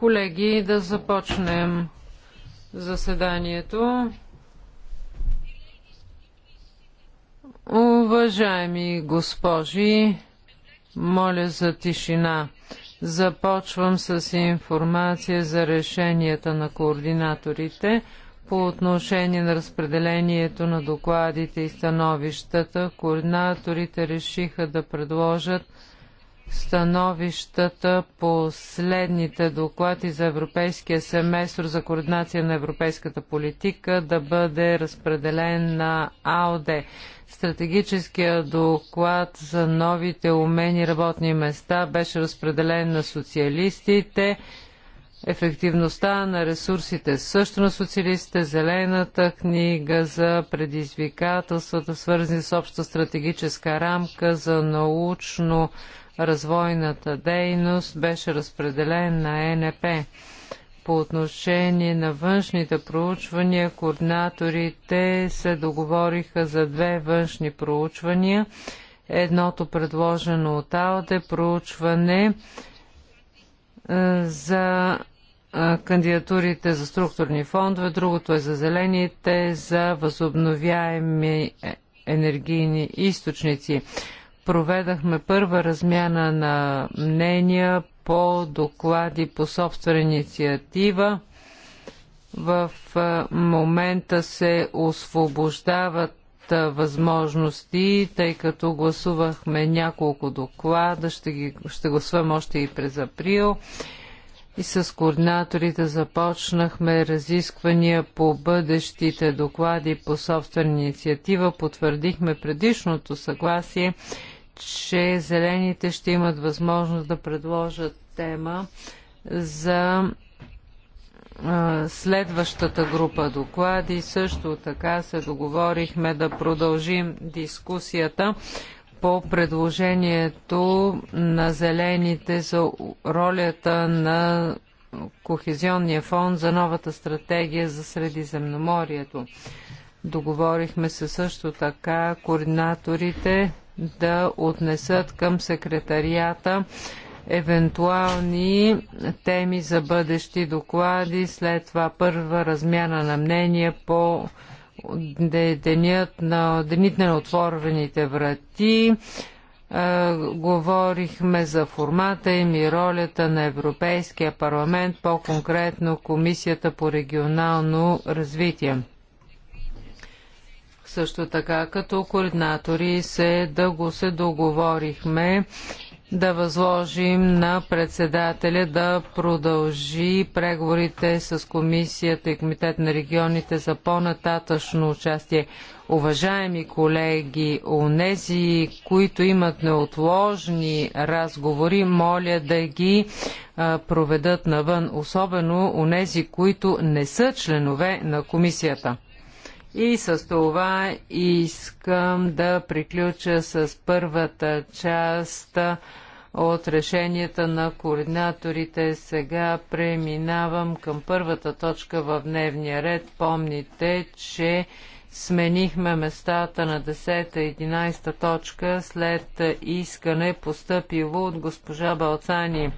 Колеги, да започнем заседанието. Уважаеми госпожи, моля за тишина. Започвам с информация за решенията на координаторите по отношение на разпределението на докладите и становищата. Координаторите решиха да предложат становищата по следните доклади за Европейския семестър за координация на европейската политика да бъде разпределен на АОД. Стратегическия доклад за новите умени работни места беше разпределен на социалистите, ефективността на ресурсите също на социалистите, зелената книга за предизвикателствата, свързани с обща стратегическа рамка за научно развойната дейност беше разпределен на НП. По отношение на външните проучвания, координаторите се договориха за две външни проучвания. Едното предложено от АОДЕ проучване е, за е, кандидатурите за структурни фондове, другото е за зелените, за възобновяеми е, енергийни източници проведахме първа размяна на мнения по доклади по собствена инициатива. В момента се освобождават възможности, тъй като гласувахме няколко доклада, ще, ги, ще гласувам още и през април. И с координаторите започнахме разисквания по бъдещите доклади по собствена инициатива. Потвърдихме предишното съгласие че зелените ще имат възможност да предложат тема за следващата група доклади. Също така се договорихме да продължим дискусията по предложението на зелените за ролята на Кохезионния фонд за новата стратегия за Средиземноморието. Договорихме се също така координаторите да отнесат към секретарията евентуални теми за бъдещи доклади, след това първа размяна на мнение по денят на, денят на отворените врати. Е, говорихме за формата им и ролята на Европейския парламент, по-конкретно Комисията по регионално развитие също така като координатори се да го се договорихме да възложим на председателя да продължи преговорите с Комисията и Комитет на регионите за по-нататъчно участие. Уважаеми колеги, унези, които имат неотложни разговори, моля да ги а, проведат навън, особено унези, които не са членове на комисията. И с това искам да приключа с първата част от решенията на координаторите. Сега преминавам към първата точка в дневния ред. Помните, че сменихме местата на 10 и 11 точка след искане постъпило от госпожа Балцани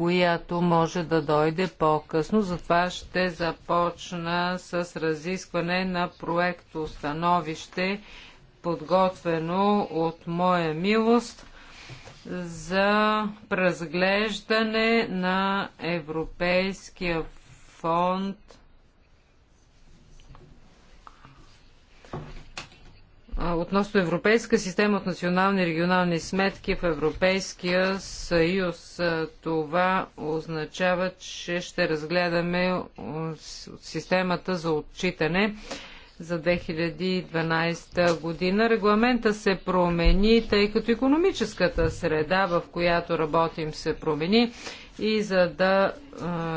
която може да дойде по-късно. Затова ще започна с разискване на проекто становище, подготвено от моя милост за разглеждане на Европейския фонд относно европейска система от национални и регионални сметки в Европейския съюз. Това означава, че ще разгледаме системата за отчитане за 2012 година. Регламента се промени, тъй като економическата среда, в която работим, се промени и за да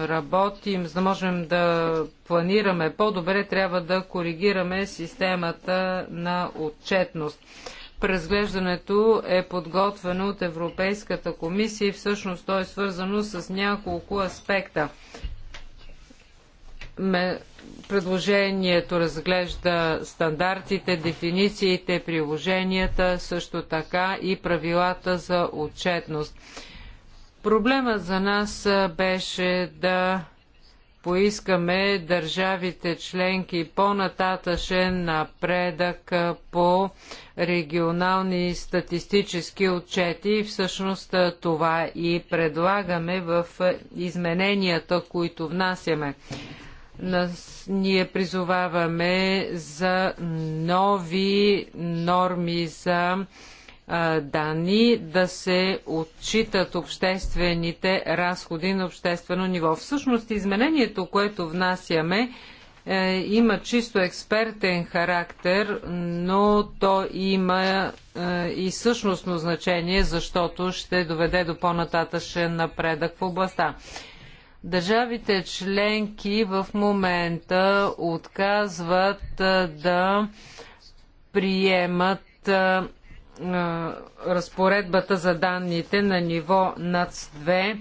работим, за да можем да планираме по-добре, трябва да коригираме системата на отчетност. Презглеждането е подготвено от Европейската комисия и всъщност то е свързано с няколко аспекта. Предложението разглежда стандартите, дефинициите, приложенията, също така и правилата за отчетност Проблема за нас беше да поискаме държавите членки по-нататъшен напредък по регионални статистически отчети. Всъщност това и предлагаме в измененията, които внасяме. Нас, ние призоваваме за нови норми за данни да се отчитат обществените разходи на обществено ниво. Всъщност изменението, което внасяме, е, има чисто експертен характер, но то има е, и същностно значение, защото ще доведе до по-нататъчен напредък в областта. Държавите членки в момента отказват е, да приемат разпоредбата за данните на ниво НАЦ 2,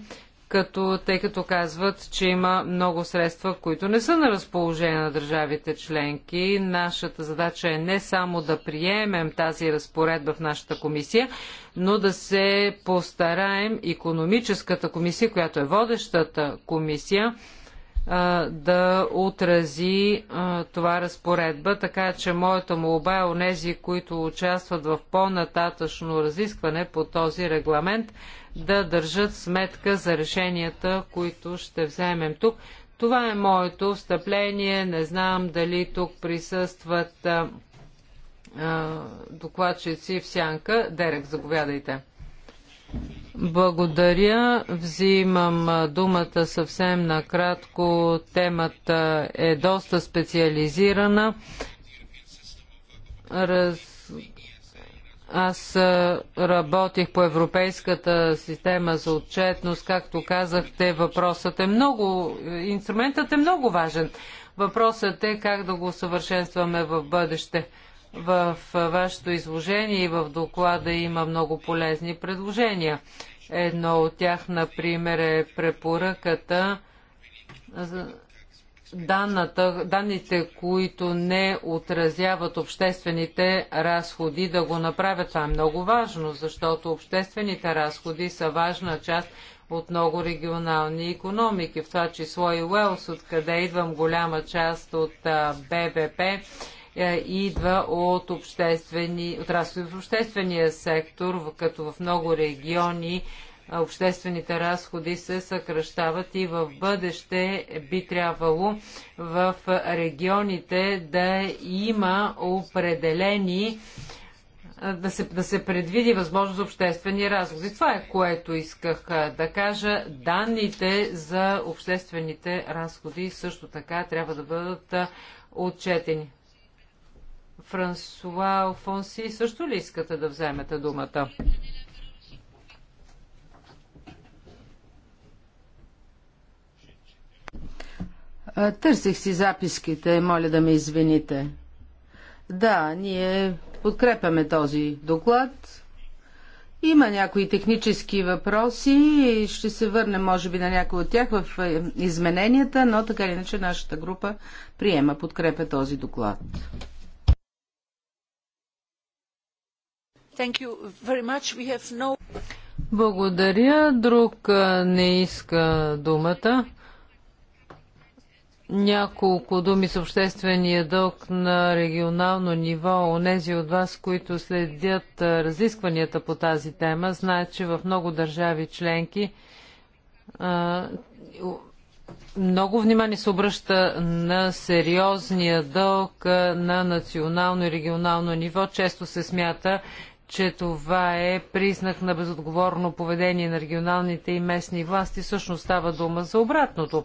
като, тъй като казват, че има много средства, които не са на разположение на държавите членки. Нашата задача е не само да приемем тази разпоредба в нашата комисия, но да се постараем економическата комисия, която е водещата комисия, да отрази това разпоредба, така че моята молба е онези, които участват в по-нататъчно разискване по този регламент, да държат сметка за решенията, които ще вземем тук. Това е моето встъпление. Не знам дали тук присъстват докладчици в сянка. Дерек, заповядайте. Благодаря. Взимам думата съвсем накратко. Темата е доста специализирана. Раз... Аз работих по Европейската система за отчетност. Както казахте, въпросът е много, инструментът е много важен. Въпросът е как да го усъвършенстваме в бъдеще. В вашето изложение и в доклада има много полезни предложения. Едно от тях, например, е препоръката данната, данните, които не отразяват обществените разходи, да го направят. Това е много важно, защото обществените разходи са важна част от много регионални економики, в това число и Уелс, откъде идвам голяма част от БВП е, идва от, обществени, от разходи в обществения сектор, като в много региони е, обществените разходи се съкръщават и в бъдеще би трябвало в регионите да има определени е, да се, да се предвиди възможност за обществени разходи. Това е което исках да кажа. Данните за обществените разходи също така трябва да бъдат отчетени. Франсуа Алфонси, също ли искате да вземете думата? Търсих си записките, моля да ме извините. Да, ние подкрепяме този доклад. Има някои технически въпроси и ще се върнем, може би, на някои от тях в е, измененията, но така или иначе нашата група приема, подкрепя този доклад. Благодаря. Друг не иска думата. Няколко думи с обществения дълг на регионално ниво. Онези от вас, които следят разискванията по тази тема, знаят, че в много държави членки много внимание се обръща на сериозния дълг на национално и регионално ниво. Често се смята, че това е признак на безотговорно поведение на регионалните и местни власти. Всъщност става дума за обратното.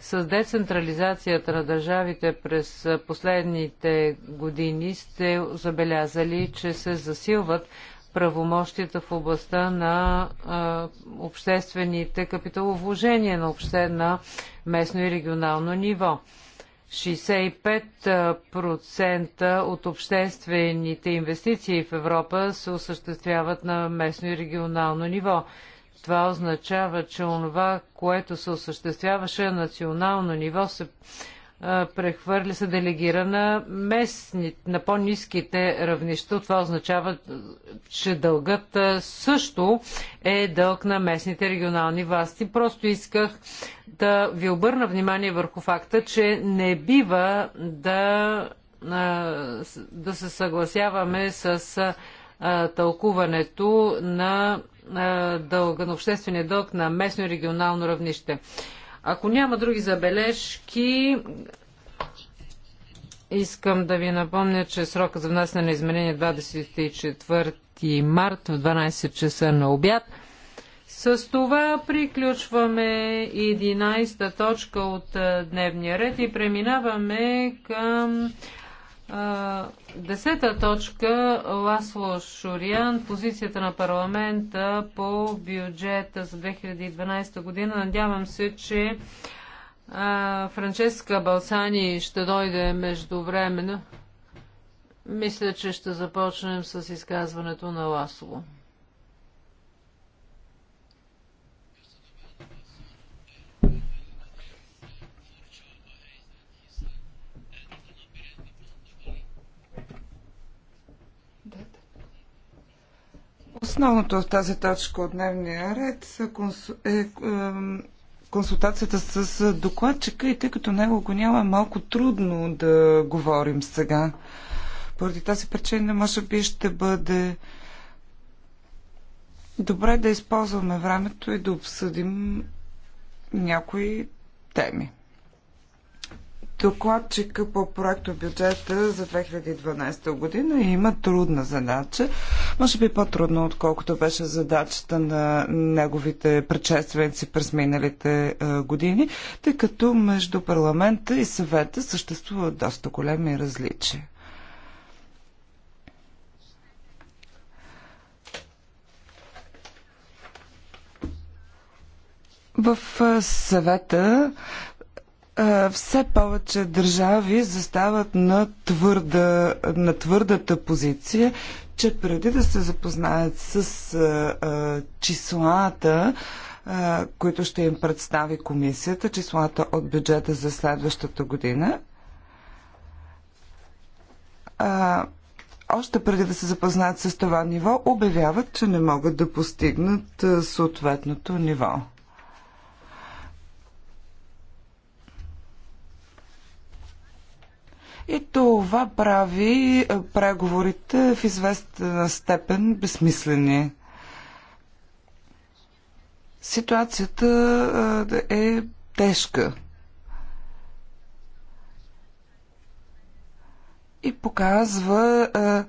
С децентрализацията на държавите през последните години сте забелязали, че се засилват правомощията в областта на а, обществените капиталовложения на, обще, на местно и регионално ниво. 65% от обществените инвестиции в Европа се осъществяват на местно и регионално ниво. Това означава, че онова, което се осъществяваше на национално ниво, се прехвърли, прехвърля, се делегира на местни, на по-низките равнища. Това означава, че дългът също е дълг на местните регионални власти. Просто исках да ви обърна внимание върху факта, че не бива да, да се съгласяваме с тълкуването на дълга, на обществения дълг на местно и регионално равнище. Ако няма други забележки, искам да ви напомня, че срока за внасяне на изменение 24 март в 12 часа на обяд. С това приключваме 11-та точка от дневния ред и преминаваме към Десета точка Ласло Шуриан, позицията на парламента по бюджета за 2012 година. Надявам се, че а, Франческа Балсани ще дойде междувременно. Мисля, че ще започнем с изказването на Ласло. Основното в тази точка от дневния ред е консултацията с докладчика и тъй като него го няма, е малко трудно да говорим сега. Поради тази причина, може би, ще бъде добре да използваме времето и да обсъдим някои теми докладчика по проекто бюджета за 2012 година има трудна задача. Може би по трудно отколкото беше задачата на неговите предшественици през миналите е, години, тъй като между парламента и съвета съществуват доста големи различия. В е, съвета все повече държави застават на, твърда, на твърдата позиция, че преди да се запознаят с а, а, числата, а, които ще им представи комисията, числата от бюджета за следващата година, а, още преди да се запознаят с това ниво, обявяват, че не могат да постигнат съответното ниво. И това прави е, преговорите в известна степен безсмислени. Ситуацията е, е тежка. И показва, е,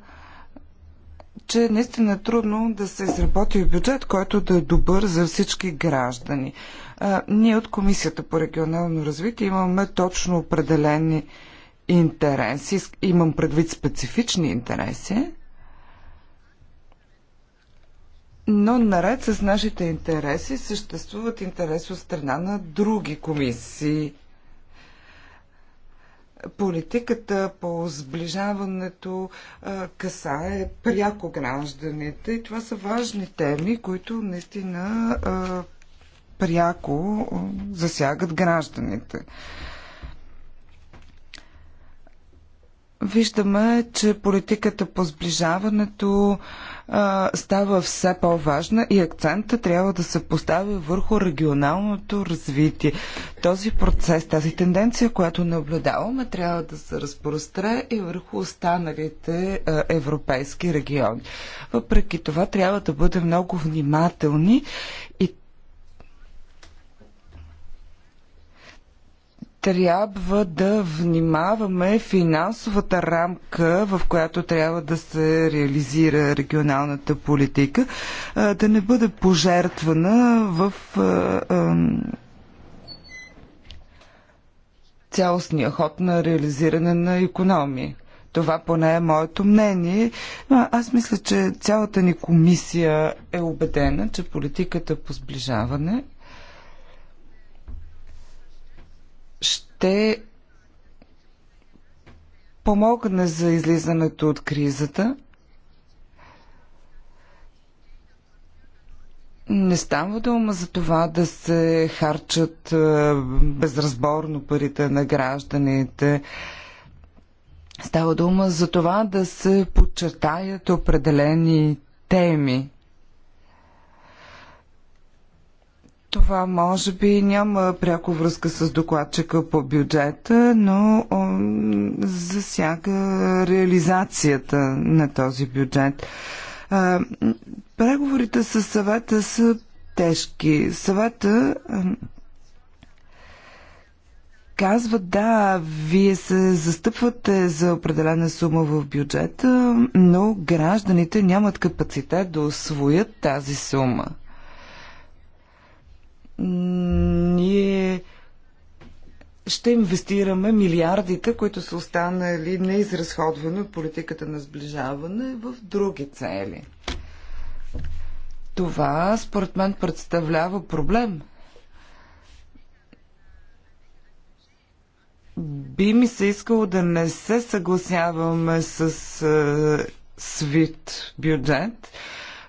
че наистина е трудно да се изработи бюджет, който да е добър за всички граждани. Ние от Комисията по регионално развитие имаме точно определени интереси, имам предвид специфични интереси, но наред с нашите интереси съществуват интереси от страна на други комисии. Политиката по сближаването касае пряко гражданите и това са важни теми, които наистина пряко засягат гражданите. виждаме, че политиката по сближаването а, става все по-важна и акцента трябва да се постави върху регионалното развитие. Този процес, тази тенденция, която наблюдаваме, трябва да се разпростре и върху останалите а, европейски региони. Въпреки това, трябва да бъдем много внимателни трябва да внимаваме финансовата рамка, в която трябва да се реализира регионалната политика, да не бъде пожертвана в цялостния ход на реализиране на економии. Това поне е моето мнение. Но аз мисля, че цялата ни комисия е убедена, че политиката по сближаване ще помогне за излизането от кризата. Не става дума за това да се харчат е, безразборно парите на гражданите. Става дума за това да се подчертаят определени теми. Това може би няма пряко връзка с докладчика по бюджета, но засяга реализацията на този бюджет. Преговорите с съвета са тежки. Съвета казва, да, вие се застъпвате за определена сума в бюджета, но гражданите нямат капацитет да освоят тази сума ние ще инвестираме милиардите, които са останали неизразходвани от политиката на сближаване в други цели. Това, според мен, представлява проблем. Би ми се искало да не се съгласяваме с е, свит бюджет.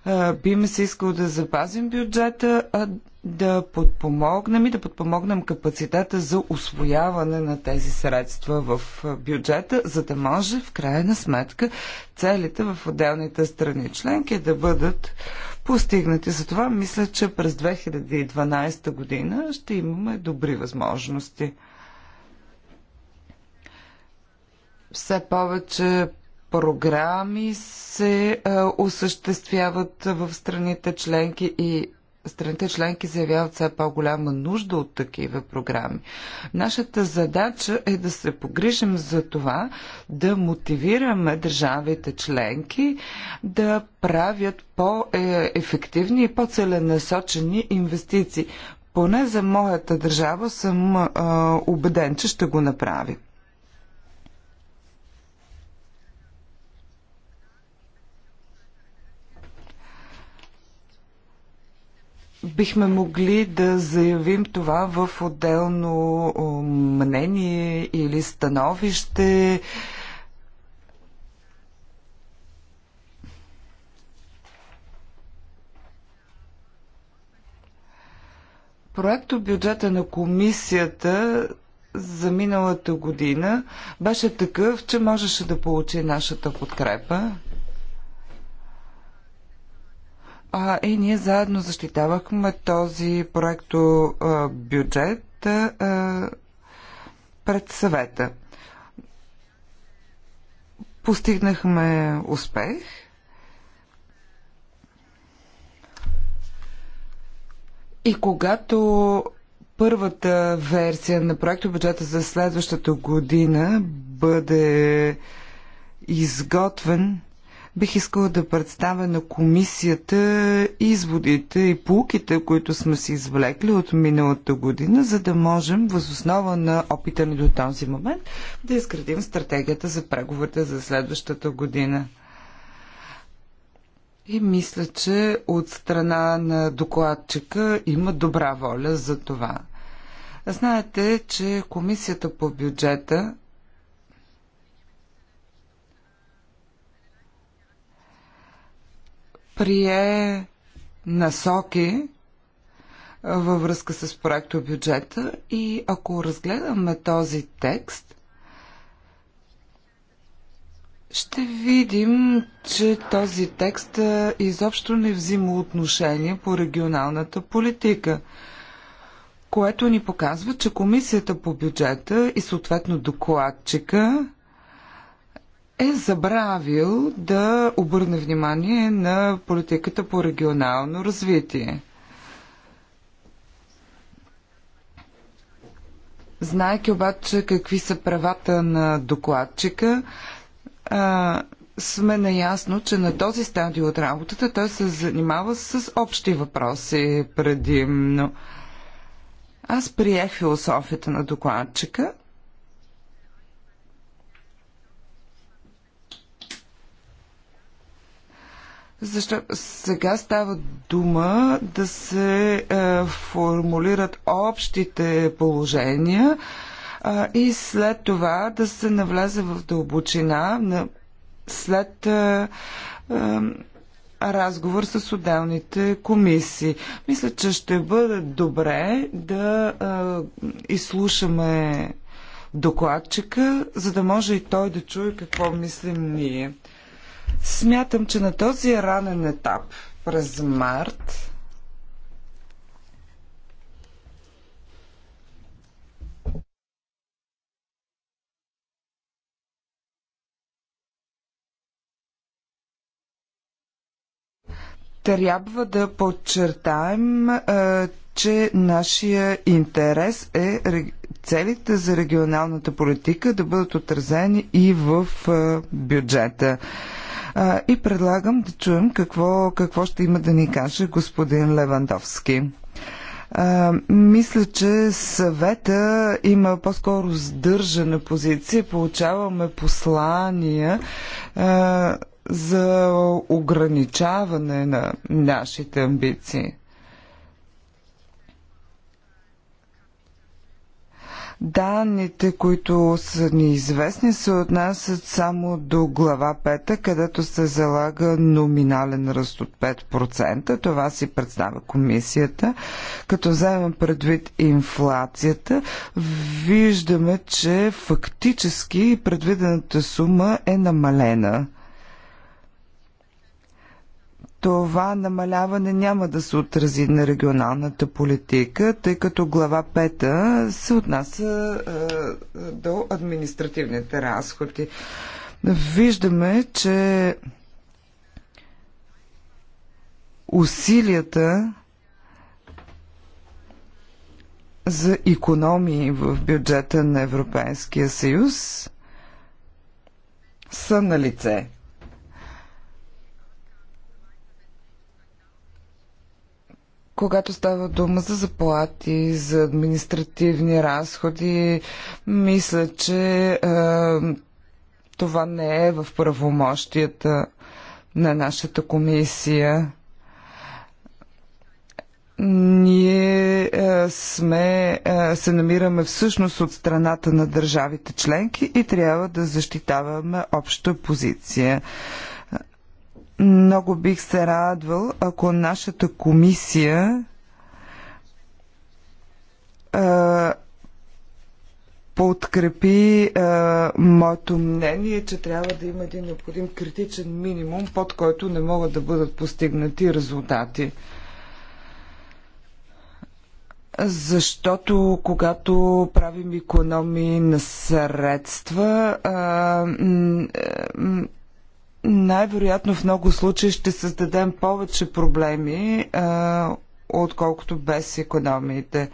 Е, би ми се искало да запазим бюджета, а да подпомогнем и да подпомогнем капацитета за освояване на тези средства в бюджета, за да може в крайна сметка целите в отделните страни членки да бъдат постигнати. Затова мисля, че през 2012 година ще имаме добри възможности. Все повече програми се осъществяват в страните членки и страните членки заявяват все по-голяма нужда от такива програми. Нашата задача е да се погрижим за това, да мотивираме държавите членки да правят по-ефективни и по-целенасочени инвестиции. Поне за моята държава съм а, убеден, че ще го направи. бихме могли да заявим това в отделно мнение или становище. Проектът бюджета на комисията за миналата година беше такъв, че можеше да получи нашата подкрепа. А, и ние заедно защитавахме този проекто а, бюджет а, пред съвета. Постигнахме успех. И когато първата версия на проекто бюджета за следващата година бъде изготвен, Бих искала да представя на комисията изводите и полуките, които сме си извлекли от миналата година, за да можем, възоснова на опита ни до този момент, да изградим стратегията за преговорите за следващата година. И мисля, че от страна на докладчика има добра воля за това. Знаете, че Комисията по бюджета прие насоки във връзка с проекто бюджета и ако разгледаме този текст, ще видим, че този текст изобщо не взима отношение по регионалната политика, което ни показва, че комисията по бюджета и съответно докладчика е забравил да обърне внимание на политиката по регионално развитие. Знайки обаче какви са правата на докладчика, а, сме наясно, че на този стадий от работата той се занимава с общи въпроси предимно. Аз приех философията на докладчика Защо сега става дума да се е, формулират общите положения е, и след това да се навлезе в дълбочина на, след е, е, разговор с отделните комисии. Мисля, че ще бъде добре да е, изслушаме докладчика, за да може и той да чуе какво мислим ние. Смятам, че на този ранен етап през март трябва да подчертаем, че нашия интерес е целите за регионалната политика да бъдат отразени и в бюджета. А, и предлагам да чуем какво, какво ще има да ни каже господин Левандовски. А, мисля, че съвета има по-скоро сдържана позиция. Получаваме послания а, за ограничаване на нашите амбиции. Данните, които са ни известни, се отнасят само до глава 5, където се залага номинален ръст от 5%. Това си представя комисията. Като вземем предвид инфлацията, виждаме, че фактически предвидената сума е намалена това намаляване няма да се отрази на регионалната политика, тъй като глава 5 се отнася е, до административните разходи. Виждаме, че усилията за економии в бюджета на Европейския съюз са на лице. когато става дума за заплати, за административни разходи, мисля, че е, това не е в правомощията на нашата комисия. Ние е, сме, е, се намираме всъщност от страната на държавите членки и трябва да защитаваме обща позиция. Много бих се радвал, ако нашата комисия а, подкрепи а, моето мнение, че трябва да има един необходим критичен минимум, под който не могат да бъдат постигнати резултати. Защото когато правим економии на средства, а, най-вероятно в много случаи ще създадем повече проблеми, а, отколкото без економиите.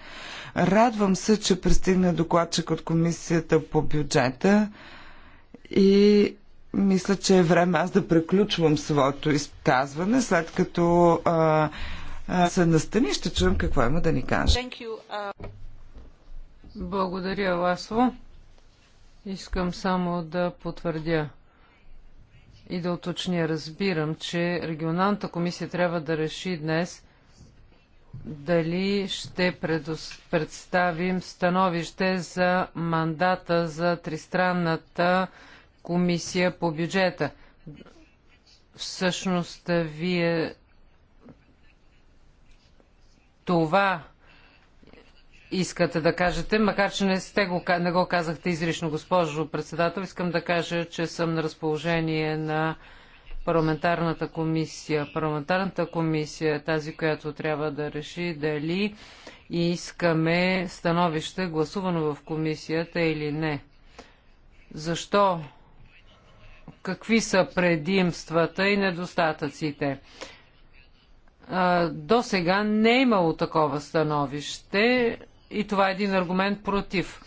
Радвам се, че пристигна докладчик от комисията по бюджета и мисля, че е време аз да преключвам своето изказване, след като а, а, се настани, ще чуем какво има да ни каже. Благодаря, Ласло. Искам само да потвърдя и да уточня. Разбирам, че регионалната комисия трябва да реши днес дали ще предос... представим становище за мандата за тристранната комисия по бюджета. Всъщност, вие това искате да кажете, макар че не, сте го, не го казахте изрично, госпожо председател. Искам да кажа, че съм на разположение на парламентарната комисия. Парламентарната комисия е тази, която трябва да реши дали искаме становище гласувано в комисията или не. Защо? Какви са предимствата и недостатъците? До сега не е имало такова становище и това е един аргумент против.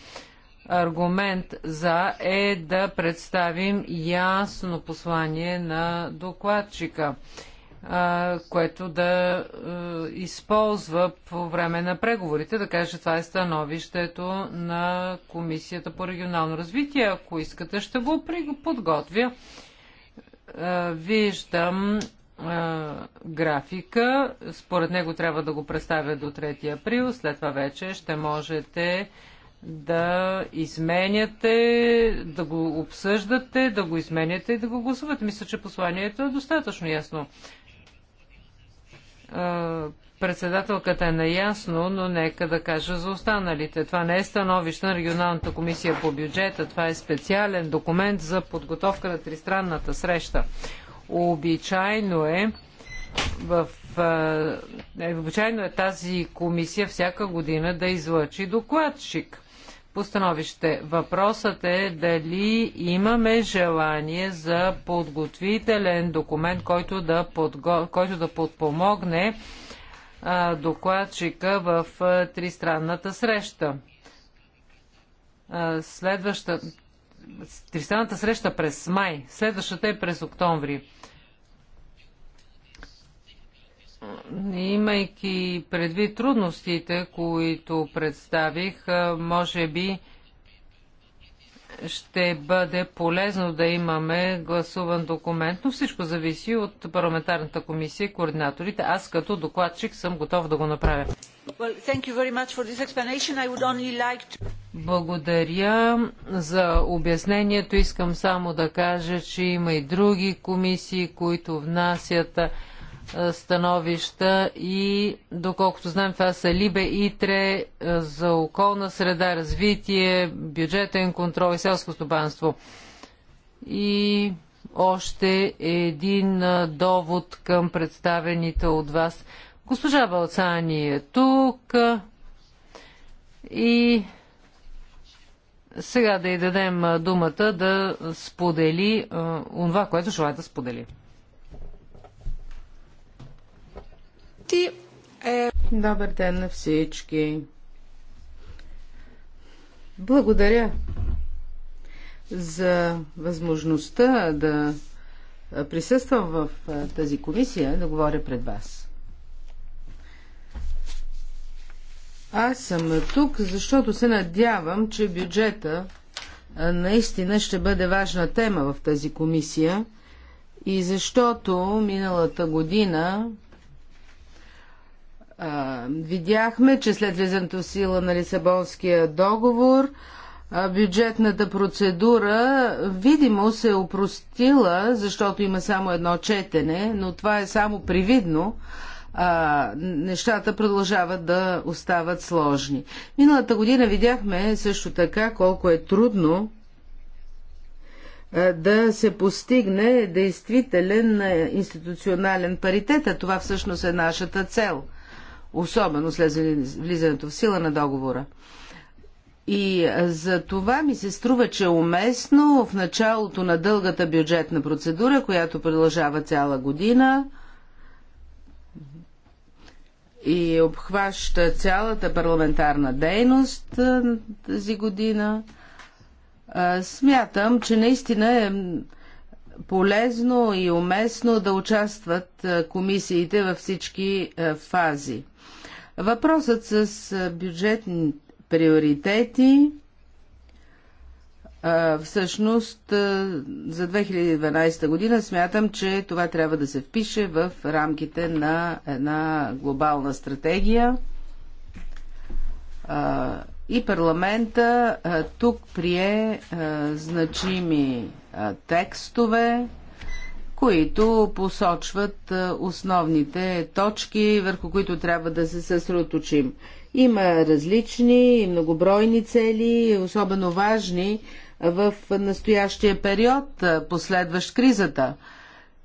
Аргумент за е да представим ясно послание на докладчика, което да използва по време на преговорите, да каже това е становището на Комисията по регионално развитие. Ако искате, ще го подготвя виждам графика. Според него трябва да го представя до 3 април. След това вече ще можете да изменяте, да го обсъждате, да го изменяте и да го гласувате. Мисля, че посланието е достатъчно ясно. Председателката е наясно, но нека да кажа за останалите. Това не е становище на Регионалната комисия по бюджета, това е специален документ за подготовка на тристранната среща. Обичайно е в е, обичайно е тази комисия всяка година да излъчи докладчик по становище. Въпросът е дали имаме желание за подготвителен документ, който да, подго... който да подпомогне а, докладчика в а, тристранната среща. А, тристранната среща през май, следващата е през октомври. Имайки предвид трудностите, които представих, може би ще бъде полезно да имаме гласуван документ, но всичко зависи от парламентарната комисия и координаторите. Аз като докладчик съм готов да го направя. Благодаря за обяснението. Искам само да кажа, че има и други комисии, които внасят становища и доколкото знам това са Либе, Итре за околна среда, развитие, бюджетен контрол и селско стопанство. И още един довод към представените от вас Госпожа Балцани е тук и сега да й дадем думата да сподели това, което желая да сподели. Ти е... Добър ден на всички. Благодаря за възможността да присъствам в тази комисия да говоря пред вас. Аз съм тук, защото се надявам, че бюджета наистина ще бъде важна тема в тази комисия и защото миналата година а, видяхме, че след влизането в сила на Лисабонския договор а, бюджетната процедура видимо се е упростила, защото има само едно четене, но това е само привидно а, нещата продължават да остават сложни. Миналата година видяхме също така колко е трудно да се постигне действителен институционален паритет, а това всъщност е нашата цел, особено след влизането в сила на договора. И за това ми се струва, че е уместно в началото на дългата бюджетна процедура, която продължава цяла година, и обхваща цялата парламентарна дейност тази година. Смятам, че наистина е полезно и уместно да участват комисиите във всички фази. Въпросът с бюджетни приоритети Всъщност за 2012 година смятам, че това трябва да се впише в рамките на една глобална стратегия. И парламента тук прие значими текстове, които посочват основните точки, върху които трябва да се съсредоточим. Има различни и многобройни цели, особено важни в настоящия период, последващ кризата.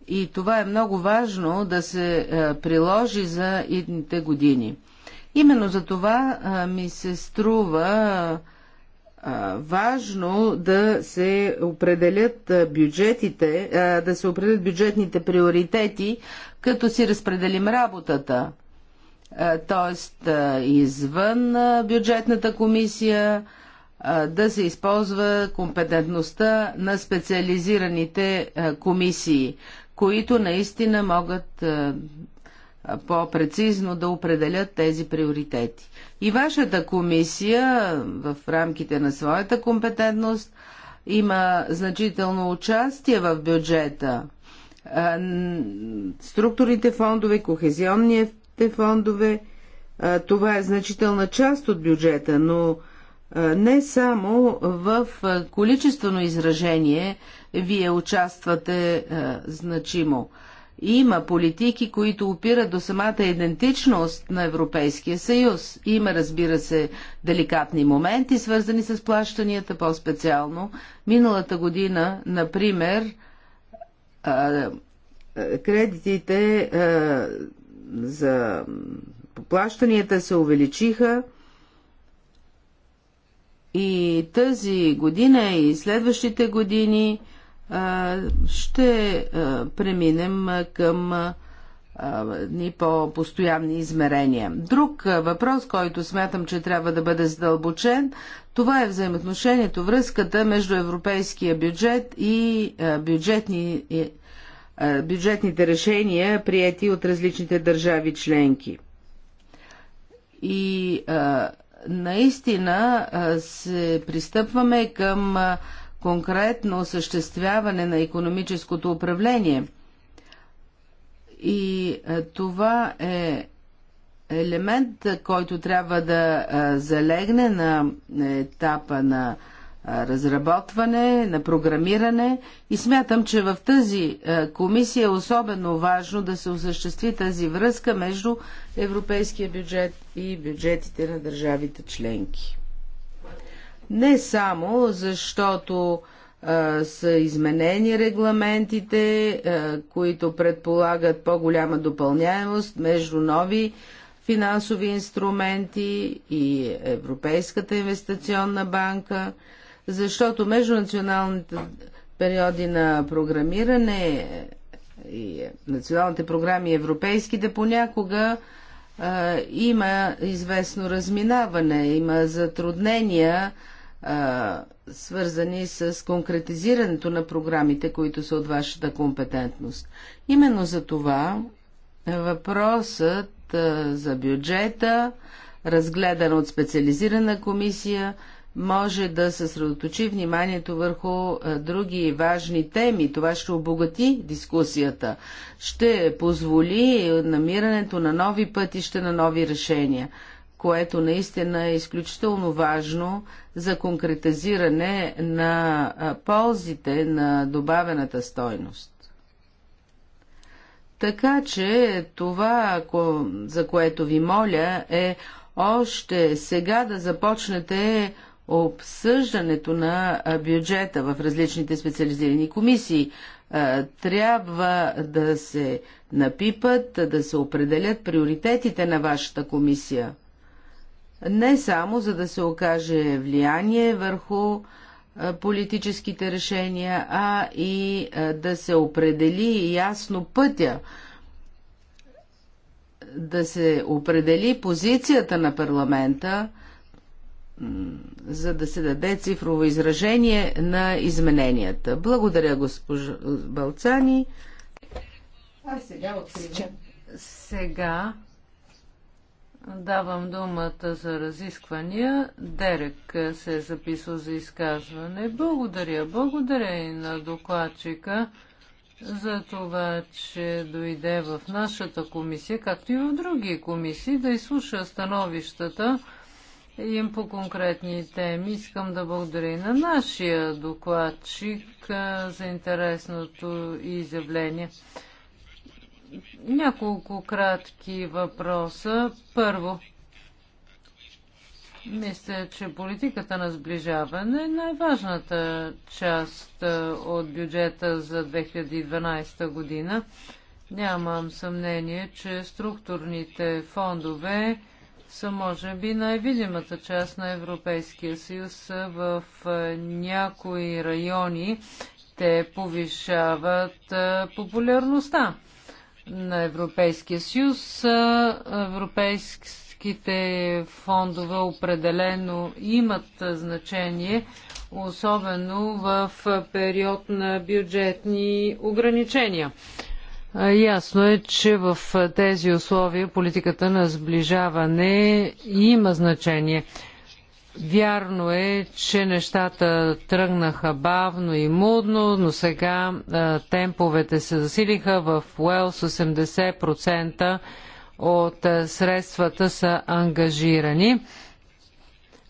И това е много важно да се приложи за идните години. Именно за това ми се струва важно да се определят бюджетите, да се определят бюджетните приоритети, като си разпределим работата. Тоест, извън бюджетната комисия, да се използва компетентността на специализираните комисии, които наистина могат по-прецизно да определят тези приоритети. И вашата комисия в рамките на своята компетентност има значително участие в бюджета. Структурните фондове, кохезионните фондове, това е значителна част от бюджета, но е, не само в е, количествено изражение вие участвате е, значимо. Има политики, които опират до самата идентичност на Европейския съюз. Има, разбира се, деликатни моменти, свързани с плащанията по-специално. Миналата година, например, кредитите за плащанията се увеличиха и тази година и следващите години ще преминем към ни по-постоянни измерения. Друг въпрос, който смятам, че трябва да бъде задълбочен, това е взаимоотношението, връзката между европейския бюджет и бюджетни, бюджетните решения, прияти от различните държави членки. И наистина се пристъпваме към конкретно осъществяване на економическото управление. И това е елемент, който трябва да залегне на етапа на разработване, на програмиране и смятам, че в тази комисия е особено важно да се осъществи тази връзка между европейския бюджет и бюджетите на държавите членки. Не само защото са изменени регламентите, които предполагат по-голяма допълняемост между нови финансови инструменти и Европейската инвестиционна банка, защото междунационалните периоди на програмиране и националните програми европейските понякога а, има известно разминаване, има затруднения, а, свързани с конкретизирането на програмите, които са от вашата компетентност. Именно за това въпросът а, за бюджета, разгледан от специализирана комисия, може да съсредоточи вниманието върху е, други важни теми. Това ще обогати дискусията, ще позволи е, намирането на нови пътища, на нови решения, което наистина е изключително важно за конкретизиране на е, ползите на добавената стойност. Така че това, за което ви моля, е още сега да започнете обсъждането на бюджета в различните специализирани комисии трябва да се напипат, да се определят приоритетите на вашата комисия. Не само за да се окаже влияние върху политическите решения, а и да се определи ясно пътя, да се определи позицията на парламента, за да се даде цифрово изражение на измененията. Благодаря, госпожо Балцани. А сега откривам. Сега давам думата за разисквания. Дерек се е записал за изказване. Благодаря. Благодаря и на докладчика за това, че дойде в нашата комисия, както и в други комисии, да изслуша становищата им по конкретни теми. Искам да благодаря и на нашия докладчик за интересното изявление. Няколко кратки въпроса. Първо, мисля, че политиката на сближаване е най-важната част от бюджета за 2012 година. Нямам съмнение, че структурните фондове са може би най-видимата част на Европейския съюз. В някои райони те повишават популярността на Европейския съюз. Европейските фондове определено имат значение, особено в период на бюджетни ограничения. Ясно е, че в тези условия политиката на сближаване има значение. Вярно е, че нещата тръгнаха бавно и мудно, но сега а, темповете се засилиха. В Уелс 80% от а, средствата са ангажирани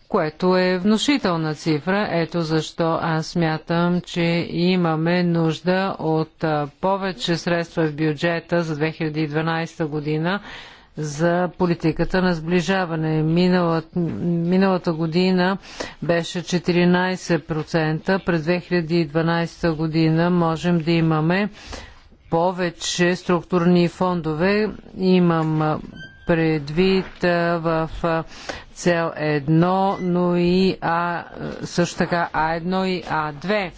което е внушителна цифра. Ето защо аз смятам, че имаме нужда от повече средства в бюджета за 2012 година за политиката на сближаване. Миналата, миналата година беше 14%, през 2012 година можем да имаме повече структурни фондове. Имам предвид в цел 1, но и А, също така А1 и А2.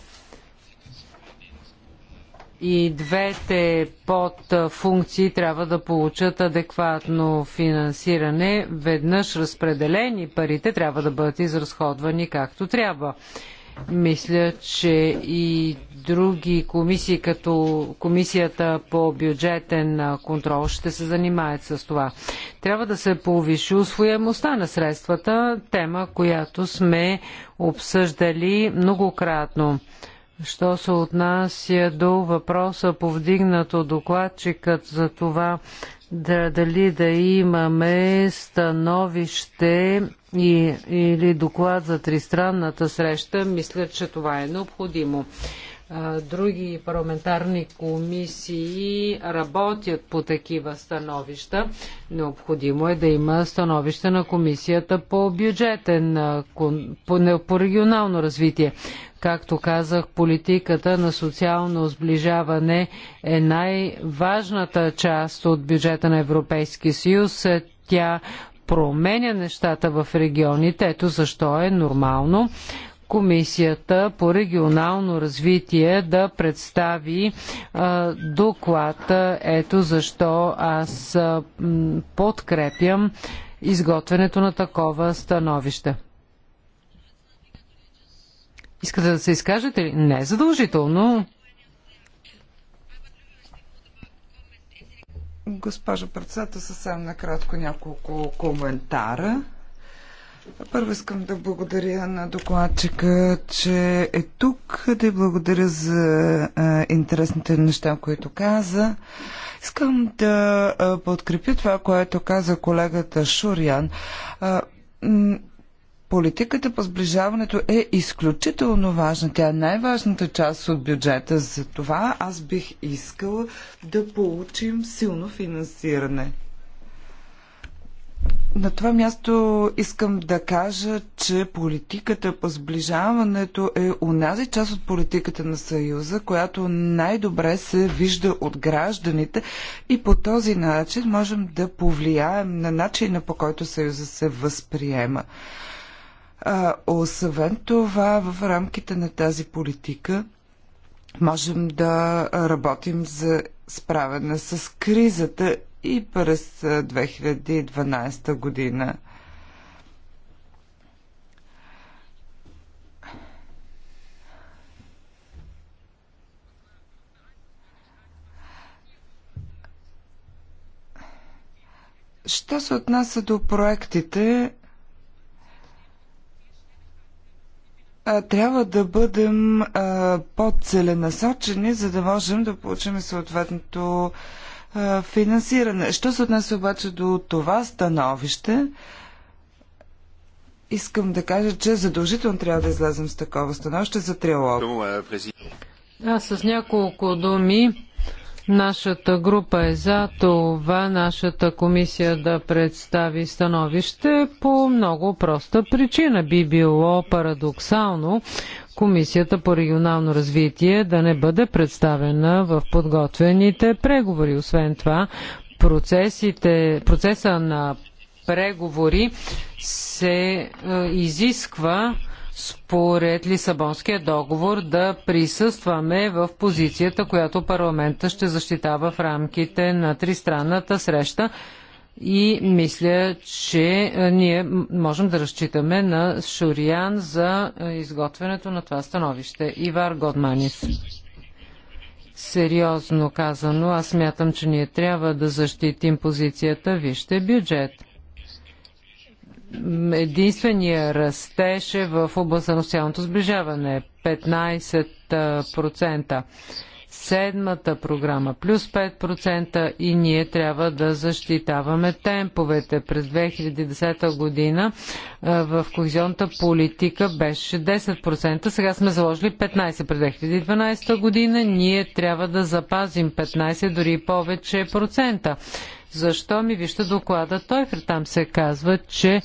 И двете подфункции трябва да получат адекватно финансиране. Веднъж разпределени парите трябва да бъдат изразходвани както трябва. Мисля, че и други комисии, като Комисията по бюджетен контрол, ще се занимаят с това. Трябва да се повиши усвоемостта на средствата, тема, която сме обсъждали многократно. Що се отнася до въпроса, повдигнато докладчикът за това да, дали да имаме становище и, или доклад за тристранната среща, мисля, че това е необходимо. Други парламентарни комисии работят по такива становища. Необходимо е да има становище на комисията по бюджетен, по, по регионално развитие. Както казах, политиката на социално сближаване е най-важната част от бюджета на Европейския съюз. Тя променя нещата в регионите. Ето защо е нормално Комисията по регионално развитие да представи а, доклад. Ето защо аз а, подкрепям изготвянето на такова становище. Искате да се изкажете ли? Не, задължително. Госпожо председател, съвсем накратко няколко коментара. Първо искам да благодаря на докладчика, че е тук, да и благодаря за а, интересните неща, които каза. Искам да а, подкрепя това, което каза колегата Шурян. А, Политиката по сближаването е изключително важна. Тя е най-важната част от бюджета. За това аз бих искала да получим силно финансиране. На това място искам да кажа, че политиката по сближаването е унази част от политиката на Съюза, която най-добре се вижда от гражданите и по този начин можем да повлияем на начина по който Съюза се възприема. А, освен това, в рамките на тази политика можем да работим за справяне с кризата и през 2012 година. Що се отнася до проектите, трябва да бъдем по-целенасочени, за да можем да получим съответното финансиране. Що се отнесе обаче до това становище, искам да кажа, че задължително трябва да излезем с такова становище за триалог. Аз с няколко думи Нашата група е за това нашата комисия да представи становище по много проста причина. Би било парадоксално Комисията по регионално развитие да не бъде представена в подготвените преговори. Освен това, процеса на преговори се е, изисква според Лисабонския договор да присъстваме в позицията, която парламента ще защитава в рамките на тристранната среща и мисля, че ние можем да разчитаме на Шуриян за изготвянето на това становище. Ивар Годманис. Сериозно казано, аз мятам, че ние трябва да защитим позицията. Вижте бюджет – единствения растеж е в областта на социалното сближаване 15%. Седмата програма плюс 5% и ние трябва да защитаваме темповете. През 2010 година в кохезионната политика беше 10%, сега сме заложили 15%. През 2012 година ние трябва да запазим 15, дори повече процента защо ми вижте доклада? Той там се казва, че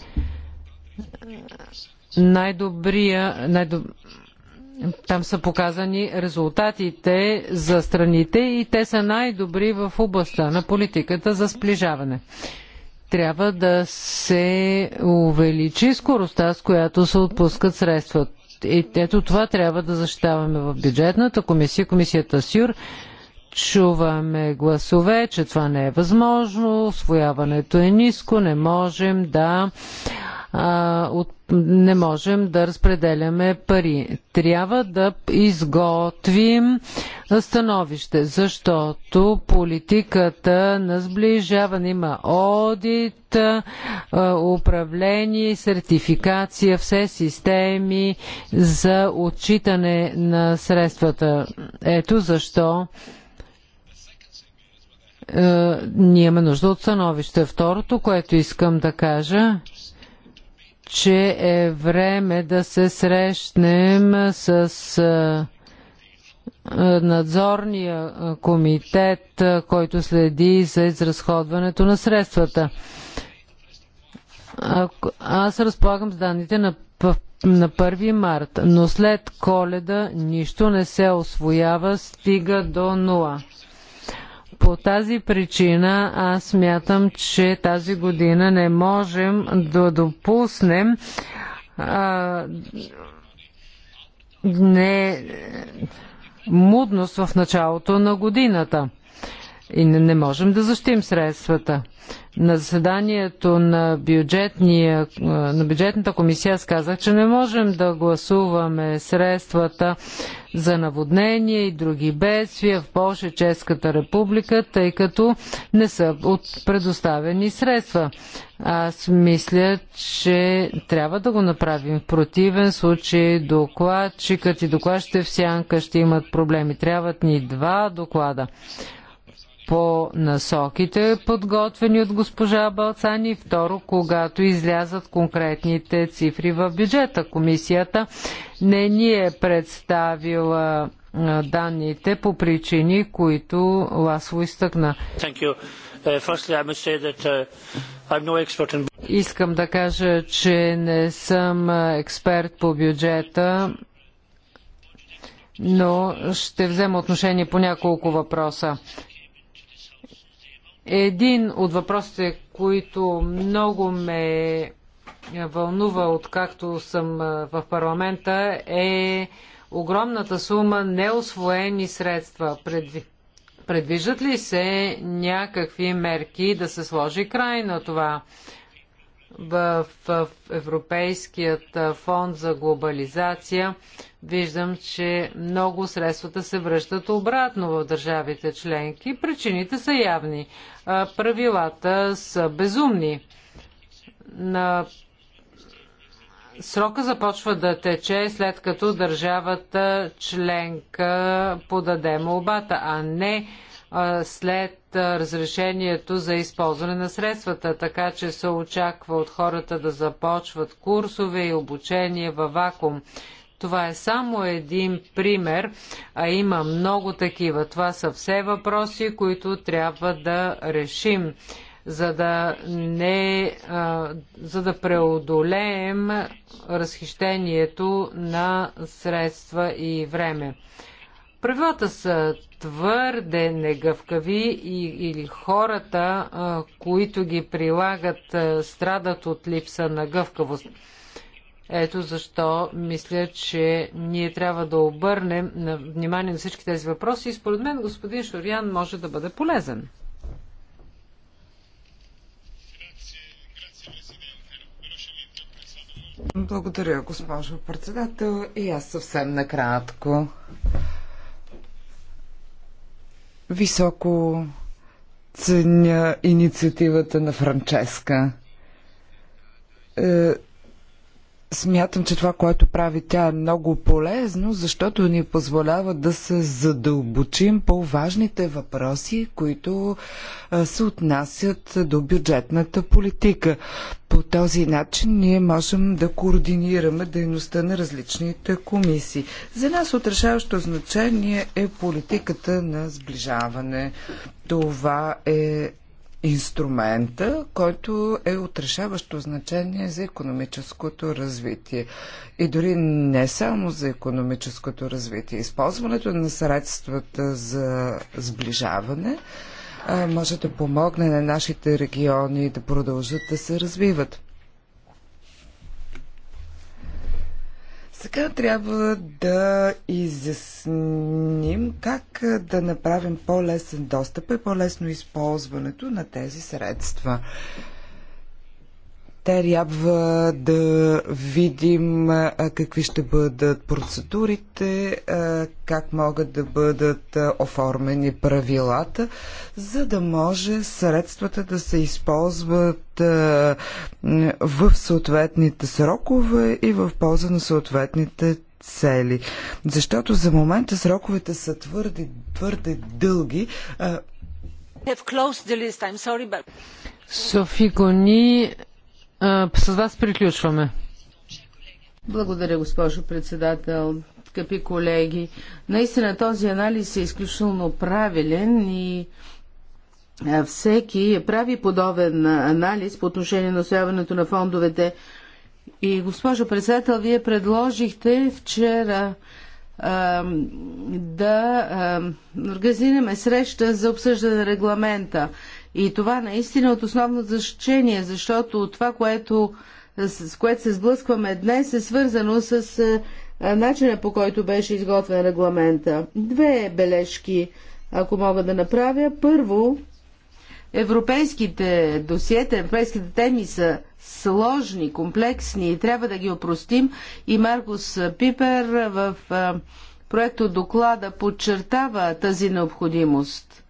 най-добрия, най там са показани резултатите за страните и те са най-добри в областта на политиката за сближаване. Трябва да се увеличи скоростта, с която се отпускат средства. И ето това трябва да защитаваме в бюджетната комисия, комисията СЮР. Чуваме гласове, че това не е възможно, освояването е ниско, не можем да, а, от, не можем да разпределяме пари. Трябва да изготвим становище, защото политиката на сближаване има одит, управление, сертификация, все системи за отчитане на средствата. Ето защо е, ние имаме нужда от становище. Второто, което искам да кажа, че е време да се срещнем с е, е, надзорния комитет, който следи за изразходването на средствата. Аз разполагам с данните на, на 1 март, но след коледа нищо не се освоява, стига до по тази причина аз смятам, че тази година не можем да допуснем а, не мудност в началото на годината. И не, не можем да защитим средствата. На заседанието на, бюджетния, на бюджетната комисия аз казах, че не можем да гласуваме средствата за наводнение и други бедствия в Польша, Ческата република, тъй като не са от предоставени средства. Аз мисля, че трябва да го направим. В противен случай докладчикът и докладчите в сянка ще имат проблеми. Трябват ни два доклада по насоките, подготвени от госпожа Балцани. Второ, когато излязат конкретните цифри в бюджета. Комисията не ни е представила данните по причини, които Ласло изтъкна. Uh, uh, Искам да кажа, че не съм експерт по бюджета, но ще взема отношение по няколко въпроса. Един от въпросите, които много ме вълнува откакто съм в парламента е огромната сума неосвоени средства. Предвиждат ли се някакви мерки да се сложи край на това? В, в Европейският фонд за глобализация Виждам, че много средствата се връщат обратно в държавите членки. Причините са явни. Правилата са безумни. На Срока започва да тече след като държавата членка подаде молбата, а не след разрешението за използване на средствата, така че се очаква от хората да започват курсове и обучение във вакуум. Това е само един пример, а има много такива. Това са все въпроси, които трябва да решим, за да, не, а, за да преодолеем разхищението на средства и време. Правилата са твърде негъвкави и, или хората, а, които ги прилагат, а, страдат от липса на гъвкавост. Ето защо мисля, че ние трябва да обърнем на внимание на всички тези въпроси и според мен господин Шорян може да бъде полезен. Благодаря, госпожо председател. И аз съвсем накратко. Високо ценя инициативата на Франческа е, Смятам, че това, което прави тя е много полезно, защото ни позволява да се задълбочим по важните въпроси, които се отнасят до бюджетната политика. По този начин ние можем да координираме дейността на различните комисии. За нас отрешаващо значение е политиката на сближаване. Това е инструмента, който е отрешаващо значение за економическото развитие. И дори не само за економическото развитие. Използването на средствата за сближаване може да помогне на нашите региони да продължат да се развиват. Сега трябва да изясним как да направим по-лесен достъп и по-лесно използването на тези средства. Трябва да видим какви ще бъдат процедурите, как могат да бъдат оформени правилата, за да може средствата да се използват в съответните срокове и в полза на съответните цели. Защото за момента сроковете са твърде, твърде дълги. Софи Гони. С вас приключваме. Благодаря, госпожо председател. Скъпи колеги, наистина този анализ е изключително правилен и всеки прави подобен анализ по отношение на освяването на фондовете. И, госпожо председател, вие предложихте вчера а, да а, организираме среща за обсъждане на регламента. И това наистина е от основно значение, защото това, което, с което се сблъскваме днес, е свързано с е, е, начина по който беше изготвен регламента. Две бележки, ако мога да направя. Първо, европейските досиета, европейските теми са сложни, комплексни и трябва да ги опростим. И Маркус Пипер в е, проекто доклада подчертава тази необходимост.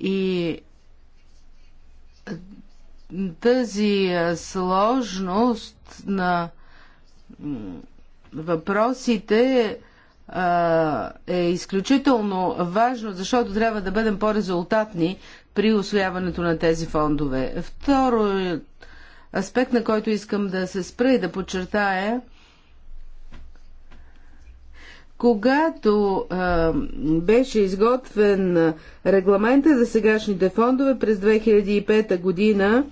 И тази сложност на въпросите е изключително важно, защото трябва да бъдем по-резултатни при освояването на тези фондове. Второ аспект, на който искам да се спра и да подчертая – когато а, беше изготвен регламента за сегашните фондове през 2005 година,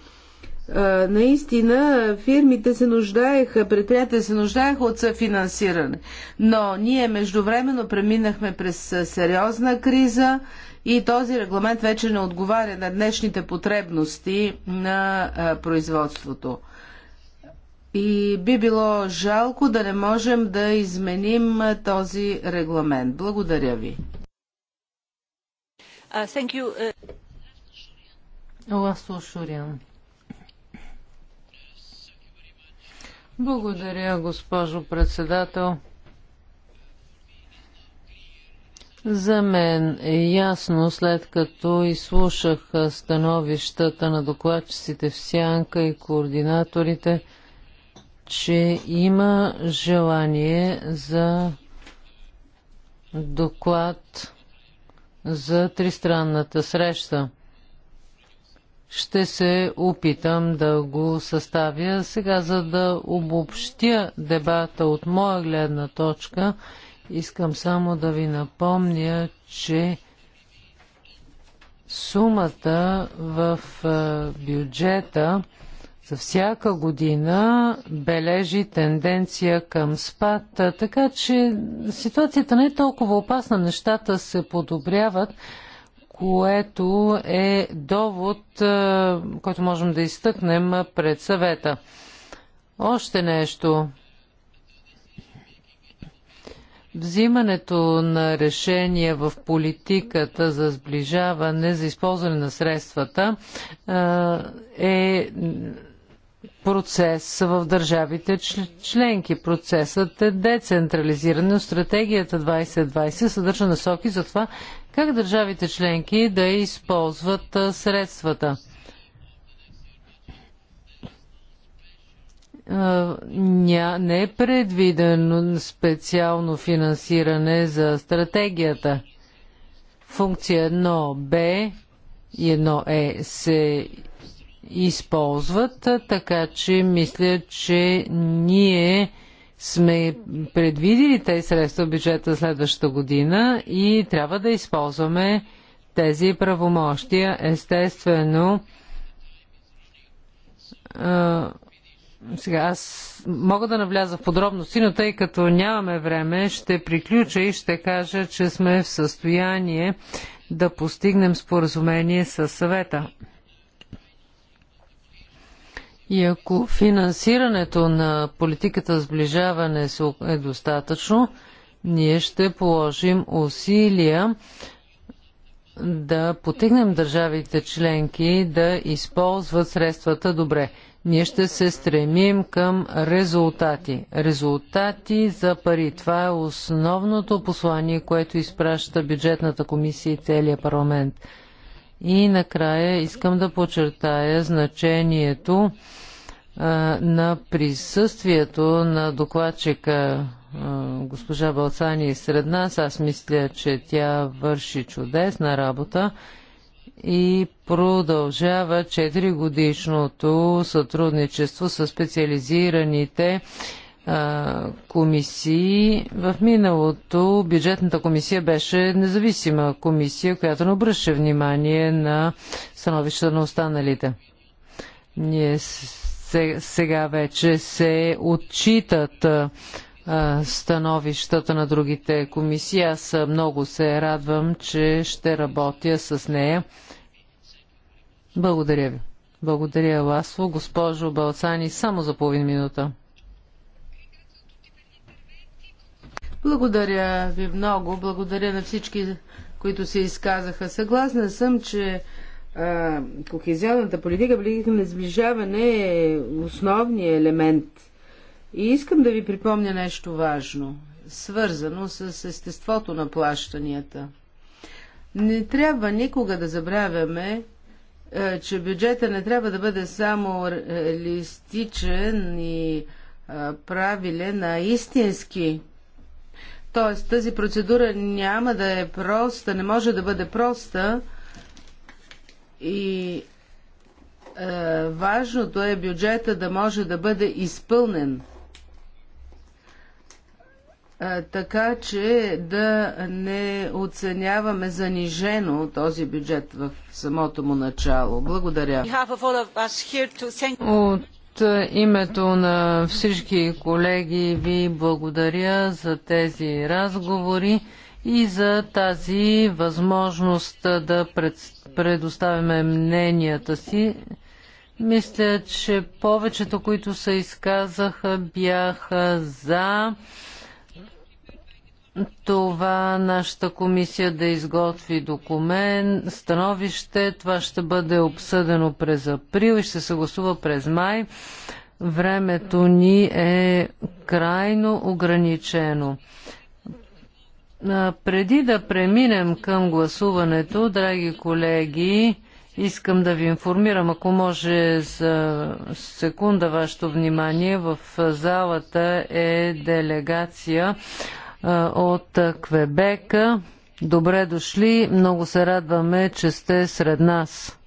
а, наистина фирмите се нуждаеха, предприятията се нуждаеха от съфинансиране. Но ние междувременно преминахме през сериозна криза и този регламент вече не отговаря на днешните потребности на а, производството. И би било жалко да не можем да изменим този регламент. Благодаря ви. Uh, uh Благодаря, госпожо председател. За мен е ясно, след като изслушах становищата на докладчиците в Сянка и координаторите – че има желание за доклад за тристранната среща. Ще се опитам да го съставя сега, за да обобщя дебата от моя гледна точка. Искам само да ви напомня, че сумата в бюджета за всяка година бележи тенденция към спад, така че ситуацията не е толкова опасна, нещата се подобряват, което е довод, който можем да изтъкнем пред съвета. Още нещо. Взимането на решения в политиката за сближаване, за използване на средствата е процес в държавите членки. Процесът е децентрализиран, но стратегията 2020 съдържа насоки за това как държавите членки да използват средствата. не е предвидено специално финансиране за стратегията. Функция 1Б и 1Е се използват, така че мисля, че ние сме предвидили тези средства в бюджета следващата година и трябва да използваме тези правомощия. Естествено, а, сега аз мога да навляза в подробности, но тъй като нямаме време, ще приключа и ще кажа, че сме в състояние да постигнем споразумение с съвета. И ако финансирането на политиката сближаване е достатъчно, ние ще положим усилия да потигнем държавите членки да използват средствата добре. Ние ще се стремим към резултати. Резултати за пари. Това е основното послание, което изпраща бюджетната комисия и целият парламент. И накрая искам да подчертая значението а, на присъствието на докладчика а, госпожа Балцани сред нас. Аз мисля, че тя върши чудесна работа и продължава 4 годишното сътрудничество с специализираните комисии. В миналото бюджетната комисия беше независима комисия, която не обръща внимание на становищата на останалите. Ние сега вече се отчитат становищата на другите комисии. Аз много се радвам, че ще работя с нея. Благодаря ви. Благодаря, Ласло. Госпожо Балцани, само за половин минута. Благодаря ви много. Благодаря на всички, които се изказаха. Съгласна съм, че а, кохезионната политика, политика на сближаване е основният елемент. И искам да ви припомня нещо важно, свързано с естеството на плащанията. Не трябва никога да забравяме, че бюджета не трябва да бъде само реалистичен и правилен, а истински Тоест тази процедура няма да е проста, не може да бъде проста и е, важното е бюджета да може да бъде изпълнен. Е, така че да не оценяваме занижено този бюджет в самото му начало. Благодаря. От от е, името на всички колеги ви благодаря за тези разговори и за тази възможност е, да предоставяме мненията си. Мисля, че повечето, които се изказаха, бяха за това нашата комисия да изготви документ, становище. Това ще бъде обсъдено през април и ще се гласува през май. Времето ни е крайно ограничено. Преди да преминем към гласуването, драги колеги, искам да ви информирам, ако може за секунда вашето внимание, в залата е делегация от Квебека. Добре дошли, много се радваме, че сте сред нас.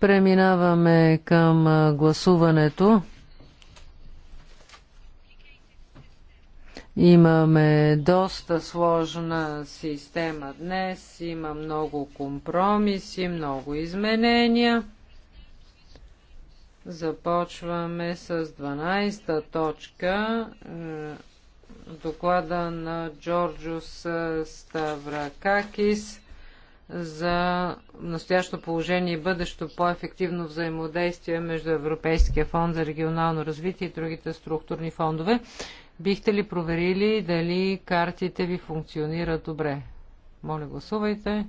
Преминаваме към гласуването. Имаме доста сложна система днес, има много компромиси, много изменения. Започваме с 12-та точка. Е, доклада на Джорджус Ставракакис за настоящо положение и бъдещо по-ефективно взаимодействие между Европейския фонд за регионално развитие и другите структурни фондове. Бихте ли проверили дали картите ви функционират добре? Моля, гласувайте.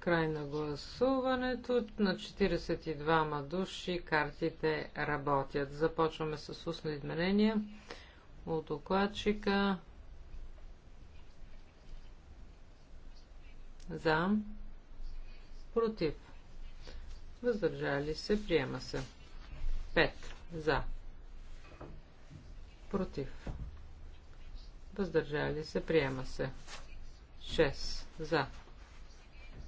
Край на гласуването. На 42 ма души картите работят. Започваме с устно изменение от докладчика. За. Против. Въздържали се. Приема се. 5. За. Против. Въздържали се. Приема се. 6. За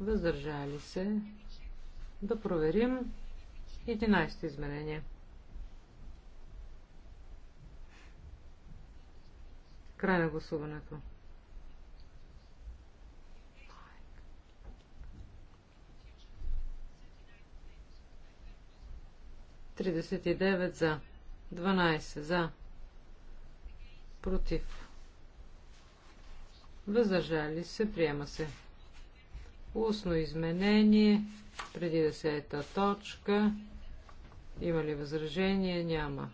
въздържали се. Да проверим 11 изменение. Край на гласуването. Тридесет и девет за. Дванайсет за. Против. Въздържали се. Приема се. Устно изменение преди десета е точка. Има ли възражение? Няма.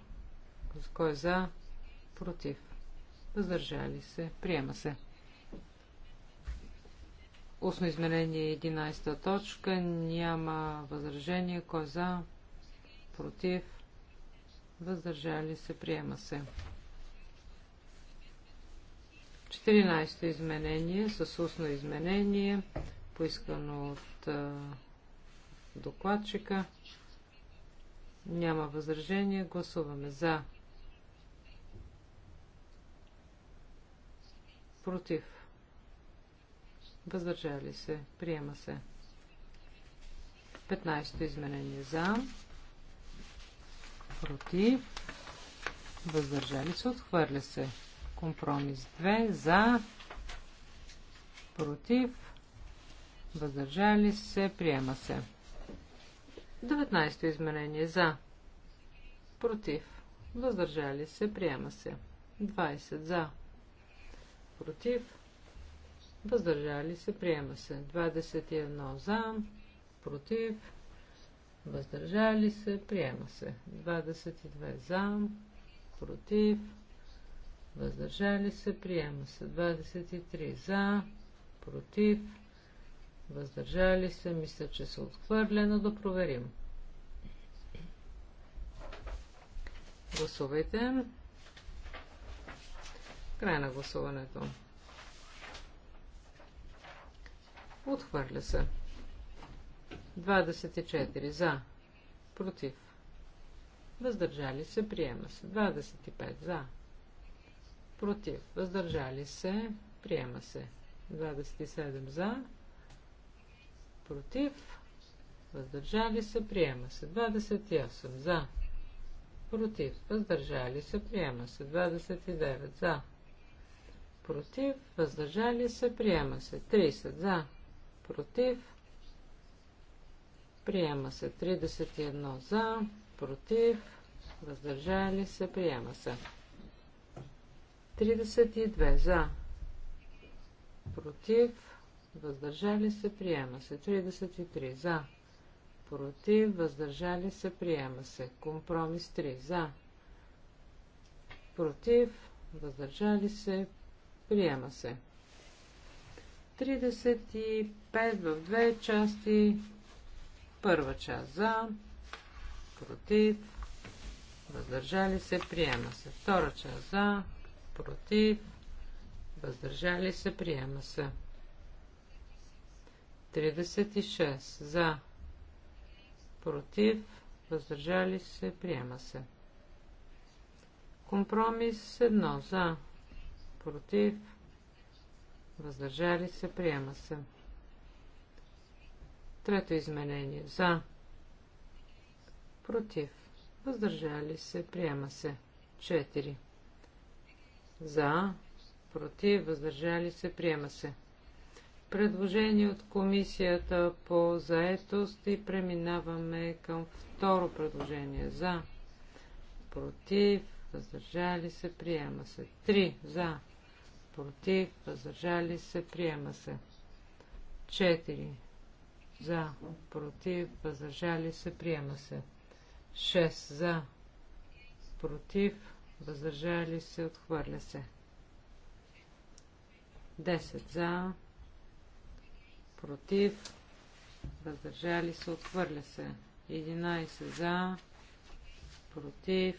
Кой е за? Против. Въздържали се. Приема се. Устно изменение 11 точка. Няма възражение. Кой е за? Против. Въздържали се. Приема се. 14 изменение с устно изменение поискано от докладчика. Няма възражение. Гласуваме за. Против. Въздържали се. Приема се. 15-то изменение за. Против. Въздържали се. Отхвърля се. Компромис 2 за. Против въздържали се, приема се. 19 изменение за, против, въздържали се, приема се. 20 за, против, въздържали се, приема се. 21 за, против, въздържали се, приема се. 22 за, против, въздържали се, приема се. 23 за, против, въздържали се, мисля, че се отхвърля, но да проверим. Гласувайте. Край на гласуването. Отхвърля се. 24 за. Против. Въздържали се. Приема се. 25 за. Против. Въздържали се. Приема се. 27 за против, въздържали се, приема се. 28 за, против, въздържали се, приема се. 29 за, против, въздържали се, приема се. 30 за, против, приема се. 31 за, против, въздържали се, приема се. 32 за, против, въздържали се, приема се. 33 за, против, въздържали се, приема се. Компромис 3 за, против, въздържали се, приема се. 35 в две части, първа част за, против, въздържали се, приема се. Втора част за, против, въздържали се, приема се. 36. За. Против. Въздържали се. Приема се. Компромис 1. За. Против. Въздържали се. Приема се. Трето изменение. За. Против. Въздържали се. Приема се. 4. За. Против. Въздържали се. Приема се. 5 предложение от комисията по заетост и преминаваме към второ предложение. За, против, въздържали се, приема се. 3. За, против, въздържали се, приема се. 4. За, против, въздържали се, приема се. 6. За, против, въздържали се, отхвърля се. 10. За, против, въздържали се, отхвърля се. 11 за, против,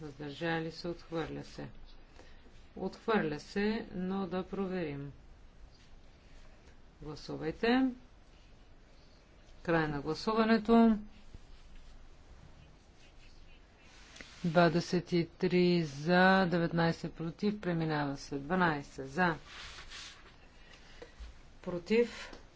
въздържали се, отхвърля се. Отхвърля се, но да проверим. Гласувайте. Край на гласуването. 23 за, 19 против, преминава се. 12 за, против,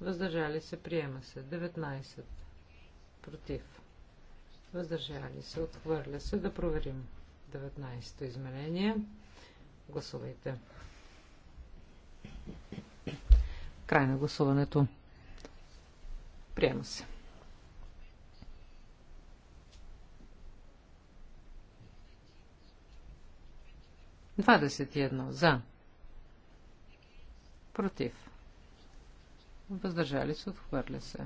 Въздържали се, приема се. 19. Против. Въздържали се, отхвърля се. Да проверим. 19-то изменение. Гласувайте. Край на гласуването. Приема се. Двадесет и едно. За. Против. Въздържали се, отхвърля се.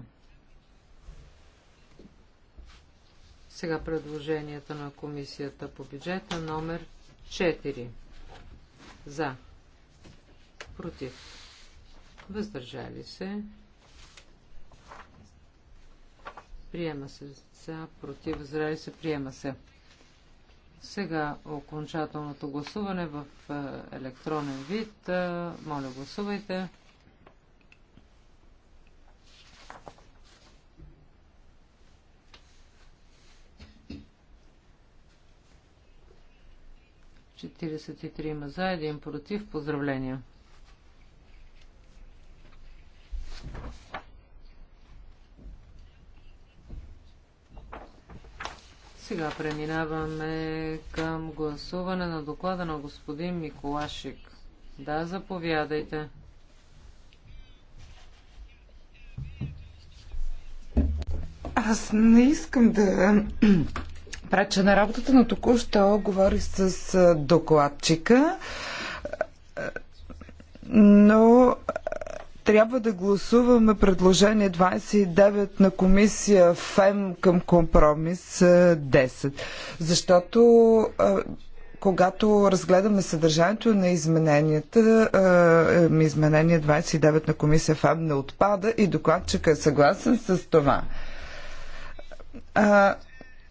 Сега предложението на комисията по бюджета номер 4. За. Против. Въздържали се. Приема се. За. Против. Въздържали се. Приема се. Сега окончателното гласуване в е, електронен вид. Е, моля, гласувайте. 43 за, 1 против. Поздравления! Сега преминаваме към гласуване на доклада на господин Миколашик. Да, заповядайте. Аз не искам да преча на работата, но току-що говори с докладчика. Но трябва да гласуваме предложение 29 на комисия ФЕМ към компромис 10. Защото когато разгледаме съдържанието на измененията, изменение 29 на комисия ФАБ не отпада и докладчика е съгласен с това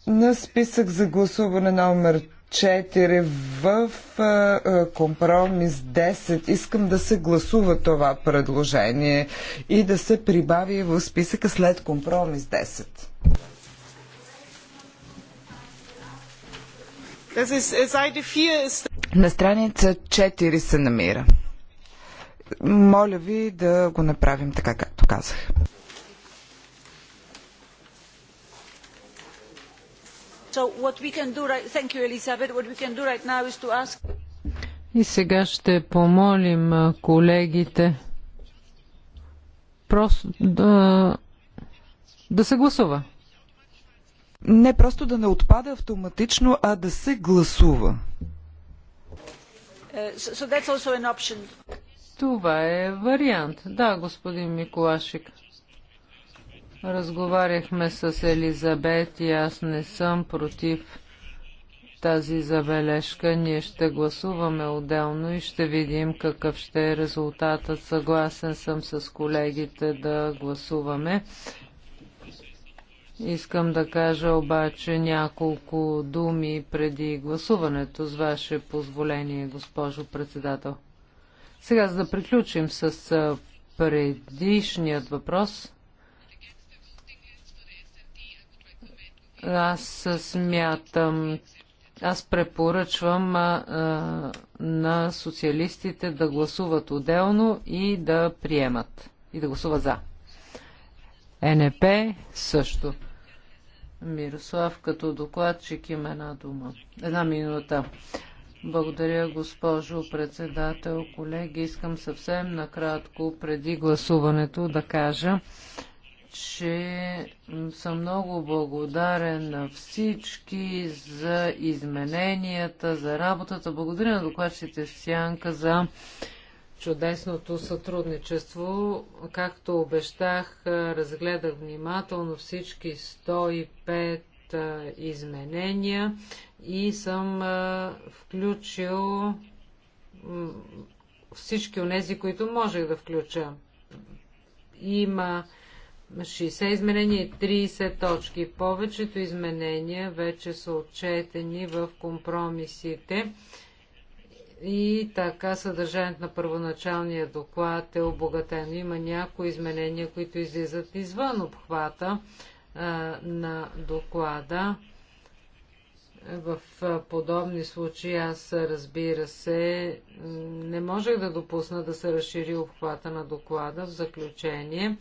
на списък за гласуване номер 4 в компромис 10. Искам да се гласува това предложение и да се прибави в списъка след компромис 10. Äh, на страница 4 се намира. Моля ви да го направим така, както казах. И сега ще помолим колегите просто да, да се гласува. Не просто да не отпада автоматично, а да се гласува. Uh, Това е вариант. Да, господин Миколашик. Разговаряхме с Елизабет и аз не съм против тази забележка. Ние ще гласуваме отделно и ще видим какъв ще е резултатът. Съгласен съм с колегите да гласуваме. Искам да кажа обаче няколко думи преди гласуването, с ваше позволение, госпожо председател. Сега, за да приключим с предишният въпрос. Аз смятам, аз препоръчвам а, а, на социалистите да гласуват отделно и да приемат. И да гласуват за. НП също. Мирослав като докладчик има една дума. Една минута. Благодаря, госпожо председател. Колеги, искам съвсем накратко преди гласуването да кажа, че съм много благодарен на всички за измененията, за работата. Благодаря на докладчите в Сянка за чудесното сътрудничество. Както обещах, разгледах внимателно всички 105 изменения и съм включил всички от тези, които можех да включа. Има 60 изменения и 30 точки. Повечето изменения вече са отчетени в компромисите и така съдържанието на първоначалния доклад е обогатено. Има някои изменения, които излизат извън обхвата а, на доклада. В подобни случаи аз, разбира се, не можех да допусна да се разшири обхвата на доклада в заключение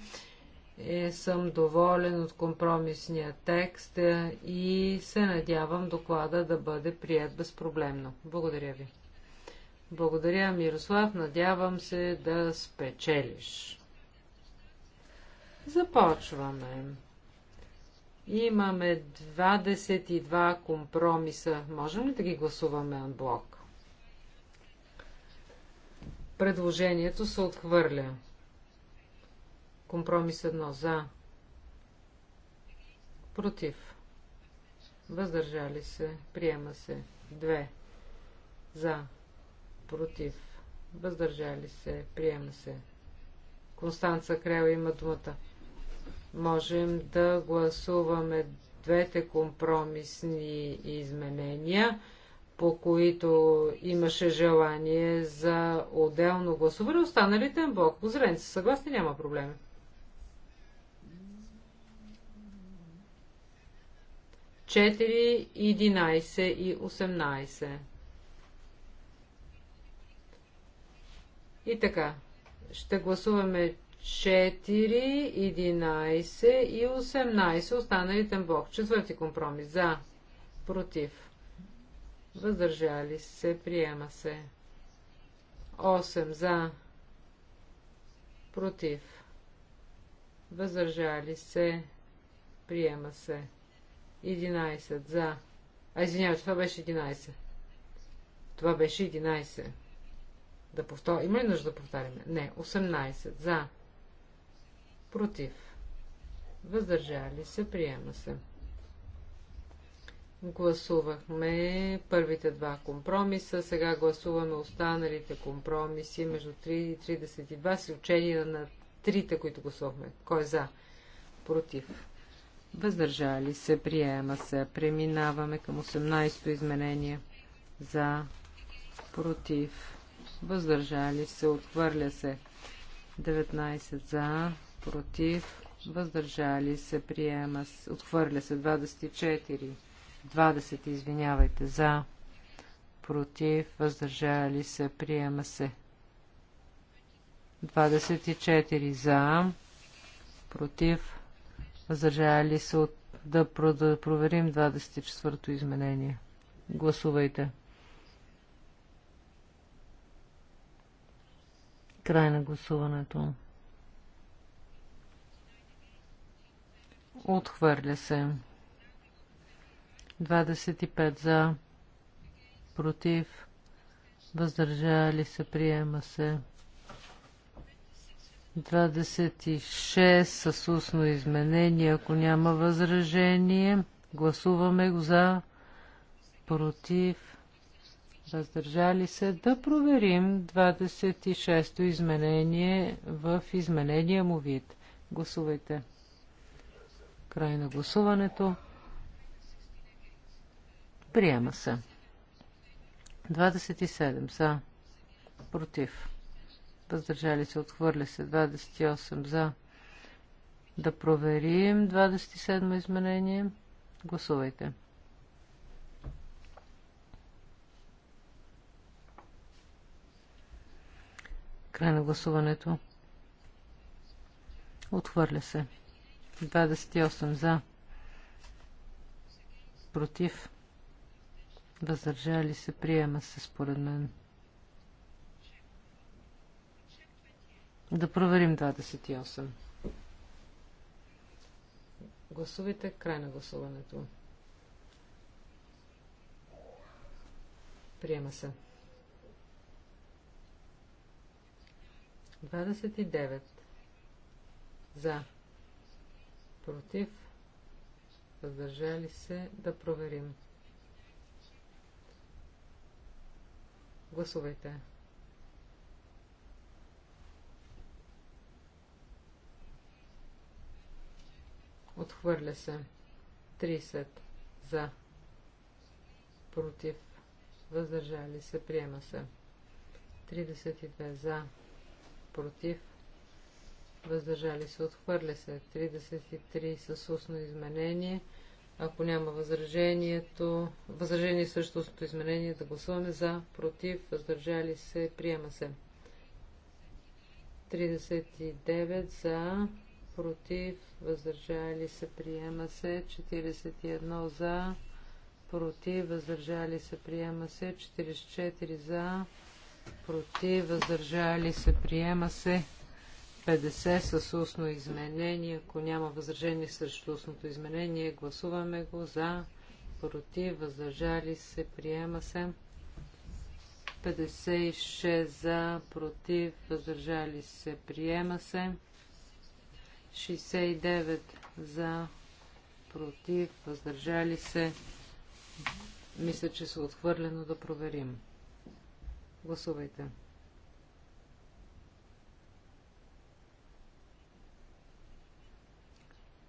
е, съм доволен от компромисния текст е, и се надявам доклада да бъде прият безпроблемно. Благодаря ви. Благодаря, Мирослав. Надявам се да спечелиш. Започваме. Имаме 22 компромиса. Можем ли да ги гласуваме на блок? Предложението се отхвърля. Компромис едно. за. Против. Въздържали се. Приема се. Две. За. Против. Въздържали се. Приема се. Констанца Крел има думата. Можем да гласуваме двете компромисни изменения, по които имаше желание за отделно гласуване. Останалите блок. Зелен са съгласни, няма проблеми. 4, 11 и 18. И така, ще гласуваме 4, 11 и 18 останалите блок. Четвърти компромис. За. Против. Въздържали се. Приема се. 8. За. Против. Въздържали се. Приема се. 11 за. А, извинявай, това беше 11. Това беше 11. Да повторя. Има ли нужда да повтаряме? Не. 18 за. Против. Въздържали се. Приема се. Гласувахме първите два компромиса. Сега гласуваме останалите компромиси между 3 и 32 с учение на трите, които гласувахме. Кой е за? Против въздържали се, приема се. Преминаваме към 18-то изменение за, против, въздържали се, отхвърля се. 19 за, против, въздържали се, приема се, отхвърля се. 24, 20, извинявайте, за, против, въздържали се, приема се. 24 за, против, Въздържали се от да проверим 24-то изменение. Гласувайте. Край на гласуването. Отхвърля се. 25 за, против, въздържали се, приема се. 26 с устно изменение, ако няма възражение. Гласуваме го за, против, въздържали се. Да проверим 26-то изменение в изменения му вид. Гласувайте. Край на гласуването. Приема се. 27 са против въздържали се, отхвърля се 28 за. Да проверим 27 изменение. Гласувайте. Край на гласуването. Отхвърля се. 28 за. Против. Въздържали се. Приема се според мен. Да проверим 28. Гласувайте край на гласуването. Приема се. 29. За. Против. Въздържали се да проверим. Гласувайте. Отхвърля се. 30 за. Против. Въздържали се. Приема се. 32 за. Против. Въздържали се. Отхвърля се. 33 с устно изменение. Ако няма възражението, възражение срещу устното изменение, да гласуваме за, против, въздържали се, приема се. 39 за, против, въздържали се, приема се, 41 за, против, въздържали се, приема се, 44 за, против, въздържали се, приема се, 50 с устно изменение. Ако няма възражение срещу устното изменение, гласуваме го за, против, въздържали се, приема се. 56 за, против, въздържали се, приема се. 69 за, против, въздържали се. Мисля, че са е отхвърлено да проверим. Гласувайте.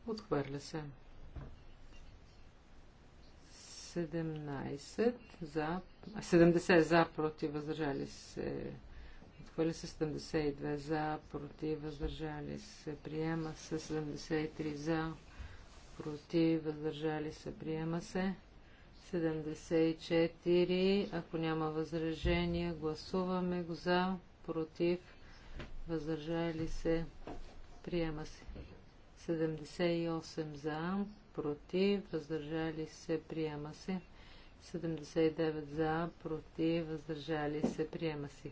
Отхвърля се. 17 за, 70 за, против, въздържали се. Отхвърля се 72 за, против, въздържали се, приема се 73 за, против, въздържали се, приема се 74. Ако няма възражения, гласуваме го за, против, въздържали се, приема се. 78 за, против, въздържали се, приема се. 79 за, против, въздържали се, приема се.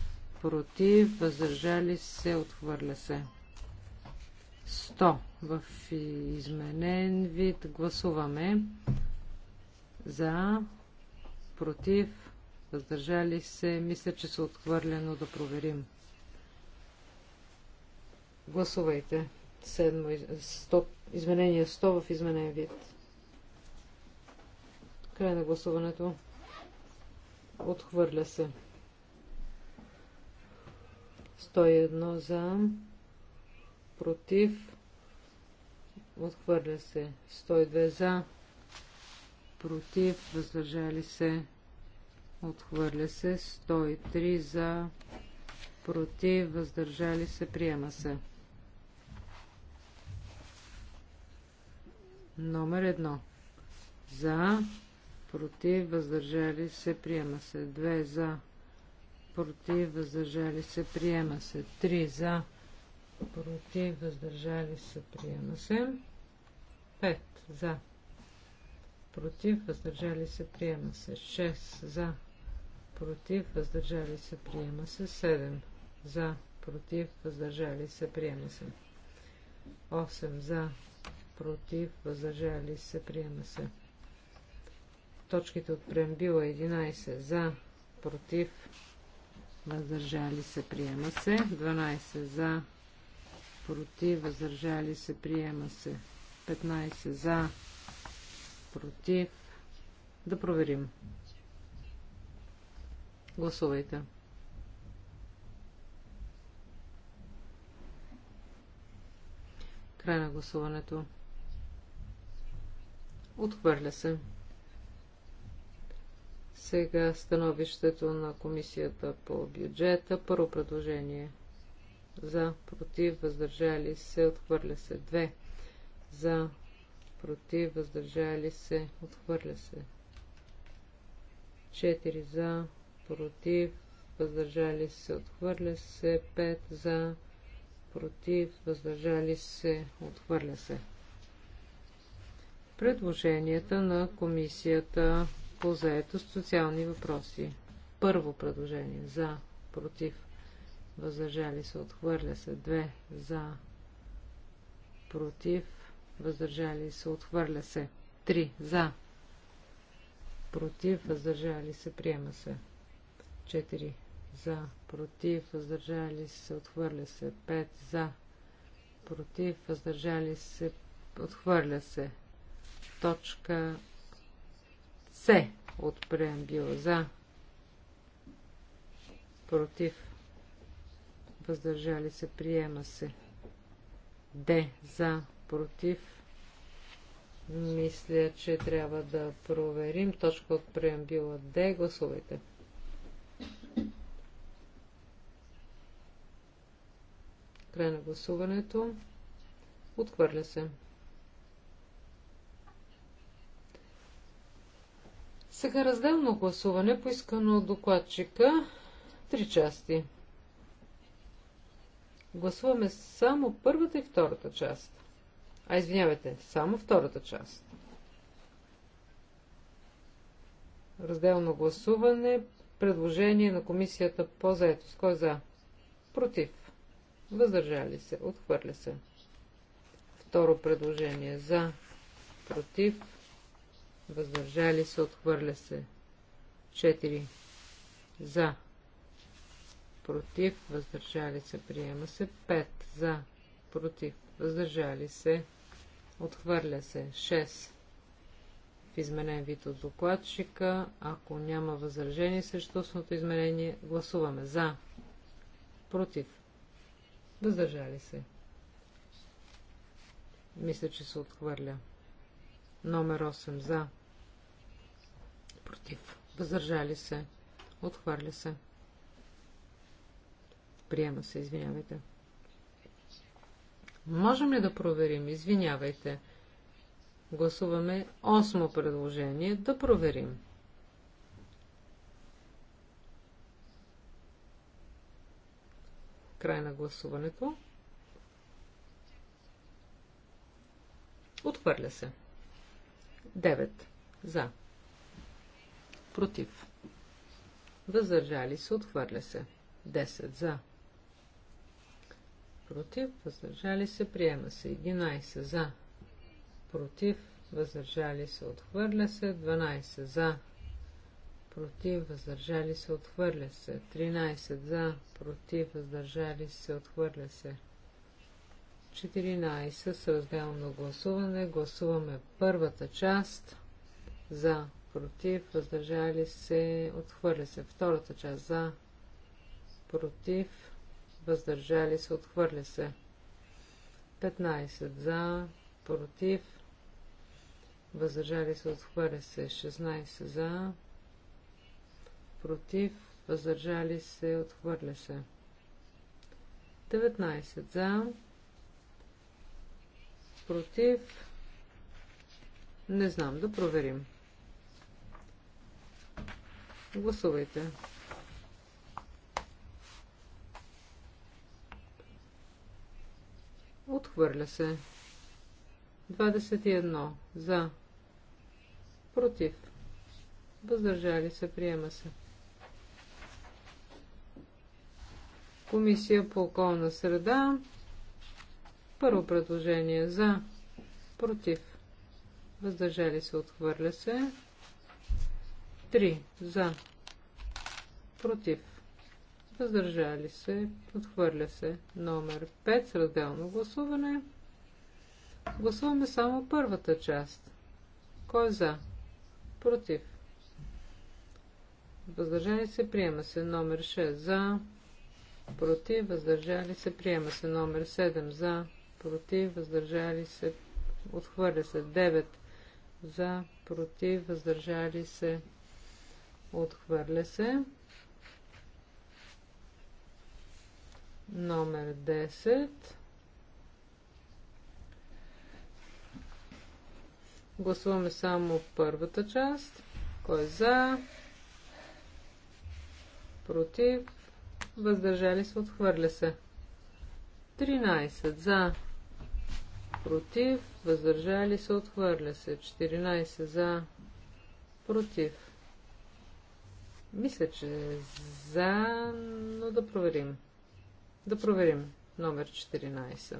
против, въздържали се, отхвърля се. 100 в изменен вид. Гласуваме за, против, въздържали се. Мисля, че са отхвърлено да проверим. Гласувайте. 100, изменение 100 в изменен вид. Край на гласуването. Отхвърля се. 101 за, против, отхвърля се. 102 за, против, въздържали се, отхвърля се. 103 за, против, въздържали се, приема се. Номер 1. За, против, въздържали се, приема се. 2 за, против, въздържали се, приема се. 3 за, против, въздържали се, приема се. 5 за, против, въздържали се, приема се. 6 за, против, въздържали се, приема се. 7 за, против, въздържали се, приема се. 8 за, против, въздържали се, приема се. Точките от преамбила 11 за, против, въздържали се, приема се. 12 за, против, въздържали се, приема се. 15 за, против. Да проверим. Гласувайте. Край на гласуването. Отхвърля се. Сега становището на комисията по бюджета. Първо предложение за, против, въздържали се, отхвърля се. Две за, против, въздържали се, отхвърля се. 4 за, против, въздържали се, отхвърля се. 5 за, против, въздържали се, отхвърля се. Предложенията на комисията по заетост, социални въпроси. Първо предложение за, против, въздържали се, отхвърля се. Две за, против, въздържали се, отхвърля се. Три за, против, въздържали се, приема се. Четири за, против, въздържали се, отхвърля се. Пет за, против, въздържали се, отхвърля се. Точка се от преамбила за, против, въздържали се, приема се. Д за, против, мисля, че трябва да проверим точка от преамбила Д. Гласувайте. Край на гласуването. Отхвърля се. Сега разделно гласуване, поискано от докладчика, три части. Гласуваме само първата и втората част. А, извинявайте, само втората част. Разделно гласуване, предложение на комисията по заедост. Кой е за? Против. Въздържали се. Отхвърля се. Второ предложение за. Против въздържали се, отхвърля се. 4. За, против, въздържали се, приема се. 5. За, против, въздържали се, отхвърля се. 6. В изменен вид от докладчика, ако няма възражение срещу устното изменение, гласуваме за, против, въздържали се. Мисля, че се отхвърля. Номер 8 за против, въздържали се, отхвърля се. Приема се, извинявайте. Можем ли да проверим? Извинявайте. Гласуваме осмо предложение. Да проверим. Край на гласуването. Отхвърля се. 9. За. Против. Въздържали се. Отхвърля се. 10 за. Против. Въздържали се. Приема се. 11 за. Против. Въздържали се. Отхвърля се. 12 за против, въздържали се, отхвърля се. 13 за, против, въздържали се, отхвърля се. 14 с разделно гласуване. Гласуваме първата част за, против, въздържали се, отхвърля се. Втората част за, против, въздържали се, отхвърля се. 15 за, против, въздържали се, отхвърля се. 16 за, против, въздържали се, отхвърля се. 19 за, против, не знам, да проверим. Гласувайте. Отхвърля се. 21. За. Против. Въздържали се. Приема се. Комисия по околна среда. Първо предложение. За. Против. Въздържали се. Отхвърля се. 3 за, против, въздържали се, отхвърля се. Номер 5 с разделно гласуване. Гласуваме само първата част. Кой е за? Против. Въздържали се, приема се. Номер 6 за, против, въздържали се, приема се. Номер 7 за, против, въздържали се, отхвърля се. 9 за, против, въздържали се, Отхвърля се. Номер 10. Гласуваме само първата част. Кой е за? Против? Въздържали се? Отхвърля се. 13 за. Против? Въздържали се? Отхвърля се. 14 за. Против? Мисля, че за, но да проверим. Да проверим номер 14.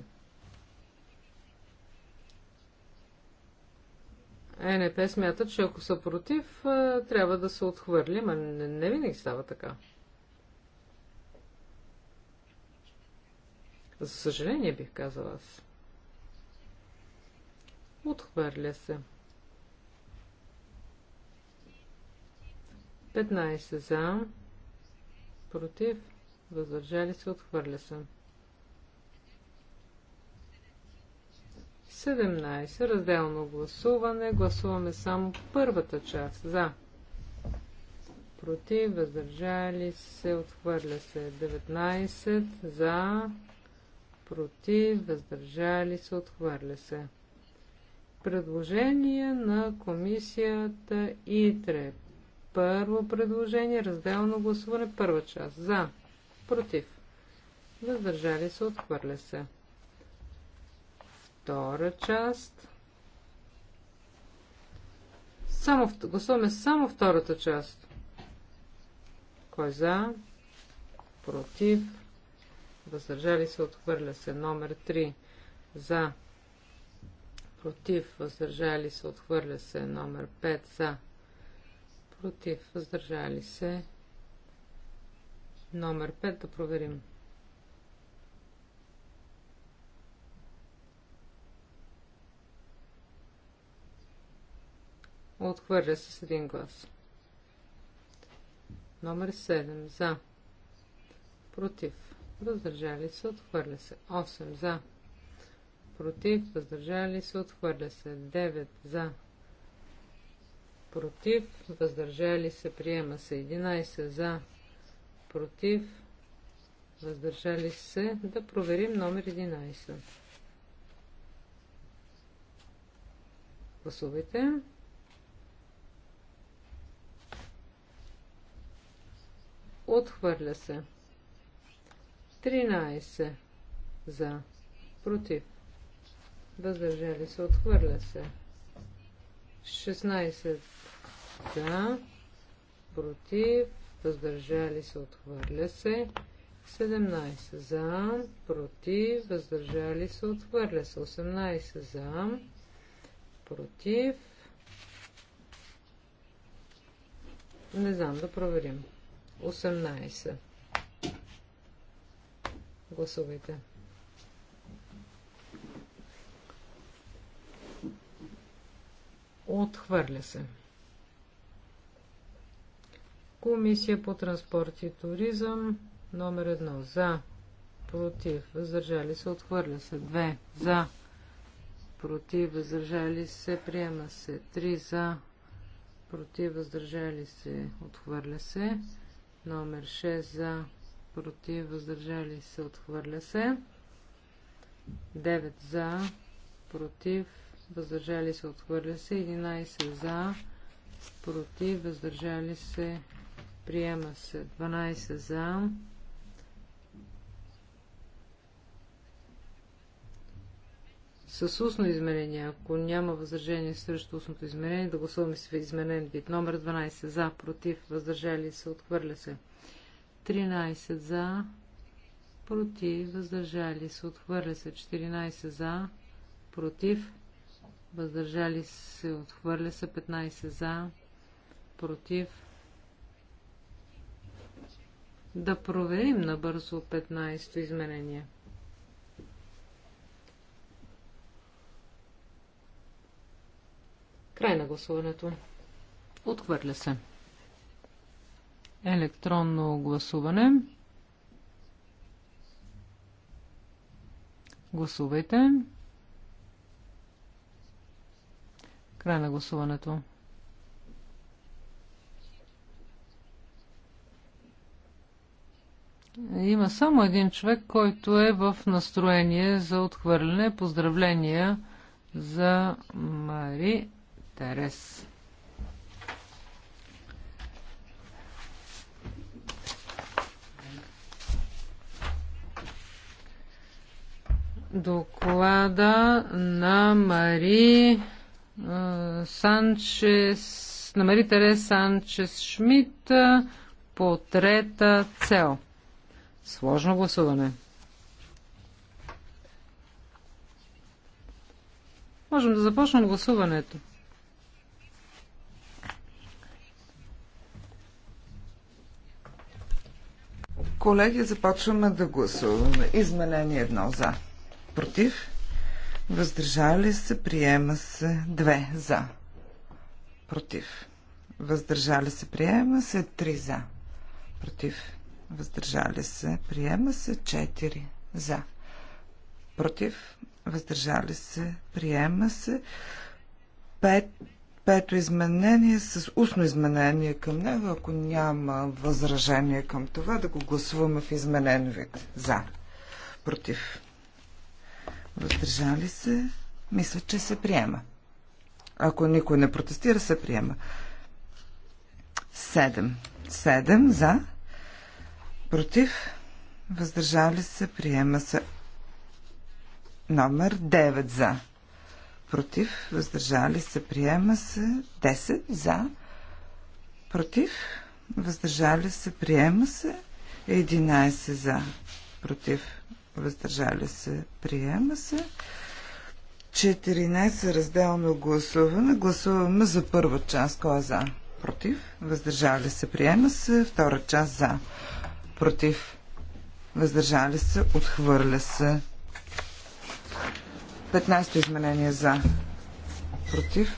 НП смятат, че ако са против, трябва да се отхвърли, но не, не винаги става така. За съжаление бих казал аз. Отхвърля се. 15 за, против, въздържали се, отхвърля се. 17. Разделно гласуване. Гласуваме само първата част. За. Против, въздържали се, отхвърля се. 19. За. Против, въздържали се, отхвърля се. Предложение на комисията ИТРЕП. Първо предложение, разделно гласуване, първа част. За. Против. Въздържали се, отхвърля се. Втора част. Само, гласуваме само втората част. Кой е за? Против. Въздържали се, отхвърля се. Номер 3. За. Против. Въздържали се, отхвърля се. Номер 5. За против, въздържали се. Номер 5 да проверим. Отхвърля се с един глас. Номер 7. За. Против. Въздържали се. Отхвърля се. 8. За. Против. Въздържали се. Отхвърля се. 9. За против, въздържали се, приема се 11 за, против, въздържали се, да проверим номер 11. Гласувайте. Отхвърля се. 13 за, против, въздържали се, отхвърля се. 16 за, против, въздържали се, отхвърля се. 17 за, против, въздържали се, отхвърля се. 18 за, против. Не знам, да проверим. 18. Гласувайте. 18. Отхвърля се. Комисия по транспорт и туризъм номер едно. За. Против. Въздържали се. Отхвърля се. Две. За. Против. Въздържали се. Приема се. Три. За. Против. Въздържали се. Отхвърля се. Номер 6. За. Против. Въздържали се. Отхвърля се. 9 за, против, въздържали се, отхвърля се. 11 за, против, въздържали се, приема се. 12 за. С устно измерение, ако няма възражение срещу устното измерение, да гласуваме с изменен вид. Номер 12 за, против, въздържали се, отхвърля се. 13 за, против, въздържали се, отхвърля се. 14 за, против, въздържали се, отхвърля се 15 за, против. Да проверим набързо 15-то изменение. Край на гласуването. Отхвърля се. Електронно гласуване. Гласувайте. Край на гласуването. Има само един човек, който е в настроение за отхвърляне. Поздравления за Мари Терес. Доклада на Мари Санчес, намери Терес Санчес Шмидт по трета цел. Сложно гласуване. Можем да започнем гласуването. Колеги, започваме да гласуваме. Изменение едно за. Против? Въздържали се, приема се 2 за. Против. Въздържали се, приема се 3 за. Против. Въздържали се, приема се 4 за. Против. Въздържали се, приема се 5 пето изменение с устно изменение към него, ако няма възражение към това, да го гласуваме в изменен вид. За. Против. Въздържали се? Мисля, че се приема. Ако никой не протестира, се приема. 7. 7 за. Против. Въздържали се. Приема се. Номер 9 за. Против. Въздържали се. Приема се. 10 за. Против. Въздържали се. Приема се. 11 за. Против въздържали се, приема се. 14 разделно гласуване. Гласуваме за първа част. Кой е за? Против. Въздържали се, приема се. Втора част за. Против. Въздържали се, отхвърля се. 15 изменение за. Против.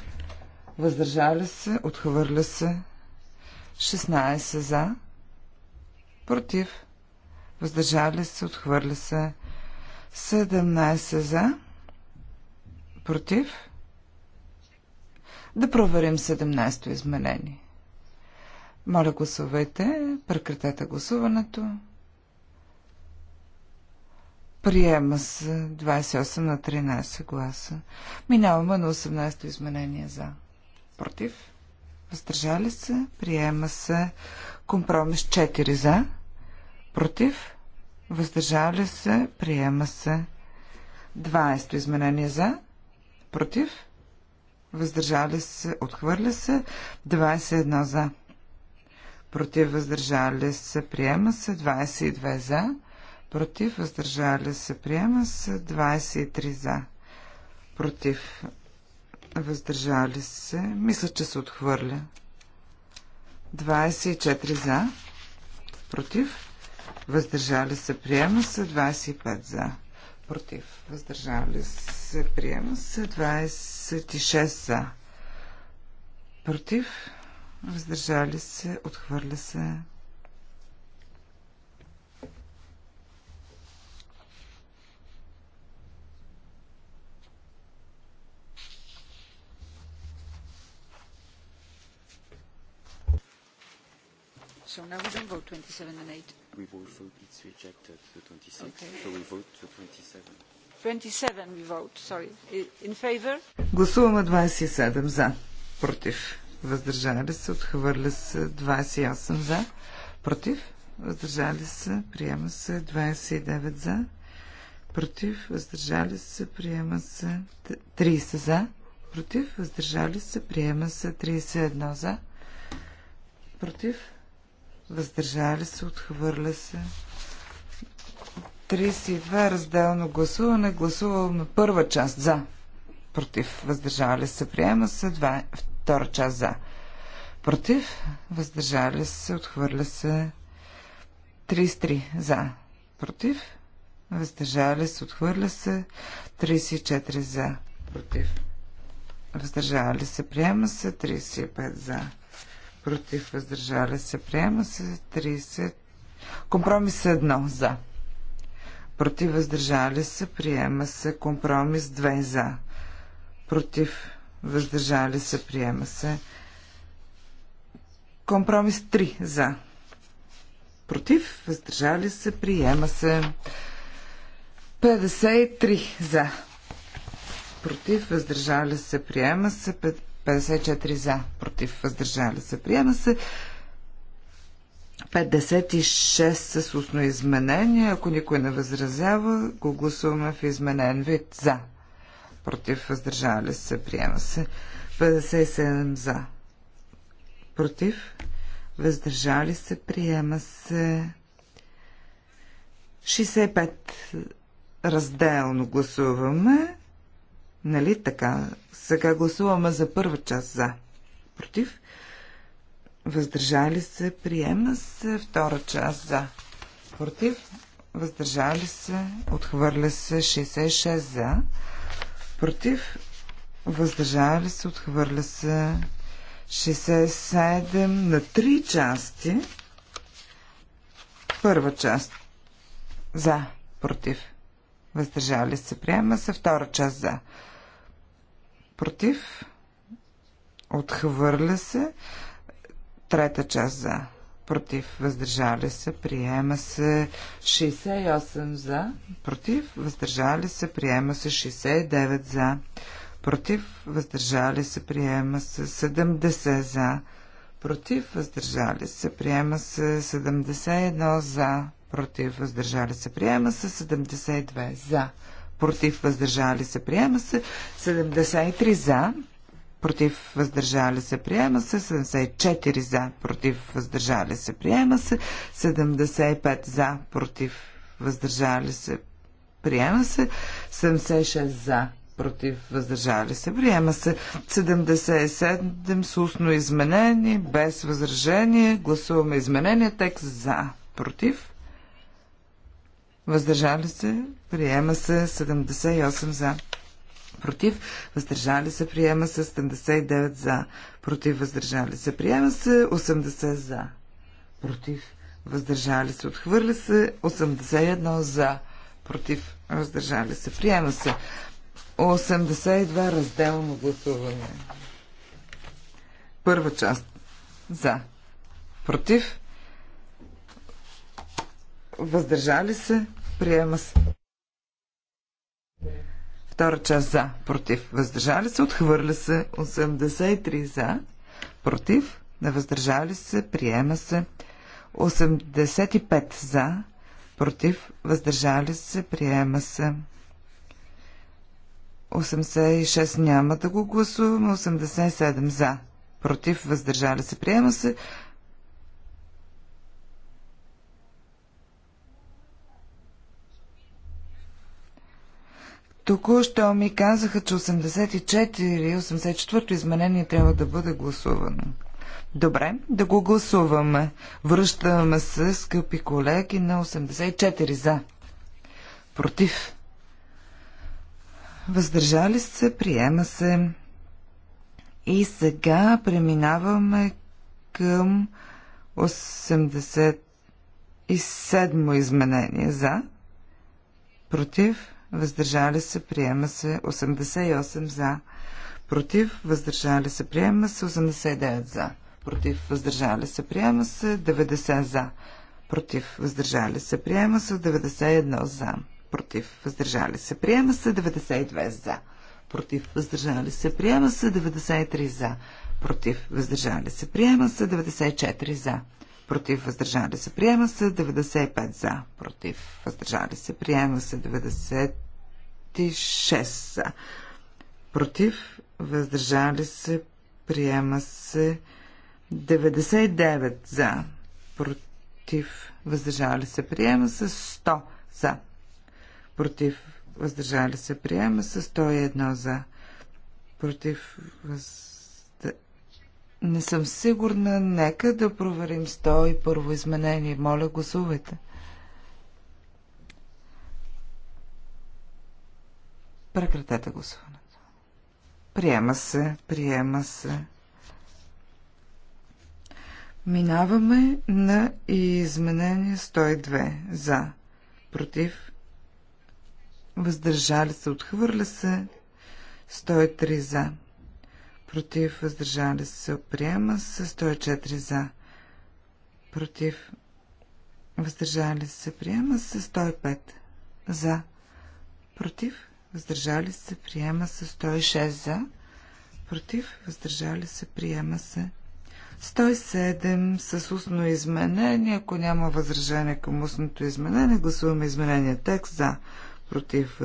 Въздържали се, отхвърля се. 16 за. Против въздържали се, отхвърля се. 17 за, против. Да проверим 17-то изменение. Моля гласувайте, прекратете гласуването. Приема се 28 на 13 гласа. Минаваме на 18-то изменение за. Против. Въздържали се. Приема се компромис 4 за. Против въздържали се, приема се. 12 изменение за, против, въздържали се, отхвърля се, 21 за, против, въздържали се, приема се, 22 за, против, въздържали се, приема се, 23 за, против, въздържали се, мисля, че се отхвърля. 24 за, против, въздържали се, приема се 25 за, против, въздържали се, приема се 26 за, против, въздържали се, отхвърля се. So now we're going to vote 27 and 8 we vote for it's rejected the 26 okay. so we vote to 27 27 we vote sorry in favor гласуваме 27 за против въздържали се отхвърля се 28 за против въздържали се приема се 29 за против въздържали се приема се 30 за против въздържали се приема се 31 за против въздържали се, отхвърля се. 32 разделно гласуване. Гласуваме първа част за. Против. Въздържали се. Приема се. Два, втора част за. Против. Въздържали се. Отхвърля се. 33 за. Против. Въздържали се. Отхвърля се. 34 за. Против. Въздържали се. Приема се. 35 за против, въздържали се, приема се 30. Компромис 1 за. Против, въздържали се, приема се компромис 2 за. Против, въздържали се, приема се компромис 3 за. Против, въздържали се, приема се 53 за. Против, въздържали се, приема се 54 за, против, въздържали се. Приема се 56 с устно изменение. Ако никой не възразява, го гласуваме в изменен вид. За. Против, въздържали се. Приема се 57 за. Против, въздържали се. Приема се 65 разделно гласуваме. Нали така? Сега гласуваме за първа част за. Против? Въздържали се, приема се втора част за. Против? Въздържали се, отхвърля се 66 за. Против? Въздържали се, отхвърля се 67 на 3 части. Първа част за, против. Въздържали се, приема се втора част за Против. Отхвърля се. Трета част за. Против. Въздържали се. Приема се 68 за. Против. Въздържали се. Приема се 69 за. Против. Въздържали се. Приема се 70 за. Против. Въздържали се. Приема се 71 за. Против. Въздържали се. Приема се 72 за против, въздържали се, приема се. 73 за, против, въздържали се, приема се. 74 за, против, въздържали се, приема се. 75 за, против, въздържали се, приема се. 76 за, против, въздържали се. Приема се 77 с устно изменение, без възражение. Гласуваме изменение, текст за, против, Въздържали се. Приема се 78 за. Против. Въздържали се. Приема се 79 за. Против. Въздържали се. Приема се 80 за. Против. Въздържали се. Отхвърля се 81 за. Против. Въздържали се. Приема се 82 разделно гласуване. Първа част. За. Против. Въздържали се. Приема се. Втора част за, против, въздържали се, отхвърля се 83 за, против, не въздържали се, приема се 85 за, против, въздържали се, приема се 86 няма да го гласуваме, 87 за, против, въздържали се, приема се Току-що ми казаха, че 84-84 изменение трябва да бъде гласувано. Добре, да го гласуваме. Връщаме се, скъпи колеги, на 84 за. Против. Въздържали се, приема се. И сега преминаваме към 87 изменение за. Против въздържали се, приема се 88 за, против, въздържали се, приема се 89 за, против, въздържали се, приема се 90 за, против, въздържали се, приема се 91 за, против, въздържали се, приема се 92 за, против, въздържали се, приема се 93 за, против, въздържали се, приема се 94 за против въздържали се, приема се 95 за, против въздържали се, приема се 96 за, против въздържали се, приема се 99 за, против въздържали се, приема се 100 за, против въздържали се, приема се 101 за, против въздържали не съм сигурна. Нека да проверим 101 изменение. Моля, гласувайте. Прекратете гласуването. Приема се, приема се. Минаваме на изменение 102. За. Против. Въздържали се. Отхвърля се. 103 за против, въздържали се, приема се. 104 за, против, въздържали се, приема се. 105 за, против, въздържали се, приема се. 106 за, против, въздържали се, приема се. 107 с устно изменение. Ако няма възражение към устното изменение, гласуваме изменение текст за, против,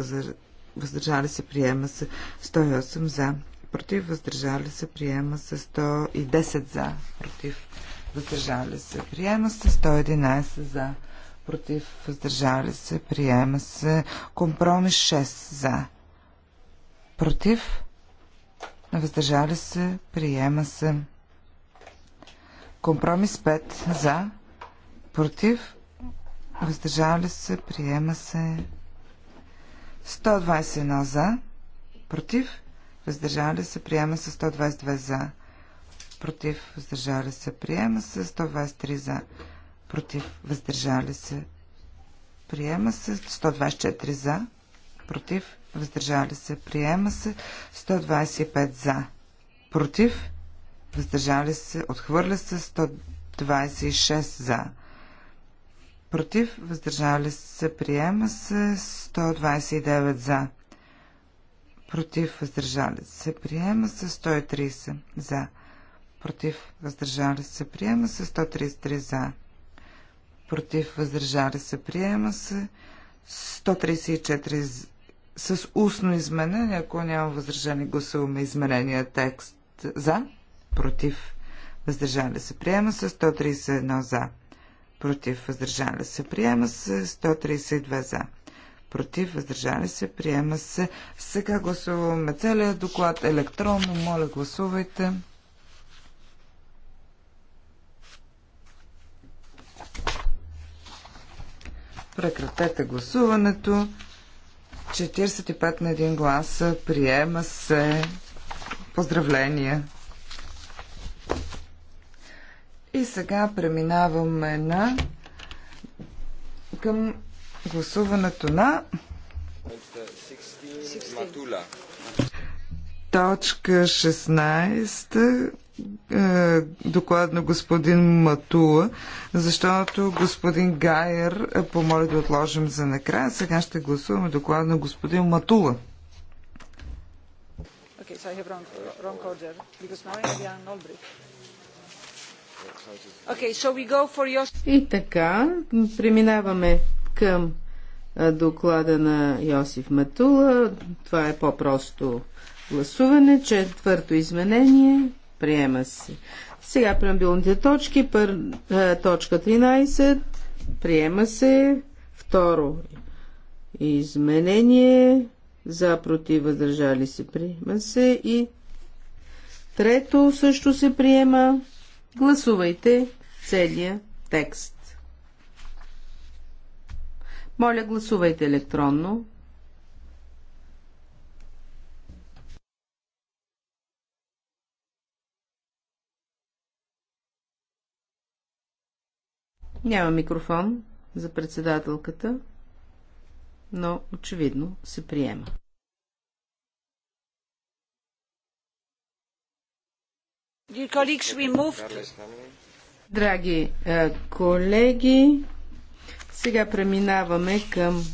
въздържали се, приема се. 108 за, против, въздържали се, приема се 110 за, против, въздържали се, приема се 111 за, против, въздържали се, приема се компромис 6 за, против, въздържали се, приема се компромис 5 за, против, въздържали се, приема се 121 за, против, въздържали се, приема се 122 за, против, въздържали се, приема се 123 за, против, въздържали се, приема се 124 за, против, въздържали се, приема се 125 за, против, въздържали се, отхвърля се 126 за, против, въздържали се, приема се 129 за против, въздържали се, приема се 130 за, против, въздържали се, приема се 133 за, против, въздържали се, приема се 134 с устно изменение, ако няма възражение, гласуваме изменения текст за, против, въздържали се, приема се 131 за, против, въздържали се, приема се 132 за против, въздържали се, приема се. Сега гласуваме целият доклад електронно. Моля, гласувайте. Прекратете гласуването. 45 на 1 гласа. Приема се. Поздравления. И сега преминаваме на към гласуването на точка 16 е, доклад на господин Матула, защото господин Гайер е, помоли да отложим за накрая. Сега ще гласуваме доклад на господин Матула. И така, преминаваме към доклада на Йосиф Матула. Това е по-просто гласуване. Четвърто изменение. Приема се. Сега преамбилните точки. Пър, точка 13. Приема се. Второ изменение. За против въздържали се. Приема се. И трето също се приема. Гласувайте целия текст. Моля, гласувайте електронно. Няма микрофон за председателката, но очевидно се приема. Драги е, колеги, сега преминаваме към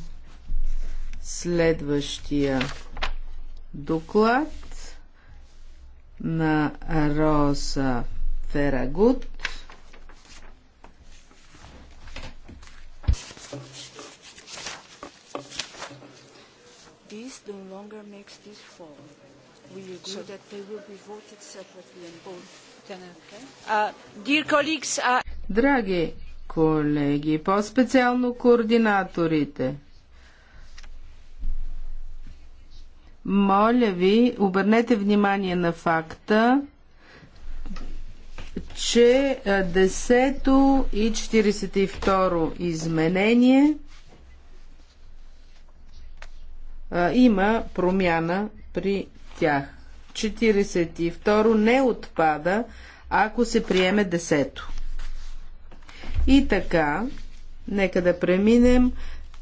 следващия доклад на Роса Ферагут. This no longer makes this fall. We agree that they will be voted separately and both. Then, okay? uh, dear colleagues, uh... Драги колеги, по-специално координаторите. Моля ви, обърнете внимание на факта, че 10 и 42 изменение има промяна при тях. 42 не отпада, ако се приеме 10. И така, нека да преминем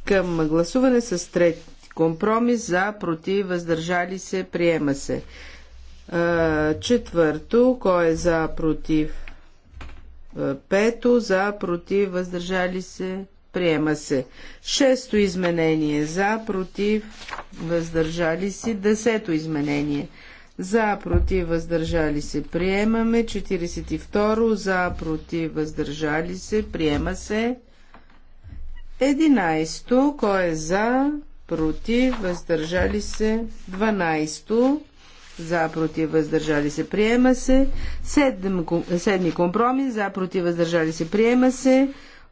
към гласуване с трети компромис за, против, въздържали се, приема се. Четвърто, кой е за, против? Пето, за, против, въздържали се, приема се. Шесто изменение, за, против, въздържали се. Десето изменение, за, против, въздържали се, приемаме. 42 за, против, въздържали се, приема се. 11 кой е за, против, въздържали се, 12 за, против, въздържали се, приема се. 7, седми компромис, за, против, въздържали се, приема се.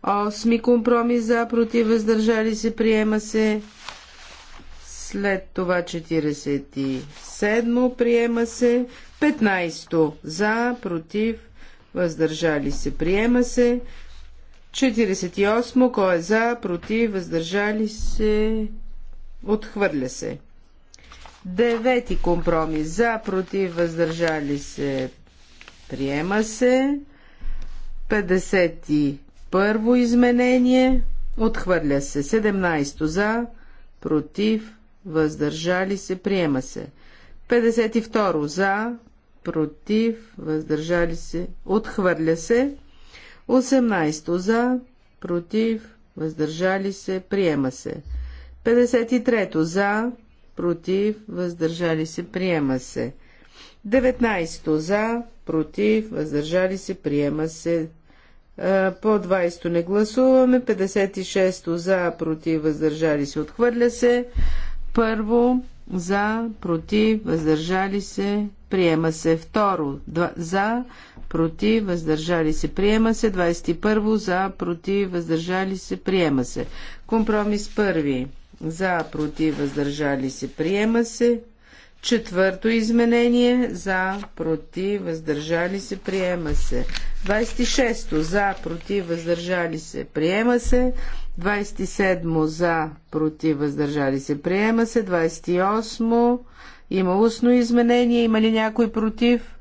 Осми компромис, за, против, въздържали се, приема се след това 47 приема се, 15 за, против, въздържали се, приема се, 48 кой е за, против, въздържали се, отхвърля се. Девети компромис за, против, въздържали се, приема се. 51 изменение, отхвърля се. 17 за, против, въздържали се, приема се. 52 за, против, въздържали се, отхвърля се. 18 за, против, въздържали се, приема се. 53 за, против, въздържали се, приема се. 19 за, против, въздържали се, приема се. По 20 не гласуваме, 56 за, против, въздържали се, отхвърля се. Първо, за, против, въздържали се, приема се. Второ, два, за, против, въздържали се, приема се. 21. За, против, въздържали се, приема се. Компромис първи. За, против, въздържали се, приема се. Четвърто изменение. За, против, въздържали се, приема се. 26. За, против, въздържали се, приема се. 27 за, против, въздържали се, приема се. 28 има устно изменение, има ли някой против?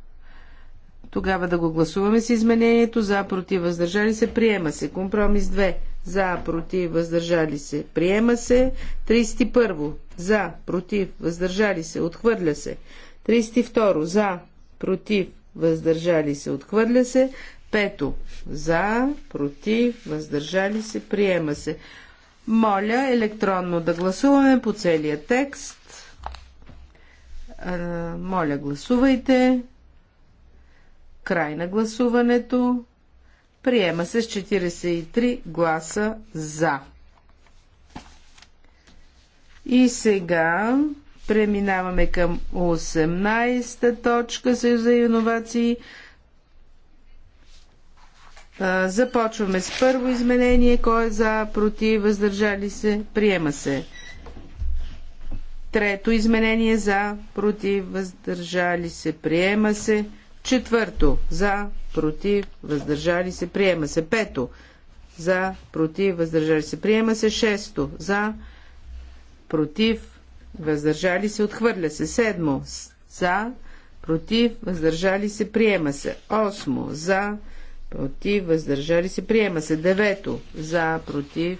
Тогава да го гласуваме с изменението. За, против, въздържали се, приема се. Компромис 2. За, против, въздържали се, приема се. 31. За, против, въздържали се, отхвърля се. 32. За, против, въздържали се, отхвърля се. Пето. За, против, въздържали се, приема се. Моля електронно да гласуваме по целия текст. Моля, гласувайте. Край на гласуването. Приема се с 43 гласа за. И сега преминаваме към 18-та точка Съюза иновации. иновации Започваме с първо изменение. Кой е за, против, въздържали се, приема се. Трето изменение за, против, въздържали се, приема се. Четвърто за, против, въздържали се, приема се. Пето за, против, въздържали се, приема се. Шесто за, против, въздържали се, отхвърля се. Седмо за, против, въздържали се, приема се. Осмо за, против, против, въздържали се, приема се. Девето, за, против,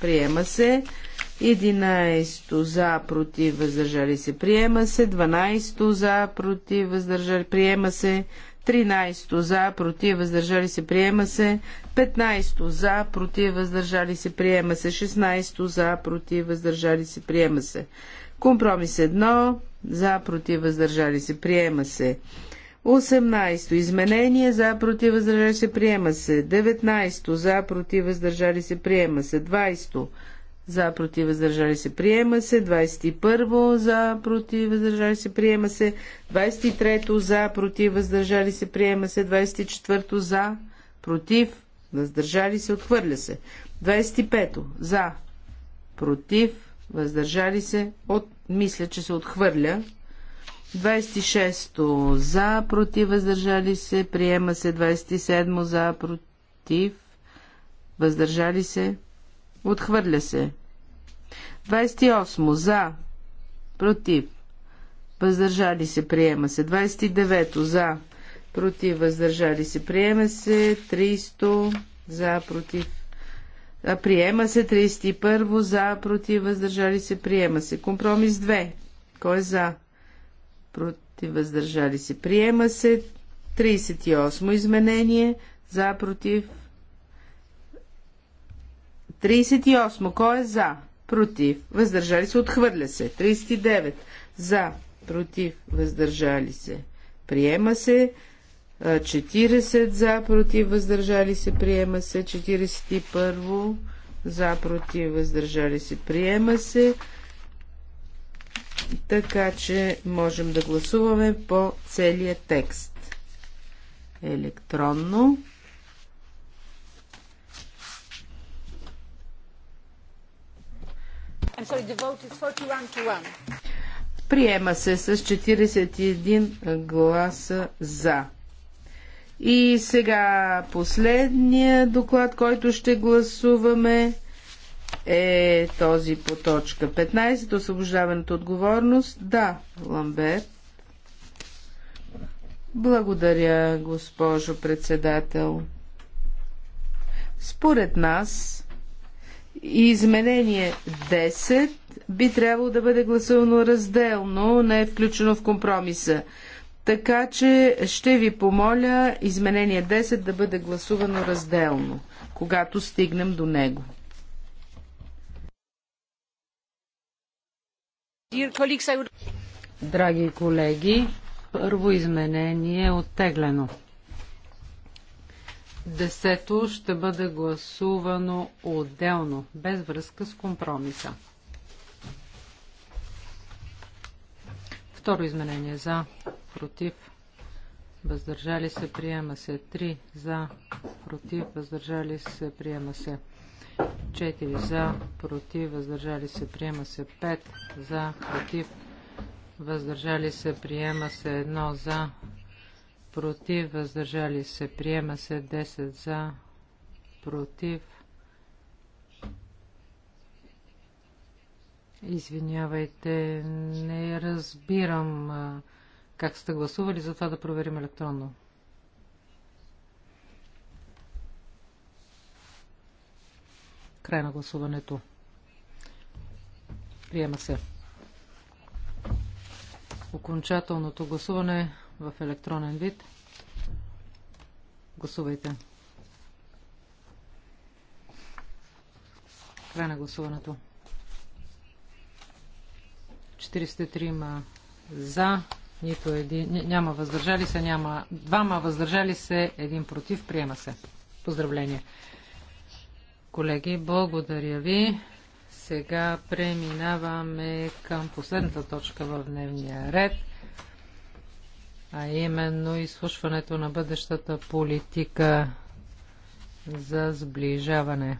приема се. 11 за, против, въздържали се, приема се. 12 за, против, въздържали, приема се. 13 за, против, въздържали се, приема се. 15 за, против, въздържали се, приема се. 16 за, против, въздържали се, приема се. Компромис 1 за, против, въздържали се, приема се. 18 изменение за против въздържали се приема се. 19 за против въздържали се приема се. 20 за против въздържали се приема се. 21 за против въздържали се приема се. 23 за против въздържали се приема се. 24 за против въздържали се отхвърля се. 25 за против въздържали се от мисля, че се отхвърля. 26 за, против, въздържали се, приема се 27 за, против, въздържали се, отхвърля се. 28 за, против, въздържали се, приема се. 29 за, против, въздържали се, приема се. 300 за, против, приема се. 31 за, против, въздържали се, приема се. Компромис 2. Кой е за? против, въздържали се, приема се. 38 изменение, за, против. 38. Кой е за? Против. Въздържали се, отхвърля се. 39. За, против, въздържали се. Приема се. 40 за, против, въздържали се, приема се. 41 за, против, въздържали се, приема се така че можем да гласуваме по целия текст. Електронно. Приема се с 41 гласа за. И сега последния доклад, който ще гласуваме е този по точка 15, освобождаването отговорност. Да, Ламберт. Благодаря, госпожо председател. Според нас, изменение 10 би трябвало да бъде гласувано разделно, не е включено в компромиса. Така че ще ви помоля изменение 10 да бъде гласувано разделно, когато стигнем до него. Драги колеги, първо изменение е оттеглено. Десето ще бъде гласувано отделно, без връзка с компромиса. Второ изменение за, против, въздържали се, приема се. Три за, против, въздържали се, приема се. 4 за, против, въздържали се, приема се 5 за, против, въздържали се, приема се 1 за, против, въздържали се, приема се 10 за, против. Извинявайте, не разбирам как сте гласували, затова да проверим електронно. Край на гласуването. Приема се. Окончателното гласуване в електронен вид. Гласувайте. Край на гласуването. 43 за, нито един, няма въздържали се, няма двама въздържали се, един против, приема се. Поздравление. Колеги, благодаря ви. Сега преминаваме към последната точка в дневния ред, а именно изслушването на бъдещата политика за сближаване.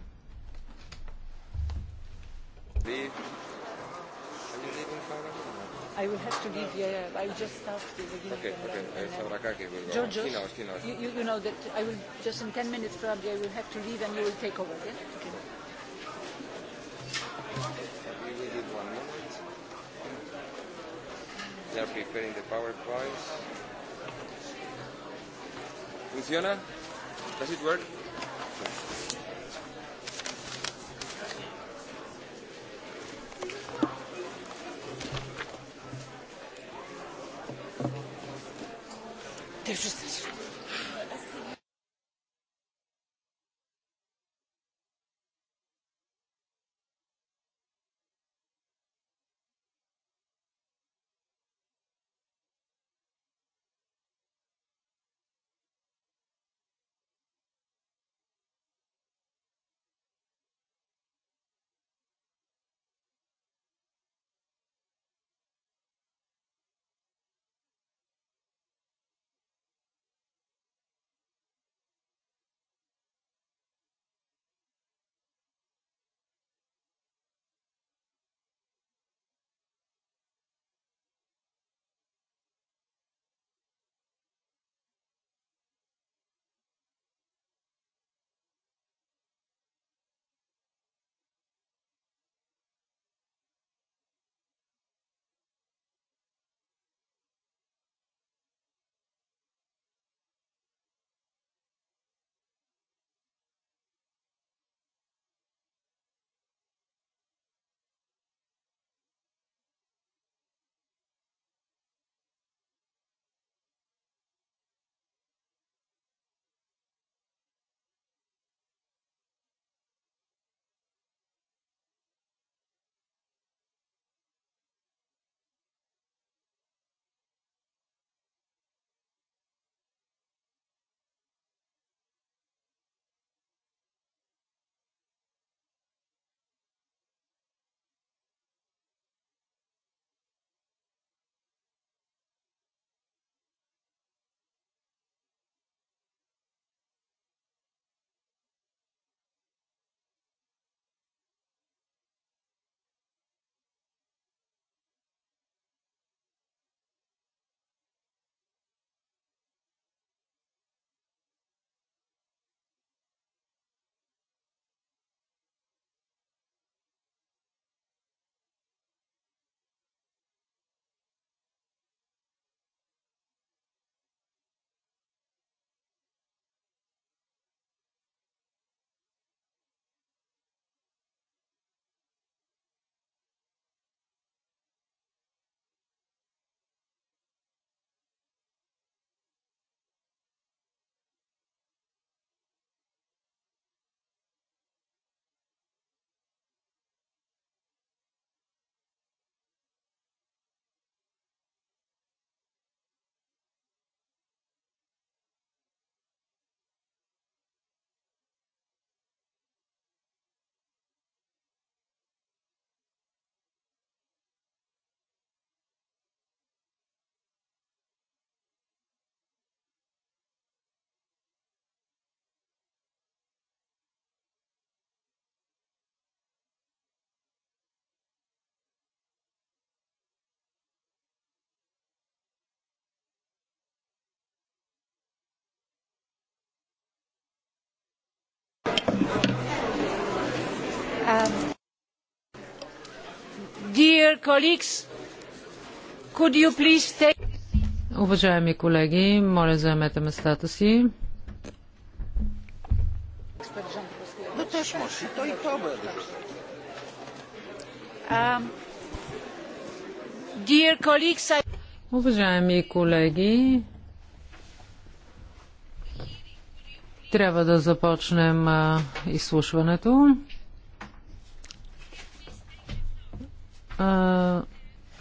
I will have to leave, you, I just start the beginning. Okay, okay. And, uh, Giorgio, he knows, he knows. You, you know that I will, just in 10 minutes probably, I will have to leave and you will take over, yeah? Okay. They are preparing the PowerPoints. ¿Funciona? Does it work? Um, dear colleagues, could you please take... Уважаеми колеги, моля заемете местата си. Um, dear colleagues, I... Уважаеми колеги, трябва да започнем изслушването.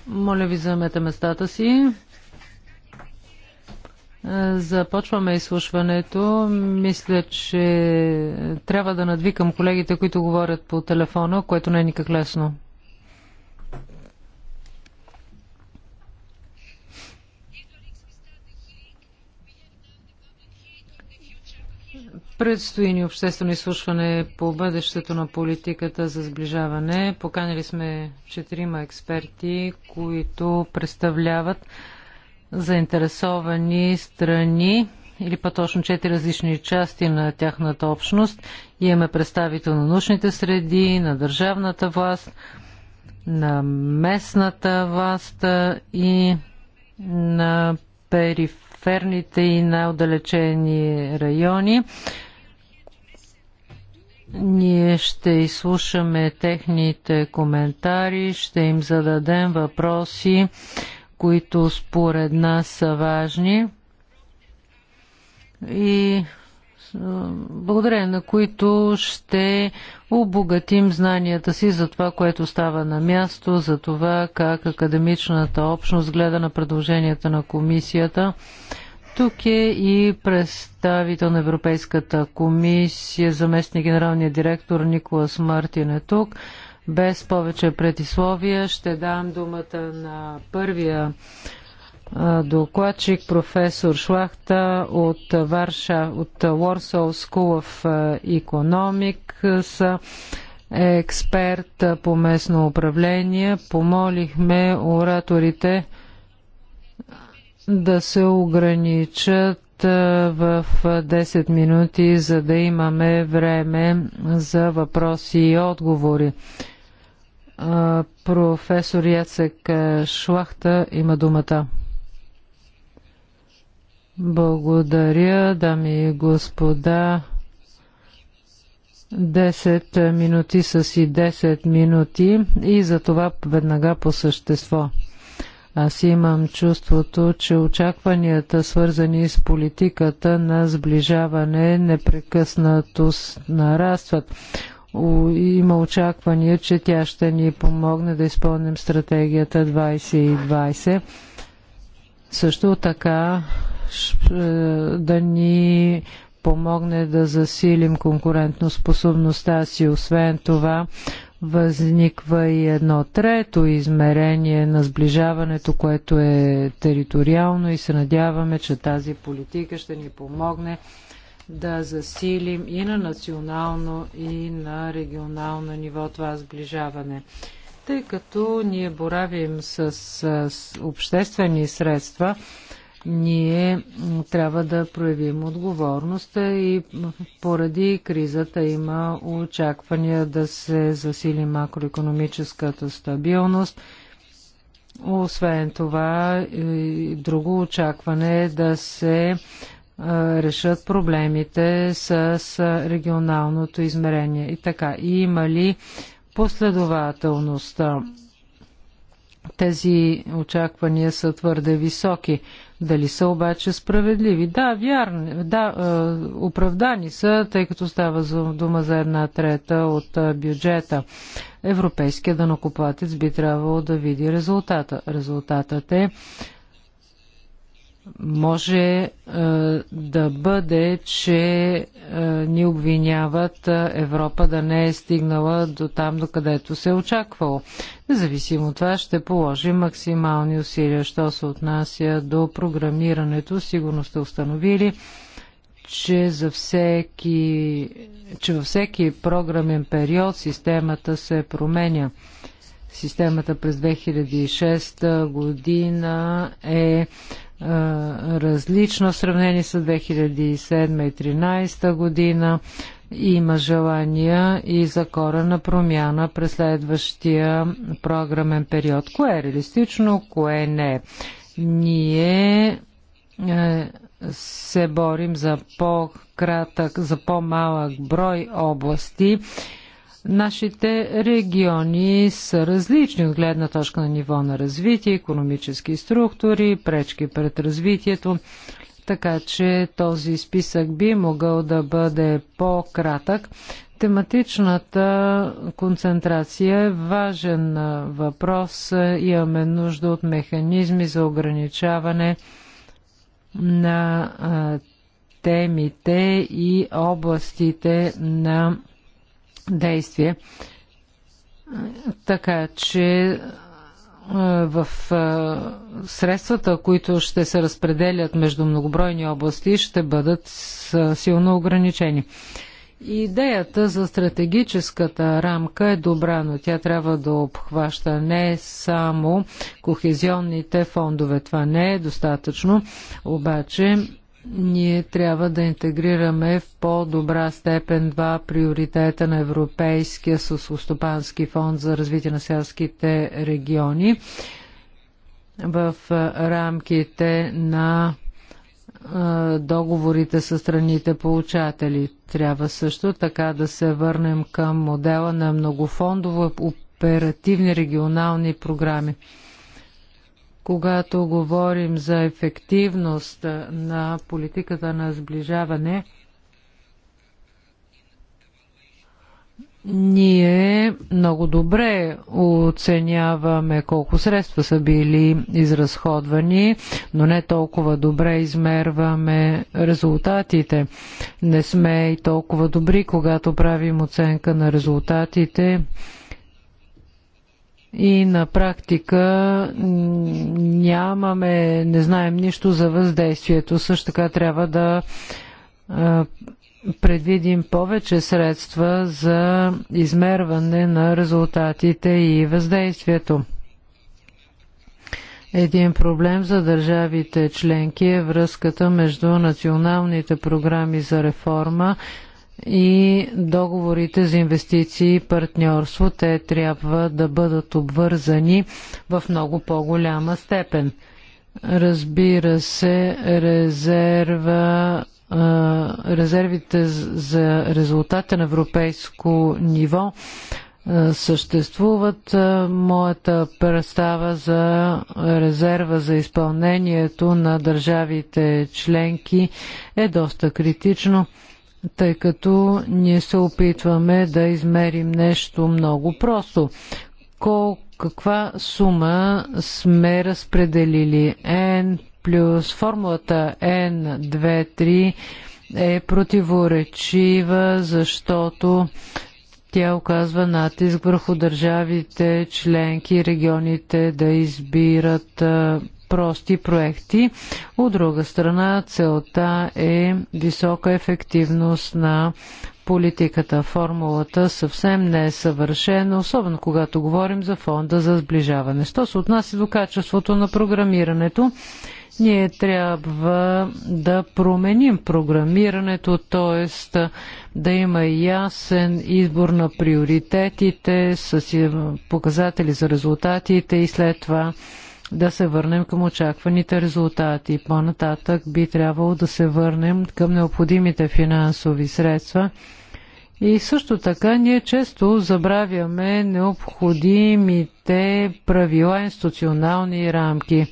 моля ви, заемете местата си. Започваме изслушването. Мисля, че трябва да надвикам колегите, които говорят по телефона, което не е никак лесно. Предстои ни обществено изслушване по бъдещето на политиката за сближаване. Поканили сме четирима експерти, които представляват заинтересовани страни или па точно четири различни части на тяхната общност. И имаме представител на научните среди, на държавната власт, на местната власт и на периферните и на отдалечени райони. Ние ще изслушаме техните коментари, ще им зададем въпроси, които според нас са важни и благодарение на които ще обогатим знанията си за това, което става на място, за това как академичната общност гледа на предложенията на комисията тук е и представител на Европейската комисия, заместник генералния директор Николас Мартин е тук. Без повече предисловия ще дам думата на първия докладчик професор Шлахта от Варша, от Warsaw School of Economics, експерт по местно управление. Помолихме ораторите да се ограничат в 10 минути, за да имаме време за въпроси и отговори. Професор Яцек Шлахта има думата. Благодаря, дами и господа. 10 минути са си 10 минути и за това веднага по същество. Аз имам чувството, че очакванията, свързани с политиката на сближаване, непрекъснато нарастват. Има очаквания, че тя ще ни помогне да изпълним стратегията 2020. Също така е, да ни помогне да засилим конкурентно способността си. Освен това, възниква и едно трето измерение на сближаването, което е териториално и се надяваме, че тази политика ще ни помогне да засилим и на национално, и на регионално ниво това сближаване. Тъй като ние боравим с, с обществени средства, ние трябва да проявим отговорност и поради кризата има очаквания да се засили макроекономическата стабилност. Освен това, друго очакване е да се решат проблемите с регионалното измерение. И така, има ли последователността? тези очаквания са твърде високи. Дали са обаче справедливи? Да, вярни, да, е, оправдани са, тъй като става за дума за една трета от е, бюджета. Европейският данокоплатец би трябвало да види резултата. Резултатът е може е, да бъде, че е, ни обвиняват е, Европа да не е стигнала до там, до където се е очаквало. Независимо от това, ще положим максимални усилия, що се отнася до програмирането. Сигурно сте установили, че, за всеки, че във всеки програмен период системата се променя. Системата през 2006 година е различно в сравнение с 2007 и 2013 година. Има желания и за кора на промяна през следващия програмен период. Кое е реалистично, кое не. Ние е, се борим за по-кратък, за по-малък брой области Нашите региони са различни от гледна точка на ниво на развитие, економически структури, пречки пред развитието, така че този списък би могъл да бъде по-кратък. Тематичната концентрация е важен въпрос. Имаме нужда от механизми за ограничаване на темите и областите на действие. Така че в средствата, които ще се разпределят между многобройни области, ще бъдат силно ограничени. Идеята за стратегическата рамка е добра, но тя трябва да обхваща не само кохезионните фондове. Това не е достатъчно, обаче ние трябва да интегрираме в по-добра степен два приоритета на Европейския сусостопански фонд за развитие на селските региони в рамките на договорите с страните получатели. Трябва също така да се върнем към модела на многофондово оперативни регионални програми когато говорим за ефективност на политиката на сближаване, ние много добре оценяваме колко средства са били изразходвани, но не толкова добре измерваме резултатите. Не сме и толкова добри, когато правим оценка на резултатите и на практика нямаме, не знаем нищо за въздействието. Също така трябва да предвидим повече средства за измерване на резултатите и въздействието. Един проблем за държавите членки е връзката между националните програми за реформа и договорите за инвестиции и партньорство. Те трябва да бъдат обвързани в много по-голяма степен. Разбира се, резерва, резервите за резултата на европейско ниво съществуват. Моята представа за резерва за изпълнението на държавите членки е доста критично тъй като ние се опитваме да измерим нещо много просто. Кол, каква сума сме разпределили? N плюс формулата N23 е противоречива, защото тя оказва натиск върху държавите, членки и регионите да избират прости проекти. От друга страна, целта е висока ефективност на политиката. Формулата съвсем не е съвършена, особено когато говорим за фонда за сближаване. Що се отнася до качеството на програмирането, ние трябва да променим програмирането, т.е. да има ясен избор на приоритетите с е, показатели за резултатите и след това да се върнем към очакваните резултати. По-нататък би трябвало да се върнем към необходимите финансови средства. И също така ние често забравяме необходимите правила, институционални рамки.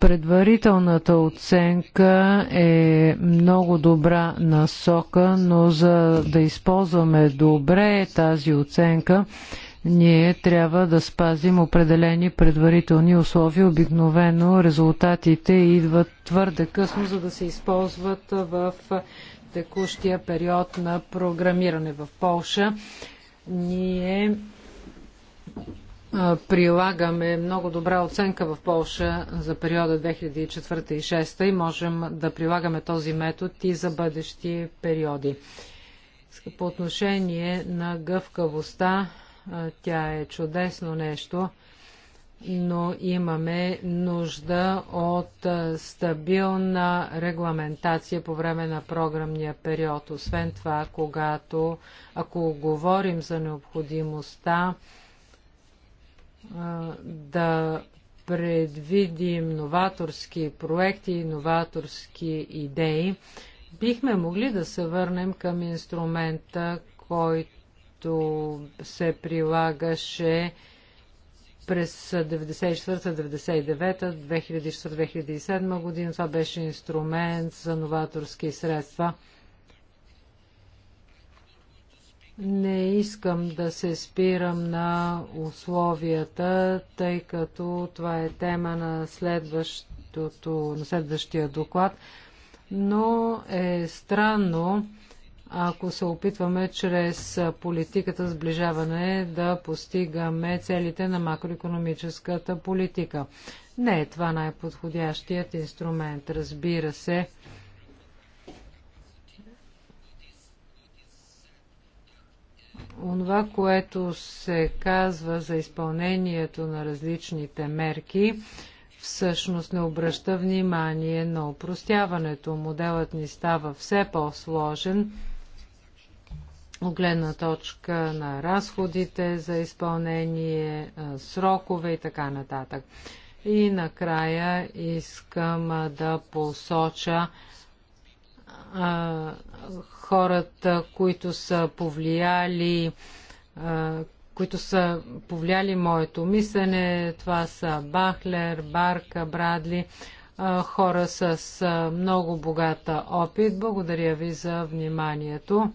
Предварителната оценка е много добра насока, но за да използваме добре тази оценка, ние трябва да спазим определени предварителни условия. Обикновено резултатите идват твърде късно, за да се използват в текущия период на програмиране в Полша. Ние прилагаме много добра оценка в Полша за периода 2004 и 2006 и можем да прилагаме този метод и за бъдещи периоди. По отношение на гъвкавостта, тя е чудесно нещо, но имаме нужда от стабилна регламентация по време на програмния период. Освен това, когато, ако говорим за необходимостта да предвидим новаторски проекти и новаторски идеи, бихме могли да се върнем към инструмента, който който се прилагаше през 1994-1999, 2004-2007 година. Това беше инструмент за новаторски средства. Не искам да се спирам на условията, тъй като това е тема на, следващото, на следващия доклад, но е странно, ако се опитваме чрез политиката сближаване да постигаме целите на макроекономическата политика. Не е това най-подходящият инструмент, разбира се. Онова, което се казва за изпълнението на различните мерки, всъщност не обръща внимание на упростяването. Моделът ни става все по-сложен от гледна точка на разходите за изпълнение, срокове и така нататък. И накрая искам да посоча хората, които са повлияли които са повлияли моето мислене. Това са Бахлер, Барка, Брадли, хора с много богата опит. Благодаря ви за вниманието.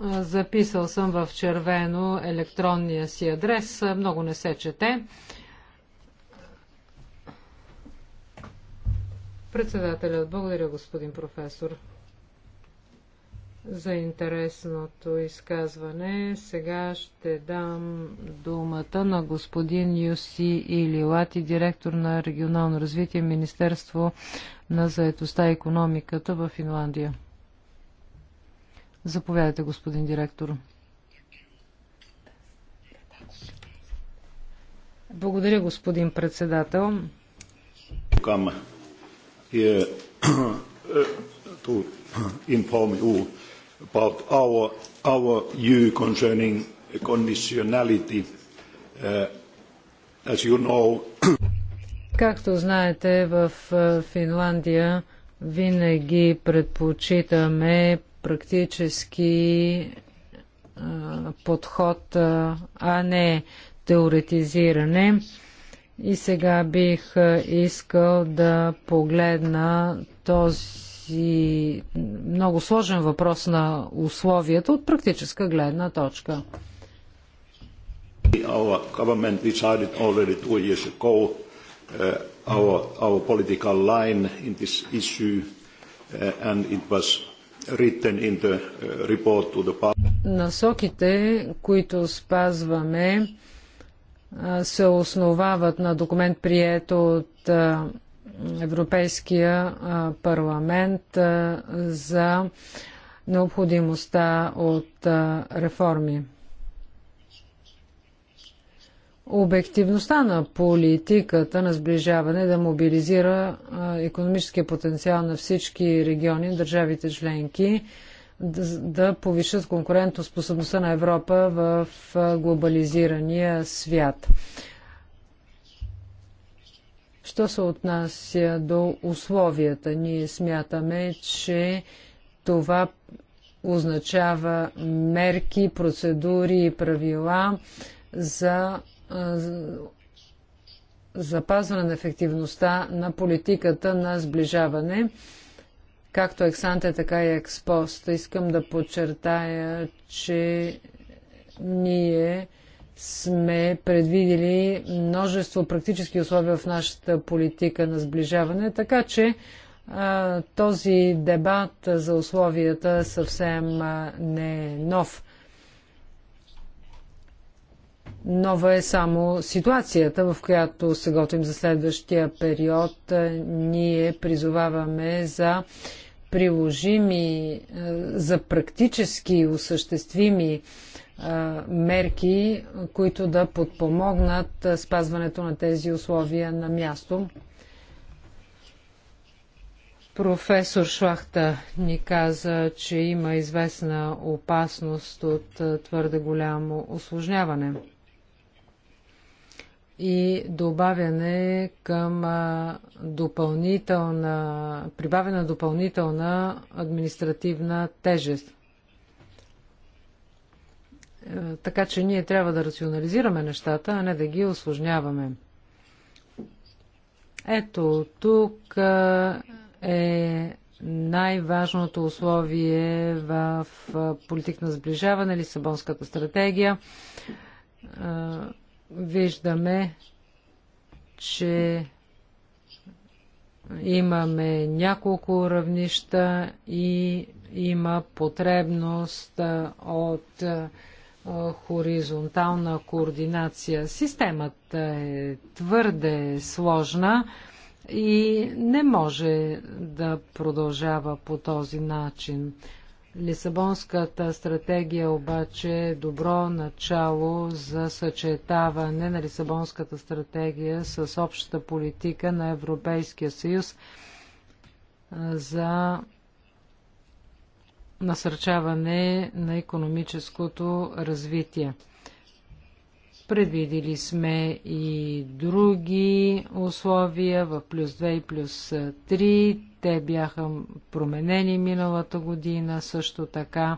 Записал съм в червено електронния си адрес. Много не се чете. Председателят, благодаря господин професор за интересното изказване. Сега ще дам думата на господин Юси Илилати, директор на регионално развитие Министерство на заедостта и економиката в Финландия. Заповядайте, господин директор. Благодаря, господин председател. Е, about our, our view concerning conditionality. Uh, as you know... Както знаете, в е, Финландия винаги предпочитаме практически подход, а не теоретизиране. И сега бих искал да погледна този много сложен въпрос на условията от практическа гледна точка. Our government decided already two years ago uh, our, our political line in this issue, uh, and it was written in the uh, report to the Насоките, които спазваме, се основават на документ прието от Европейския парламент за необходимостта от реформи обективността на политиката на сближаване да мобилизира економическия потенциал на всички региони, държавите членки, да повишат конкурентоспособността на Европа в глобализирания свят. Що се отнася до условията, ние смятаме, че това означава мерки, процедури и правила за запазване на ефективността на политиката на сближаване, както ексанте, така и експост. Искам да подчертая, че ние сме предвидели множество практически условия в нашата политика на сближаване, така че а, този дебат за условията съвсем а, не е нов. Нова е само ситуацията, в която се готвим за следващия период. Е, ние призоваваме за приложими, е, за практически осъществими е, мерки, които да подпомогнат спазването на тези условия на място. Професор Шлахта ни каза, че има известна опасност от твърде голямо осложняване и добавяне към допълнителна, прибавена допълнителна административна тежест. Е, така че ние трябва да рационализираме нещата, а не да ги осложняваме. Ето, тук е най-важното условие в политик на сближаване, Лисабонската стратегия Виждаме, че имаме няколко равнища и има потребност от хоризонтална координация. Системата е твърде сложна и не може да продължава по този начин. Лисабонската стратегия обаче е добро начало за съчетаване на Лисабонската стратегия с общата политика на Европейския съюз за насърчаване на економическото развитие. Предвидили сме и други условия в плюс 2 и плюс 3. Те бяха променени миналата година, също така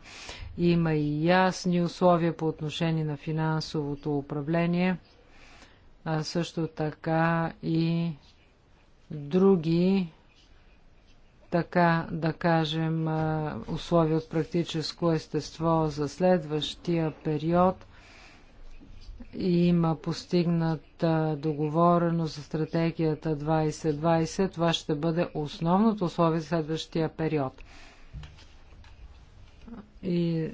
има и ясни условия по отношение на финансовото управление, а също така и други, така да кажем, условия от практическо естество за следващия период има постигната договореност за стратегията 2020, това ще бъде основното условие за следващия период. И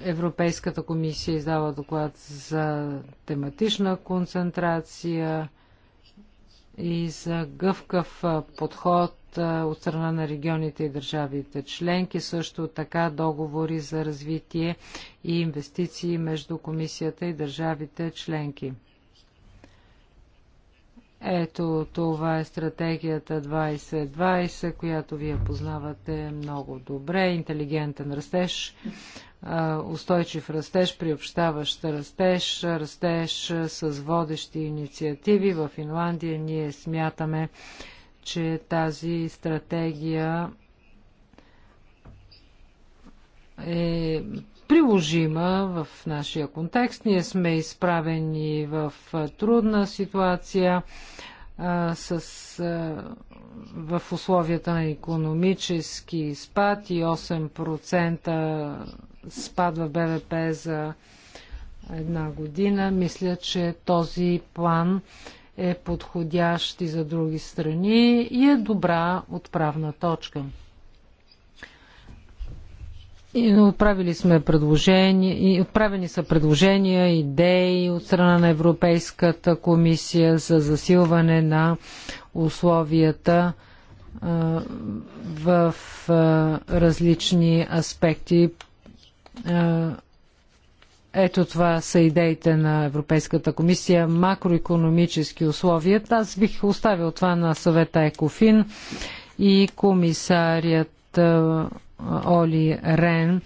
Европейската комисия издава доклад за тематична концентрация и за гъвкав подход от страна на регионите и държавите членки, също така договори за развитие и инвестиции между комисията и държавите членки. Ето това е стратегията 2020, която вие познавате много добре. Интелигентен растеж, устойчив растеж, приобщаващ растеж, растеж с водещи инициативи. В Финландия ние смятаме, че тази стратегия е приложима в нашия контекст. Ние сме изправени в трудна ситуация а, с, а, в условията на економически спад и 8% спад в БВП за една година. Мисля, че този план е подходящ и за други страни и е добра отправна точка. И отправили сме предложения, и отправени са предложения, идеи от страна на Европейската комисия за засилване на условията а, в а, различни аспекти. А, ето това са идеите на Европейската комисия, макроекономически условия. Аз бих оставил това на съвета Екофин и комисарият е, Оли Рен,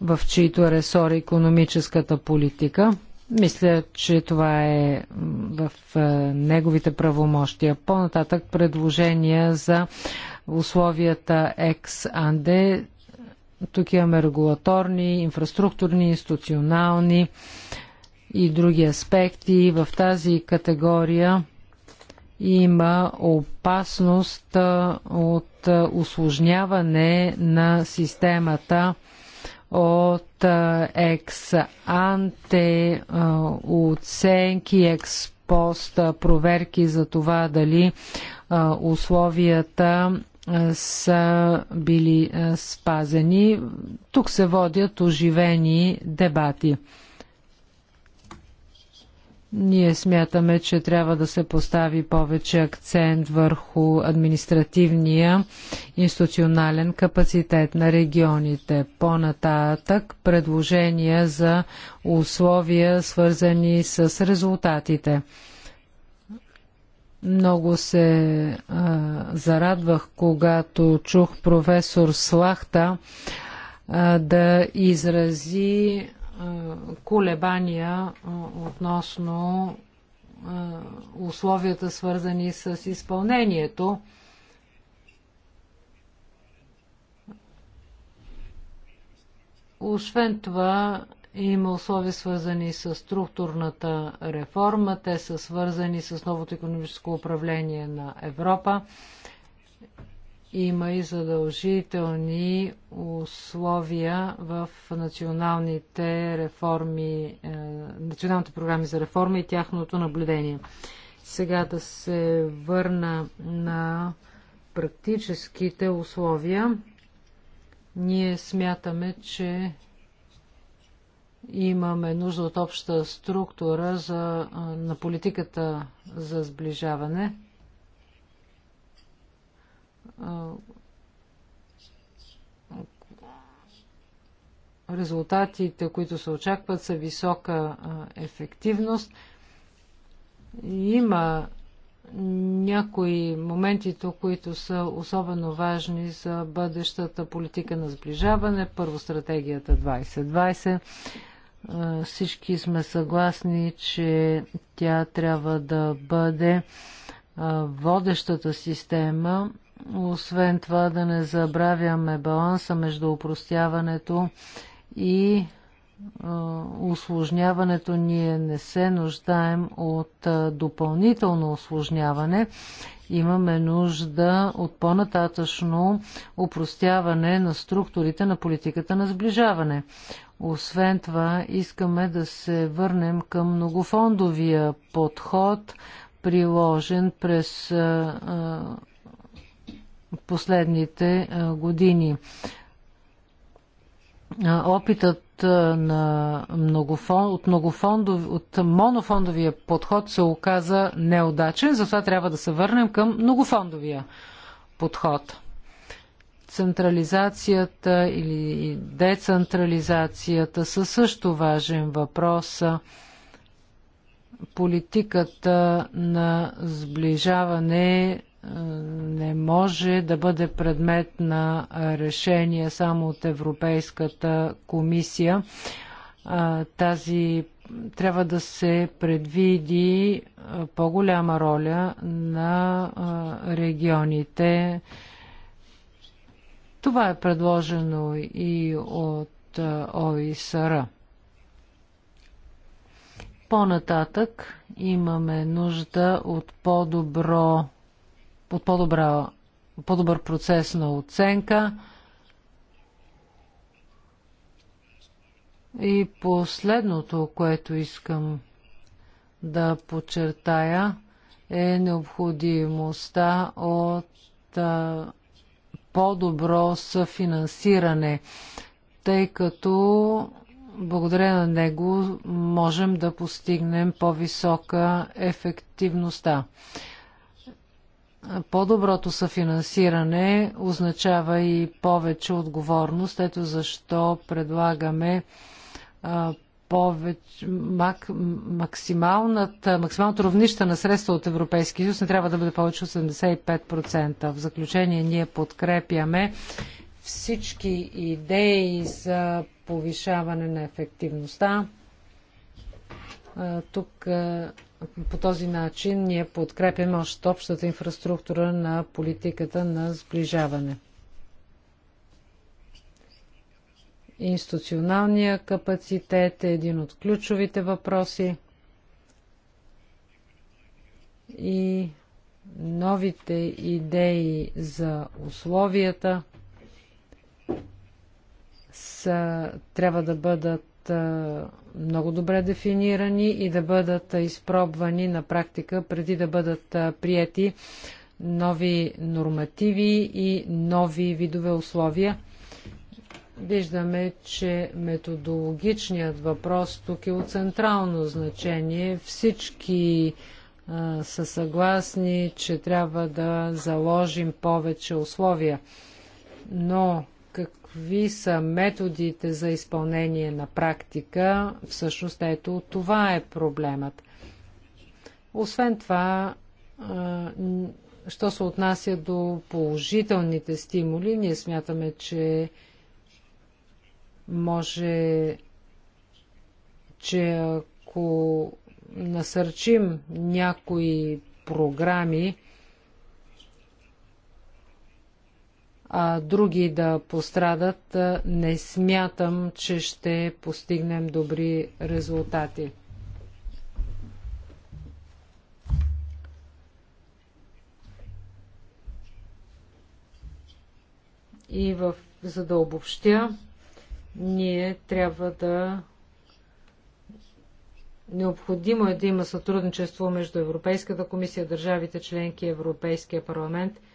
в чието ресор е економическата политика. Мисля, че това е в е, неговите правомощия. По-нататък предложения за условията екс-анде тук имаме регулаторни, инфраструктурни, институционални и други аспекти. В тази категория има опасност от осложняване на системата от екс-анте оценки, експост проверки за това дали условията са били спазени. Тук се водят оживени дебати. Ние смятаме, че трябва да се постави повече акцент върху административния институционален капацитет на регионите. По-нататък предложения за условия, свързани с резултатите. Много се а, зарадвах, когато чух професор Слахта а, да изрази а, колебания а, относно а, условията, свързани с изпълнението. Освен това, има условия свързани с структурната реформа, те са свързани с новото економическо управление на Европа. Има и задължителни условия в националните реформи, е, националните програми за реформа и тяхното наблюдение. Сега да се върна на практическите условия. Ние смятаме, че Имаме нужда от обща структура за, на политиката за сближаване. Резултатите, които се очакват, са висока ефективност. Има някои моменти които са особено важни за бъдещата политика на сближаване. Първо стратегията 2020, всички сме съгласни, че тя трябва да бъде водещата система. Освен това да не забравяме баланса между упростяването и осложняването ние не се нуждаем от допълнително осложняване Имаме нужда от по-нататъчно упростяване на структурите на политиката на сближаване. Освен това, искаме да се върнем към многофондовия подход, приложен през последните години. Опитът на многофон, от, многофондов, от монофондовия подход се оказа неудачен, затова трябва да се върнем към многофондовия подход. Централизацията или децентрализацията са също важен въпрос. Политиката на сближаване не може да бъде предмет на решение само от Европейската комисия. Тази трябва да се предвиди по-голяма роля на регионите. Това е предложено и от ОИСР. По-нататък имаме нужда от по-добро под по по-добър процес на оценка. И последното, което искам да подчертая, е необходимостта от по-добро съфинансиране, тъй като благодаря на него можем да постигнем по-висока ефективността. По-доброто съфинансиране означава и повече отговорност. Ето защо предлагаме повече, мак, максималната, максималното равнище на средства от Европейския съюз не трябва да бъде повече от 75%. В заключение ние подкрепяме всички идеи за повишаване на ефективността. Тук по този начин ние подкрепяме още общата инфраструктура на политиката на сближаване. Институционалния капацитет е един от ключовите въпроси и новите идеи за условията са, трябва да бъдат много добре дефинирани и да бъдат изпробвани на практика преди да бъдат приети нови нормативи и нови видове условия. Виждаме, че методологичният въпрос тук е от централно значение. Всички а, са съгласни, че трябва да заложим повече условия. Но какви са методите за изпълнение на практика, всъщност ето това е проблемът. Освен това, що се отнася до положителните стимули, ние смятаме, че може, че ако насърчим някои програми, а други да пострадат, не смятам, че ще постигнем добри резултати. И в, за да обобщя, ние трябва да Необходимо е да има сътрудничество между Европейската комисия, държавите членки и Европейския парламент –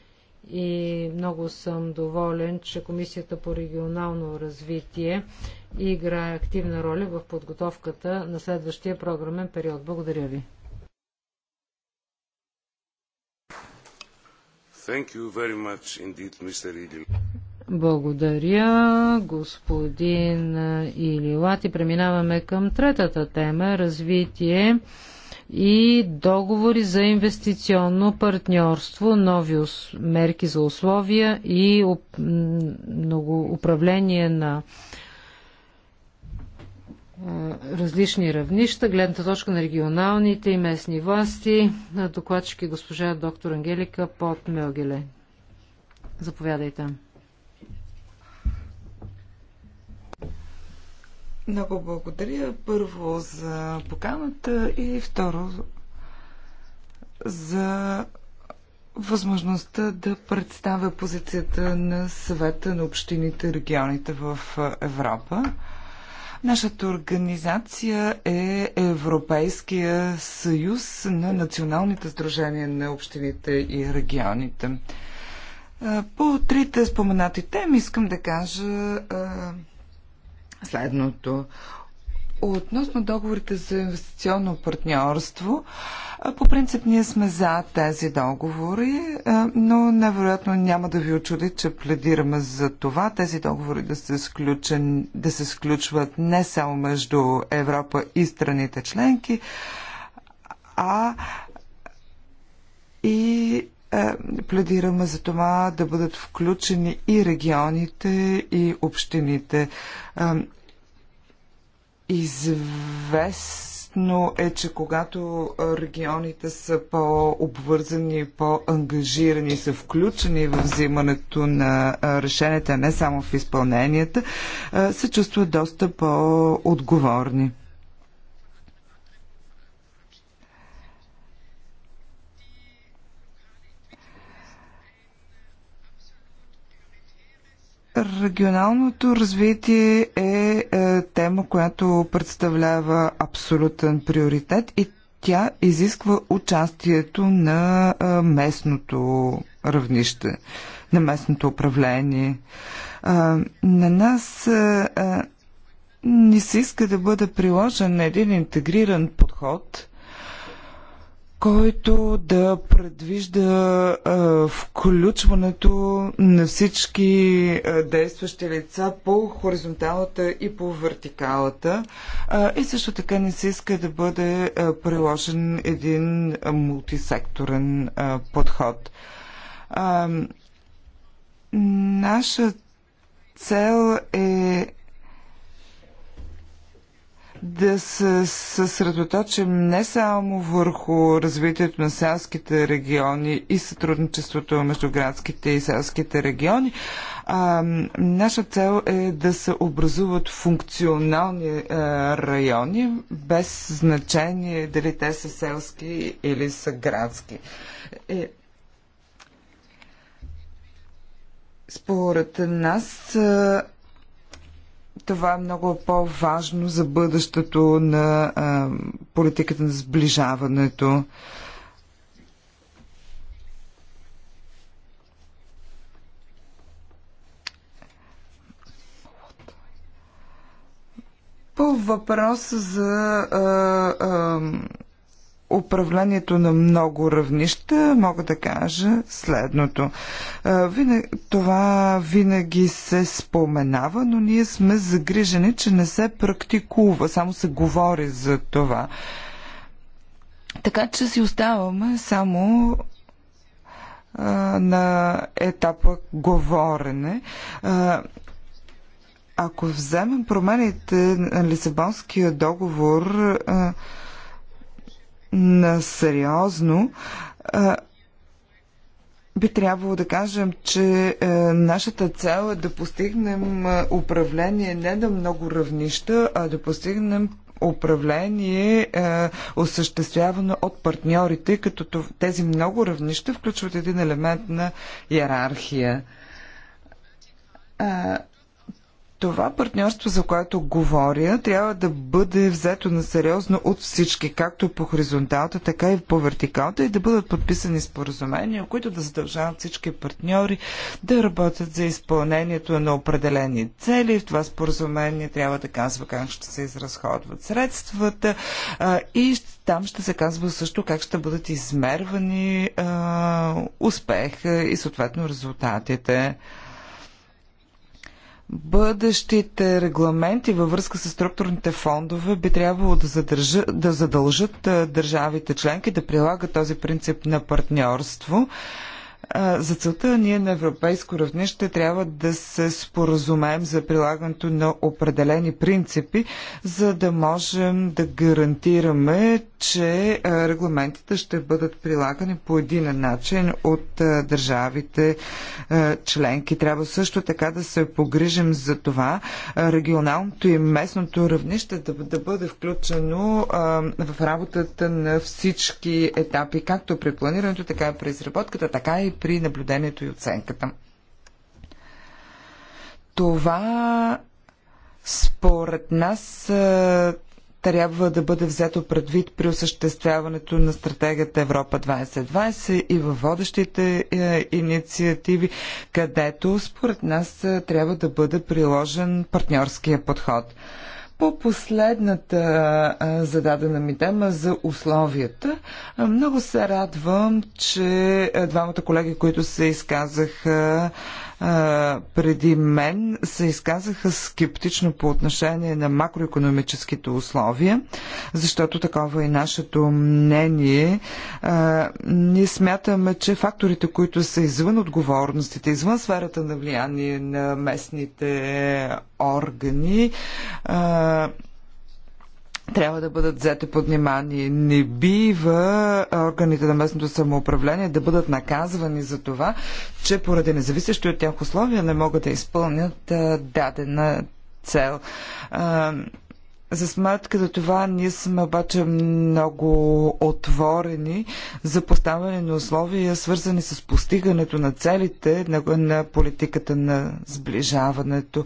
и много съм доволен, че Комисията по регионално развитие играе активна роля в подготовката на следващия програмен период. Благодаря ви. Indeed, Благодаря, господин Илилат. И преминаваме към третата тема – развитие и договори за инвестиционно партньорство, нови мерки за условия и много управление на различни равнища, гледната точка на регионалните и местни власти, докладчики е госпожа доктор Ангелика Мелгеле. Заповядайте. Много благодаря първо за поканата и второ за възможността да представя позицията на съвета на общините и регионите в Европа. Нашата организация е Европейския съюз на националните сдружения на общините и регионите. По трите споменати теми искам да кажа следното. Относно договорите за инвестиционно партньорство, по принцип ние сме за тези договори, но невероятно няма да ви очуди, че пледираме за това тези договори да се, сключен, да се сключват не само между Европа и страните членки, а и е, пледираме за това да бъдат включени и регионите, и общините. Е, известно е, че когато регионите са по-обвързани, по-ангажирани, са включени в взимането на е, решенията, не само в изпълненията, се чувстват доста по-отговорни. Регионалното развитие е, е тема, която представлява абсолютен приоритет и тя изисква участието на е, местното равнище, на местното управление. Е, на нас е, е се иска да бъде приложен един интегриран подход който да предвижда а, включването на всички а, действащи лица по хоризонталата и по вертикалата. А, и също така не се иска да бъде а, приложен един а, мултисекторен а, подход. А, наша цел е да се съсредоточим не само върху развитието на селските региони и сътрудничеството между градските и селските региони. А, наша цел е да се образуват функционални а, е, райони, без значение дали те са селски или са градски. Е, според нас е, това е много по-важно за бъдещето на а, политиката на сближаването. По въпроса за а, а, управлението на много равнища, мога да кажа следното. това винаги се споменава, но ние сме загрижени, че не се практикува, само се говори за това. Така че си оставаме само на етапа говорене. ако вземем промените на Лисабонския договор, на сериозно, би трябвало да кажем, че е, нашата цел е да постигнем е, управление не на много равнища, а да постигнем управление, е, осъществявано от партньорите, като тези много равнища включват един елемент на иерархия. Това партньорство, за което говоря, трябва да бъде взето на сериозно от всички, както по хоризонталта, така и по вертикалта и да бъдат подписани споразумения, които да задължават всички партньори да работят за изпълнението на определени цели. В това споразумение трябва да казва как ще се изразходват средствата и там ще се казва също как ще бъдат измервани успеха и съответно резултатите бъдещите регламенти във връзка с структурните фондове би трябвало да, задържа, да задължат държавите членки да прилагат този принцип на партньорство. За целта ние на европейско равнище трябва да се споразумеем за прилагането на определени принципи, за да можем да гарантираме, че е, регламентите ще бъдат прилагани по един начин от е, държавите е, членки. Трябва също така да се погрижим за това регионалното и местното равнище да, да бъде включено в работата на всички етапи, както при планирането, така и при изработката, така и при наблюдението и оценката. Това според нас трябва да бъде взето предвид при осъществяването на стратегията Европа 2020 и във водещите е, инициативи, където според нас е, трябва да бъде приложен партньорския подход. По последната е, зададена ми тема за условията, много се радвам, че двамата колеги, които се изказаха, преди мен се изказаха скептично по отношение на макроекономическите условия, защото такова е нашето мнение. Ние смятаме, че факторите, които са извън отговорностите, извън сферата на влияние на местните органи, трябва да бъдат взети под внимание. Не бива органите на местното самоуправление да бъдат наказвани за това, че поради независещи от тях условия не могат да изпълнят дадена цел. За сметка за това ние сме обаче много отворени за поставяне на условия, свързани с постигането на целите на, на политиката на сближаването.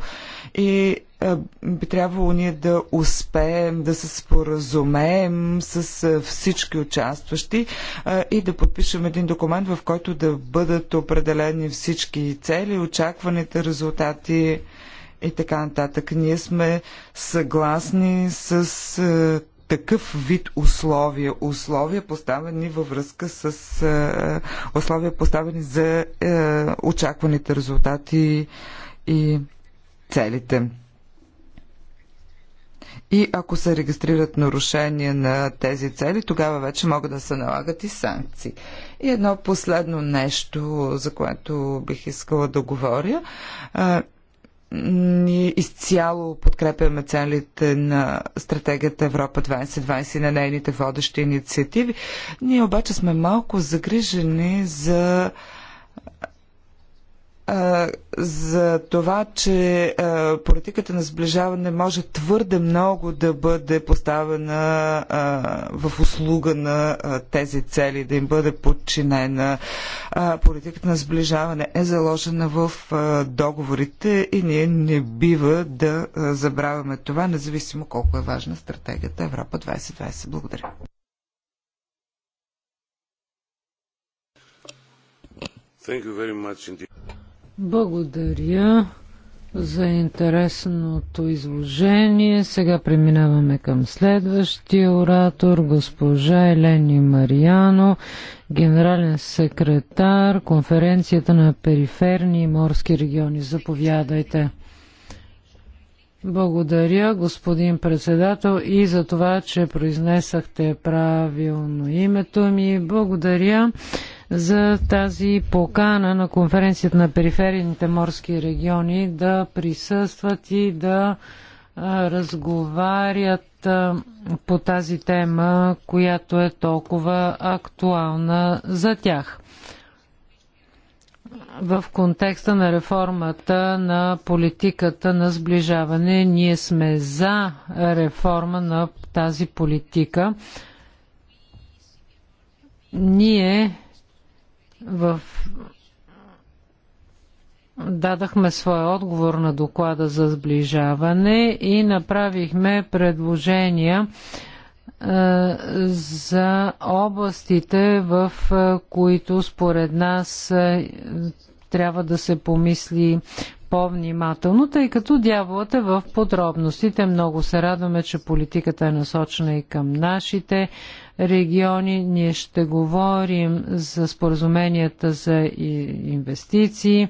И а, е, би трябвало ние да успеем да се споразумеем с а, е, всички участващи а, е, и да подпишем един документ, в който да бъдат определени всички цели, очакваните резултати и така нататък. Ние сме съгласни с е, такъв вид условия, условия поставени във връзка с е, условия поставени за е, очакваните резултати и целите. И ако се регистрират нарушения на тези цели, тогава вече могат да се налагат и санкции. И едно последно нещо, за което бих искала да говоря ние изцяло подкрепяме целите на стратегията Европа 2020 и на нейните водещи инициативи. Ние обаче сме малко загрижени за за това, че политиката на сближаване може твърде много да бъде поставена в услуга на тези цели, да им бъде подчинена. Политиката на сближаване е заложена в договорите и ние не бива да забравяме това, независимо колко е важна стратегията Европа 2020. Благодаря. Thank you very much indeed. Благодаря за интересното изложение. Сега преминаваме към следващия оратор, госпожа Елени Мариано, генерален секретар, конференцията на периферни и морски региони. Заповядайте. Благодаря, господин председател, и за това, че произнесахте правилно името ми. Благодаря за тази покана на конференцията на периферните морски региони да присъстват и да разговарят по тази тема, която е толкова актуална за тях. В контекста на реформата на политиката на сближаване, ние сме за реформа на тази политика. Ние в... Дадахме своя отговор на доклада за сближаване и направихме предложения е, за областите, в е, които според нас е, трябва да се помисли по-внимателно, тъй като дяволът е в подробностите. Много се радваме, че политиката е насочена и към нашите региони. Ние ще говорим за споразуменията за инвестиции,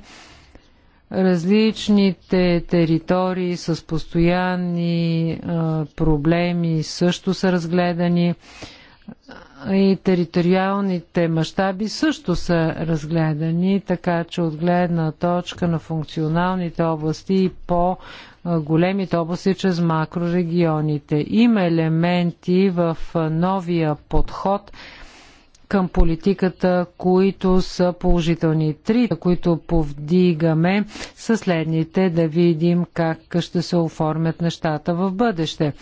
различните територии с постоянни проблеми също са разгледани и териториалните мащаби също са разгледани, така че от гледна точка на функционалните области и по големите области, чрез макрорегионите. Има елементи в новия подход към политиката, които са положителни. Три, които повдигаме, са следните, да видим как ще се оформят нещата в бъдеще.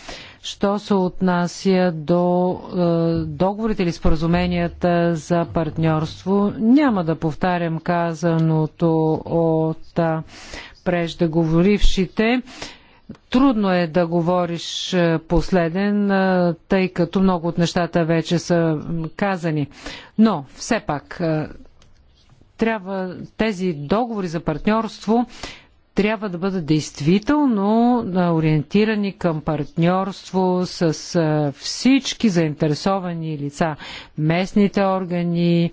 Що се отнася до е, договорите или споразуменията за партньорство, няма да повтарям казаното от е, преждеговорившите. Трудно е да говориш е, последен, е, тъй като много от нещата вече са казани. Но, все пак, е, трябва тези договори за партньорство трябва да бъдат действително ориентирани към партньорство с всички заинтересовани лица, местните органи,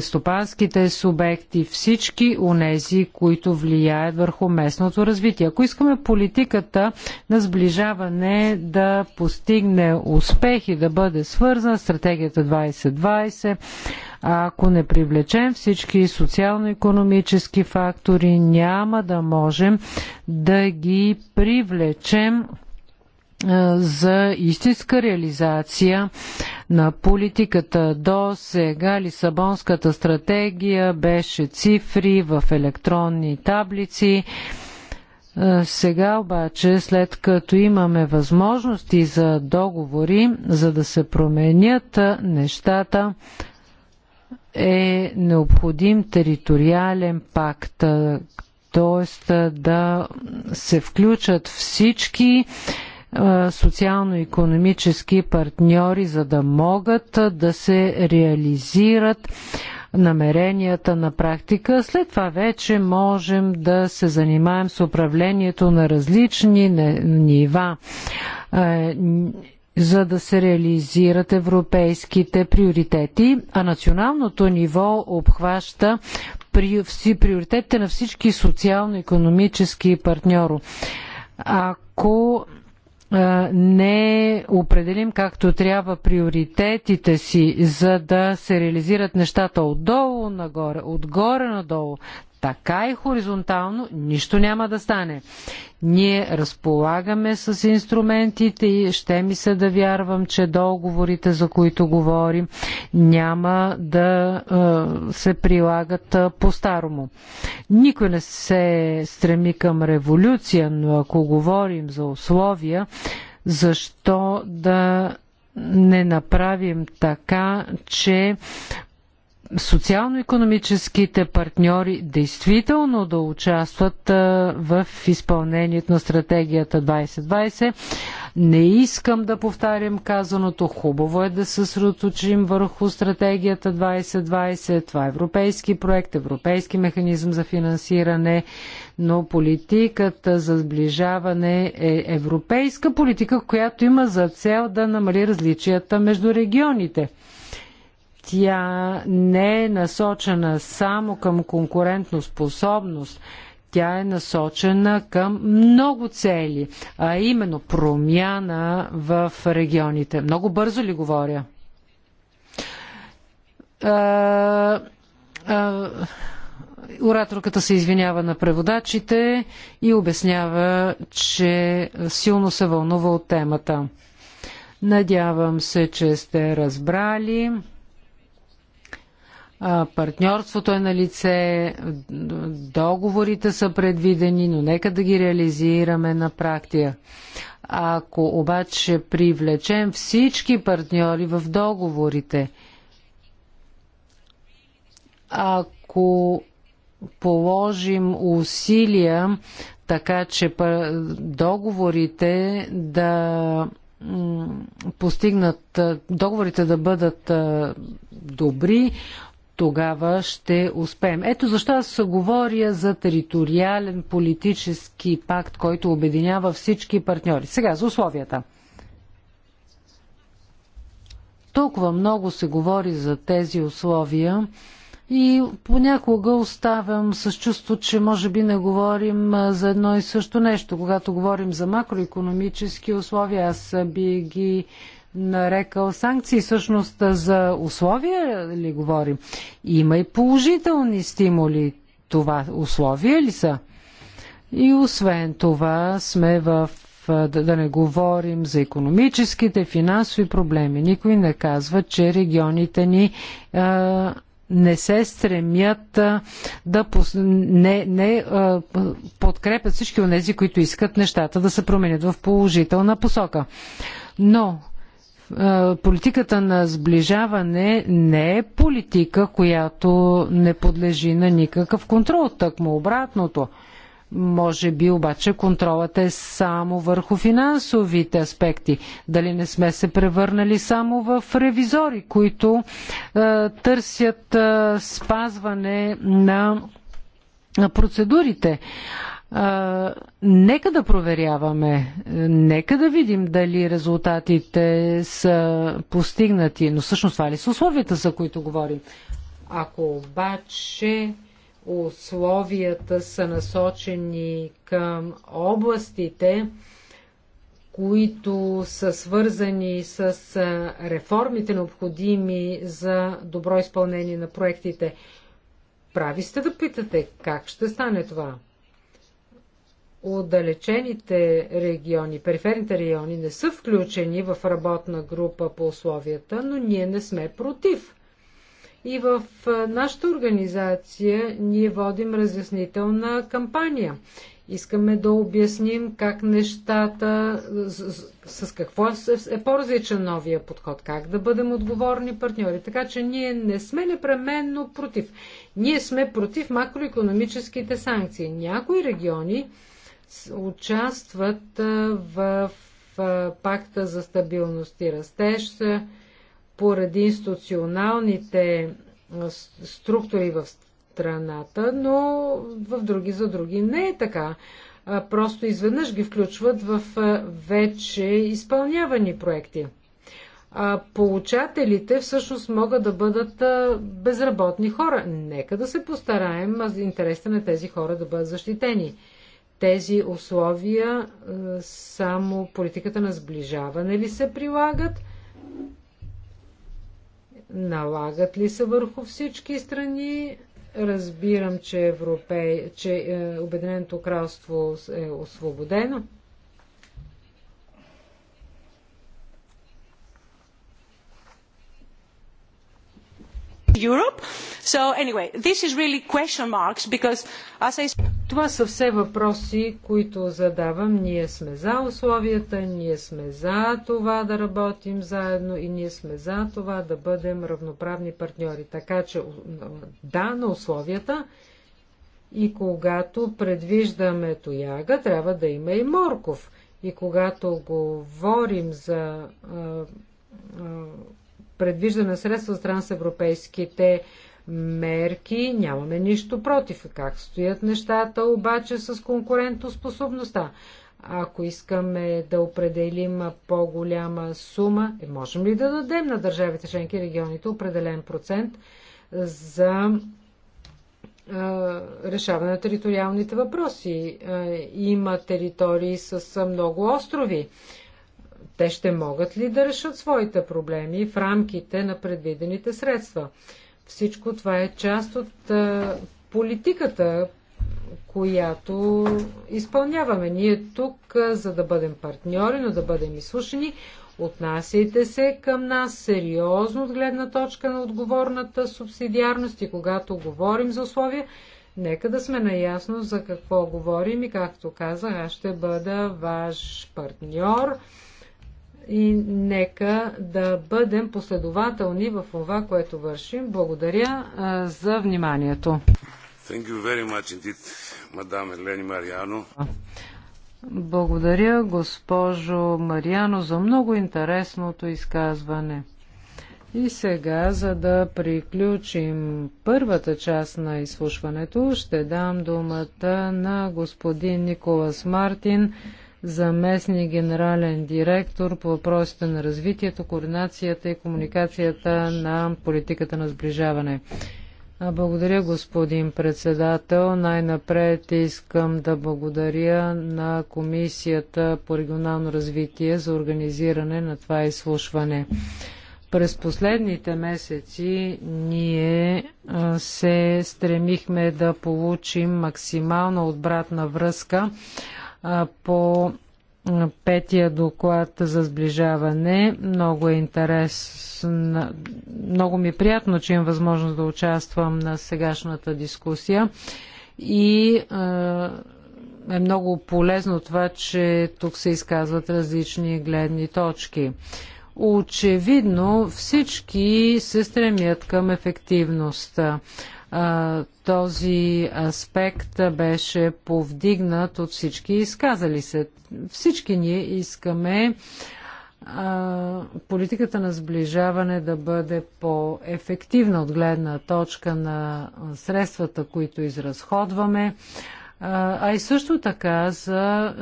стопанските субекти, всички онези, които влияят върху местното развитие. Ако искаме политиката на сближаване да постигне успех и да бъде свързана, стратегията 2020, а ако не привлечем всички социално-економически фактори, няма да можем да ги привлечем за истинска реализация на политиката. До сега Лисабонската стратегия беше цифри в електронни таблици. Сега обаче, след като имаме възможности за договори, за да се променят нещата, е необходим териториален пакт, т.е. да се включат всички социално-економически партньори, за да могат да се реализират намеренията на практика. След това вече можем да се занимаем с управлението на различни нива. Е, за да се реализират европейските приоритети, а националното ниво обхваща приоритетите на всички социално-економически партньори. Ако не определим както трябва приоритетите си, за да се реализират нещата отдолу нагоре, отгоре надолу, така и хоризонтално, нищо няма да стане. Ние разполагаме с инструментите и ще ми се да вярвам, че договорите, за които говорим, няма да е, се прилагат е, по-старому. Никой не се стреми към революция, но ако говорим за условия, защо да не направим така, че социално-економическите партньори действително да участват в изпълнението на стратегията 2020. Не искам да повтарям казаното. Хубаво е да се съсредоточим върху стратегията 2020. Това е европейски проект, европейски механизъм за финансиране, но политиката за сближаване е европейска политика, която има за цел да намали различията между регионите. Тя не е насочена само към конкурентно способност, тя е насочена към много цели, а именно промяна в регионите. Много бързо ли говоря? ораторката се извинява на преводачите и обяснява, че силно се вълнува от темата. Надявам се, че сте разбрали партньорството е на лице, договорите са предвидени, но нека да ги реализираме на практика. Ако обаче привлечем всички партньори в договорите, ако положим усилия така, че договорите да постигнат, договорите да бъдат добри, тогава ще успеем. Ето защо аз говоря за териториален политически пакт, който обединява всички партньори. Сега за условията. Толкова много се говори за тези условия и понякога оставям с чувство, че може би не говорим за едно и също нещо. Когато говорим за макроекономически условия, аз би ги нарекал санкции, всъщност за условия ли говорим? Има и положителни стимули. Това условия ли са? И освен това сме в да, да не говорим за економическите, финансови проблеми. Никой не казва, че регионите ни а, не се стремят а, да пос... не, не а, подкрепят всички от тези, които искат нещата да се променят в положителна посока. Но политиката на сближаване не е политика, която не подлежи на никакъв контрол, тъкмо обратното. Може би обаче контролът е само върху финансовите аспекти. Дали не сме се превърнали само в ревизори, които е, търсят е, спазване на, на процедурите. А, нека да проверяваме, нека да видим дали резултатите са постигнати, но всъщност това ли са условията, за които говорим? Ако обаче условията са насочени към областите, които са свързани с реформите, необходими за добро изпълнение на проектите. Прави сте да питате как ще стане това? отдалечените региони, периферните райони не са включени в работна група по условията, но ние не сме против. И в нашата организация ние водим разяснителна кампания. Искаме да обясним как нещата, с, с какво е, е по-различен новия подход, как да бъдем отговорни партньори. Така че ние не сме непременно против. Ние сме против макроекономическите санкции. Някои региони, участват в пакта за стабилност и растеж поради институционалните структури в страната, но в други за други не е така. Просто изведнъж ги включват в вече изпълнявани проекти. А получателите всъщност могат да бъдат безработни хора. Нека да се постараем интересите на тези хора да бъдат защитени. Тези условия е, само политиката на сближаване ли се прилагат? Налагат ли се върху всички страни? Разбирам, че, Европей, че е, Обединеното кралство е освободено. Europe. So anyway, this is really question marks because as I това са все въпроси, които задавам. Ние сме за условията, ние сме за това да работим заедно и ние сме за това да бъдем равноправни партньори. Така че да на условията и когато предвиждаме тояга, трябва да има и морков. И когато говорим за а, а, предвиждане на средства от страна с европейските мерки. Нямаме нищо против. Как стоят нещата обаче с конкурентоспособността? Ако искаме да определим по-голяма сума, е, можем ли да дадем на държавите членки регионите определен процент за решаване на териториалните въпроси. Има територии с много острови те ще могат ли да решат своите проблеми в рамките на предвидените средства? Всичко това е част от политиката, която изпълняваме. Ние тук, за да бъдем партньори, но да бъдем изслушани, отнасяйте се към нас сериозно от гледна точка на отговорната субсидиарност и когато говорим за условия, нека да сме наясно за какво говорим и както казах, аз ще бъда ваш партньор и нека да бъдем последователни в това, което вършим. Благодаря а, за вниманието. Thank you very much indeed, Благодаря, госпожо Мариано, за много интересното изказване. И сега, за да приключим първата част на изслушването, ще дам думата на господин Николас Мартин, заместник генерален директор по въпросите на развитието, координацията и комуникацията на политиката на сближаване. Благодаря, господин председател. Най-напред искам да благодаря на Комисията по регионално развитие за организиране на това изслушване. През последните месеци ние се стремихме да получим максимална отбратна връзка по петия доклад за сближаване. Много е интересно. Много ми е приятно, че имам възможност да участвам на сегашната дискусия. И е много полезно това, че тук се изказват различни гледни точки. Очевидно всички се стремят към ефективността. Този аспект беше повдигнат от всички изказали се. Всички ние искаме политиката на сближаване да бъде по-ефективна от гледна точка на средствата, които изразходваме, а и също така за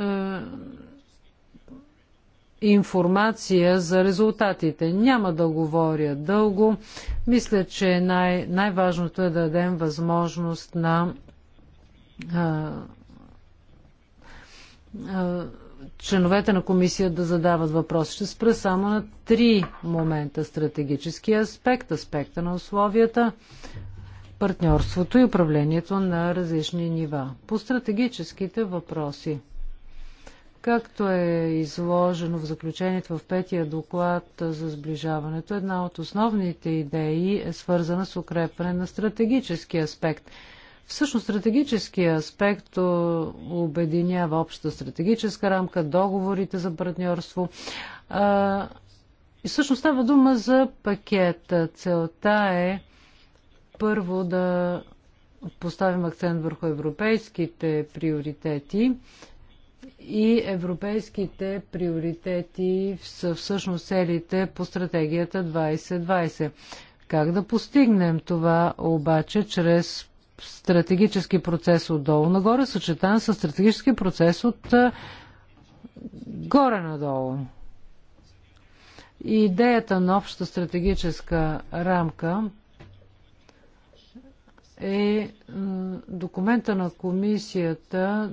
информация за резултатите. Няма да говоря дълго. Мисля, че най- най-важното е да дадем възможност на а, а, членовете на комисия да задават въпроси. Ще спра само на три момента. Стратегически аспект, аспекта на условията, партньорството и управлението на различни нива. По стратегическите въпроси – Както е изложено в заключението в петия доклад за сближаването, една от основните идеи е свързана с укрепване на стратегически аспект. Всъщност стратегическия аспект обединява обща стратегическа рамка, договорите за партньорство. И всъщност става дума за пакет. Целта е първо да поставим акцент върху европейските приоритети, и европейските приоритети са всъщност целите по стратегията 2020. Как да постигнем това обаче чрез стратегически процес отдолу нагоре, съчетан с стратегически процес от горе надолу? И идеята на обща стратегическа рамка – е документа на комисията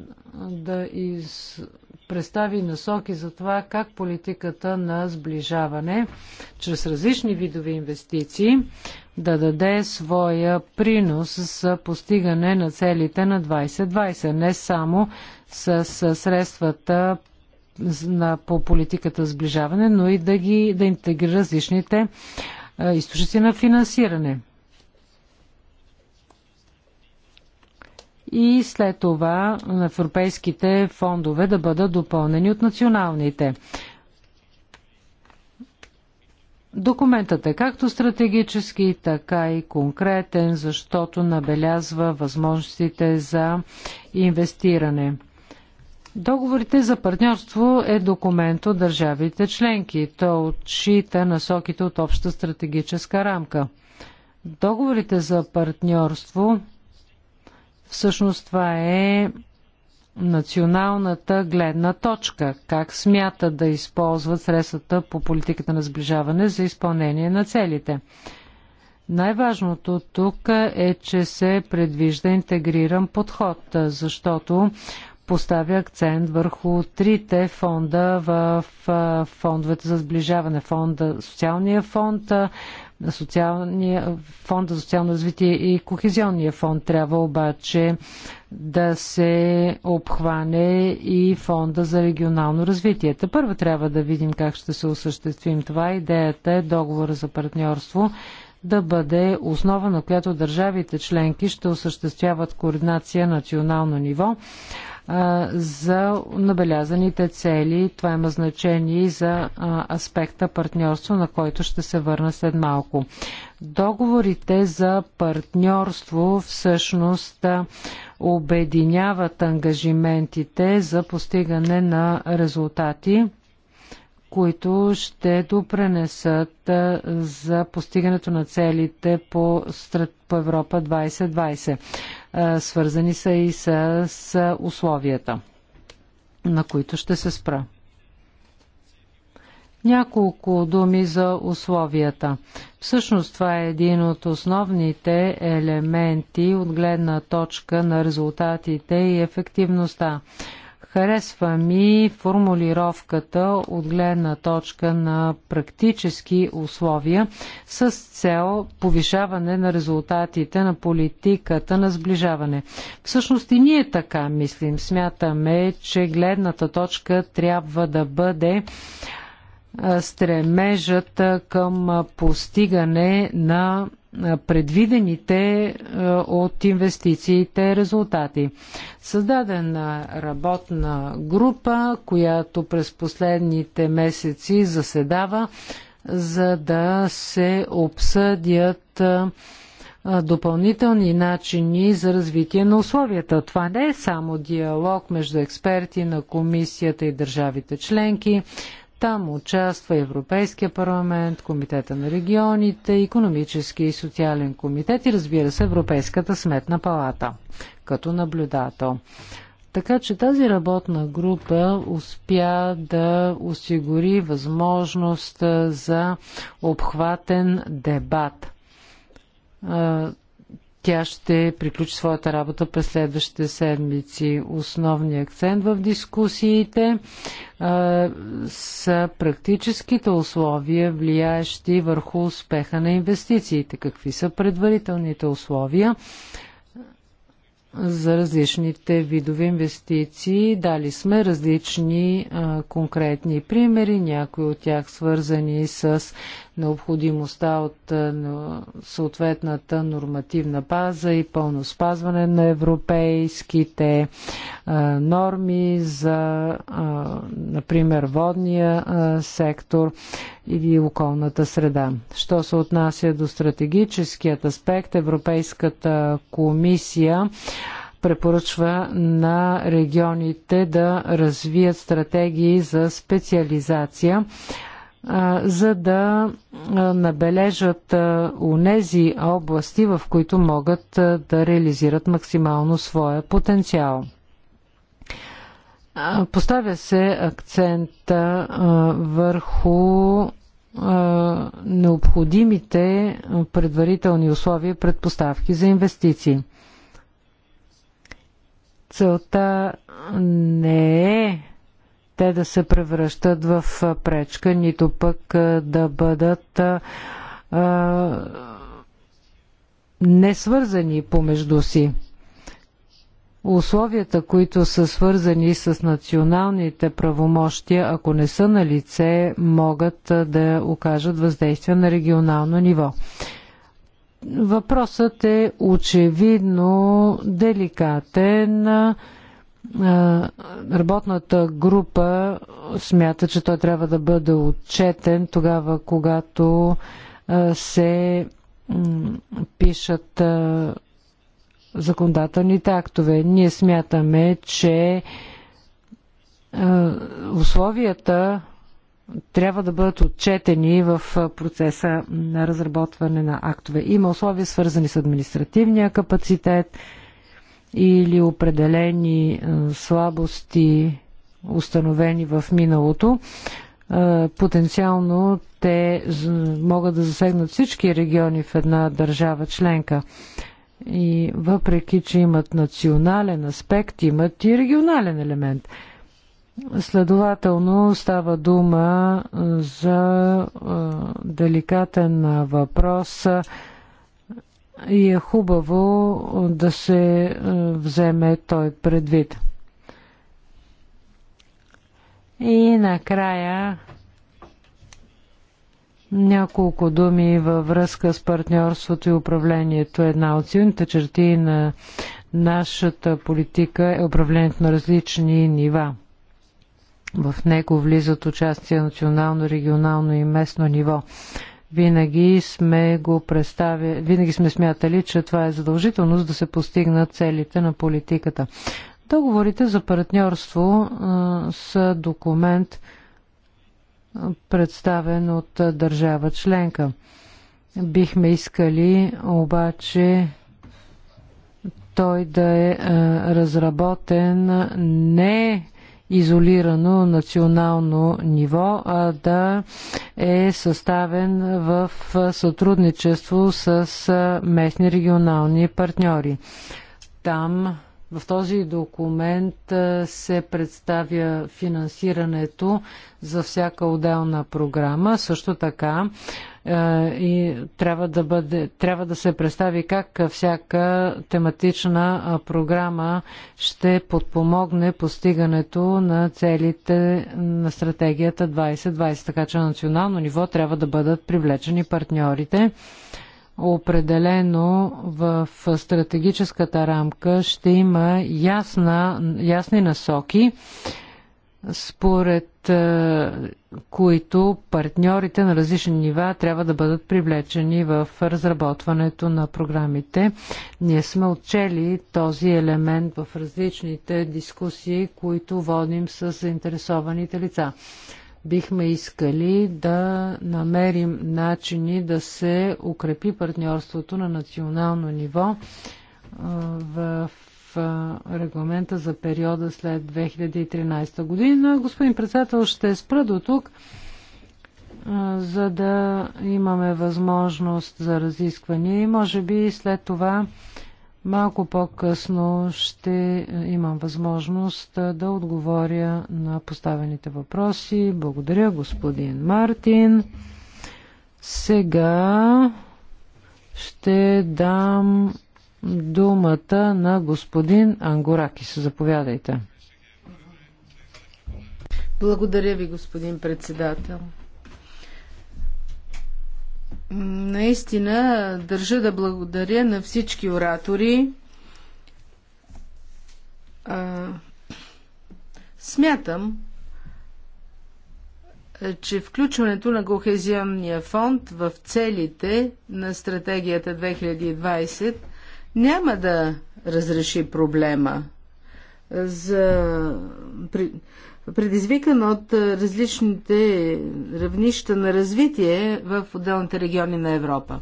да из... представи насоки за това как политиката на сближаване чрез различни видови инвестиции да даде своя принос за постигане на целите на 2020, не само с средствата по политиката сближаване, но и да ги да интегрира различните източници на финансиране. и след това на европейските фондове да бъдат допълнени от националните. Документът е както стратегически, така и конкретен, защото набелязва възможностите за инвестиране. Договорите за партньорство е документ от държавите членки. Той отчита насоките от обща стратегическа рамка. Договорите за партньорство Всъщност това е националната гледна точка, как смята да използват средствата по политиката на сближаване за изпълнение на целите. Най-важното тук е, че се предвижда интегриран подход, защото поставя акцент върху трите фонда в фондовете за сближаване. Фонда, социалния фонд, социалния фонд за социално развитие и кохезионния фонд. Трябва обаче да се обхване и фонда за регионално развитие. Та първо трябва да видим как ще се осъществим това. Идеята е договора за партньорство да бъде основа, на която държавите членки ще осъществяват координация на национално ниво за набелязаните цели. Това има значение и за аспекта партньорство, на който ще се върна след малко. Договорите за партньорство всъщност обединяват ангажиментите за постигане на резултати които ще допренесат за постигането на целите по, Европа 2020 свързани са и с условията, на които ще се спра. Няколко думи за условията. Всъщност това е един от основните елементи от гледна точка на резултатите и ефективността. Харесва ми формулировката от гледна точка на практически условия с цел повишаване на резултатите на политиката на сближаване. Всъщност и ние така мислим. Смятаме, че гледната точка трябва да бъде стремежът към постигане на предвидените от инвестициите резултати. Създадена работна група, която през последните месеци заседава, за да се обсъдят допълнителни начини за развитие на условията. Това не е само диалог между експерти на комисията и държавите членки, там участва Европейския парламент, Комитета на регионите, Економически и социален комитет и разбира се Европейската сметна палата като наблюдател. Така че тази работна група успя да осигури възможност за обхватен дебат тя ще приключи своята работа през следващите седмици. Основни акцент в дискусиите а, са практическите условия, влияещи върху успеха на инвестициите. Какви са предварителните условия за различните видове инвестиции? Дали сме различни а, конкретни примери, някои от тях свързани с необходимостта от е, съответната нормативна база и пълно спазване на европейските е, норми за, е, например, водния сектор или околната среда. Що се отнася до стратегическият аспект, Европейската комисия препоръчва на регионите да развият стратегии за специализация за да набележат унези области, в които могат да реализират максимално своя потенциал. Поставя се акцент върху необходимите предварителни условия и предпоставки за инвестиции. Целта не е те да се превръщат в пречка, нито пък да бъдат несвързани помежду си. Условията, които са свързани с националните правомощия, ако не са на лице, могат да окажат въздействие на регионално ниво. Въпросът е очевидно деликатен работната група смята, че той трябва да бъде отчетен тогава, когато се пишат законодателните актове. Ние смятаме, че условията трябва да бъдат отчетени в процеса на разработване на актове. Има условия свързани с административния капацитет, или определени е, слабости, установени в миналото, е, потенциално те могат да засегнат всички региони в една държава членка. И въпреки, че имат национален аспект, имат и регионален елемент. Следователно става дума е, за деликатен въпрос и е хубаво да се вземе той предвид. И накрая няколко думи във връзка с партньорството и управлението. Една от силните черти на нашата политика е управлението на различни нива. В него влизат участие национално, регионално и местно ниво. Винаги сме го представя, винаги сме смятали, че това е задължителност да се постигнат целите на политиката. Договорите за партньорство а, са документ, представен от държава членка. Бихме искали обаче той да е разработен не изолирано национално ниво, а да е съставен в сътрудничество с местни регионални партньори. Там в този документ се представя финансирането за всяка отделна програма. Също така е, и трябва да, бъде, трябва да се представи как всяка тематична програма ще подпомогне постигането на целите на стратегията 2020. Така че на национално ниво трябва да бъдат привлечени партньорите. Определено в стратегическата рамка ще има ясна, ясни насоки според е, които партньорите на различни нива трябва да бъдат привлечени в разработването на програмите. Ние сме отчели този елемент в различните дискусии, които водим с заинтересованите лица. Бихме искали да намерим начини да се укрепи партньорството на национално ниво е, в регламента за периода след 2013 година. Господин председател, ще спра до тук, за да имаме възможност за разискване и може би след това малко по-късно ще имам възможност да отговоря на поставените въпроси. Благодаря, господин Мартин. Сега ще дам думата на господин Ангоракис. Заповядайте. Благодаря ви, господин председател. Наистина държа да благодаря на всички оратори. А, смятам, че включването на Кохезионния фонд в целите на стратегията 2020 няма да разреши проблема за предизвикан от различните равнища на развитие в отделните региони на Европа.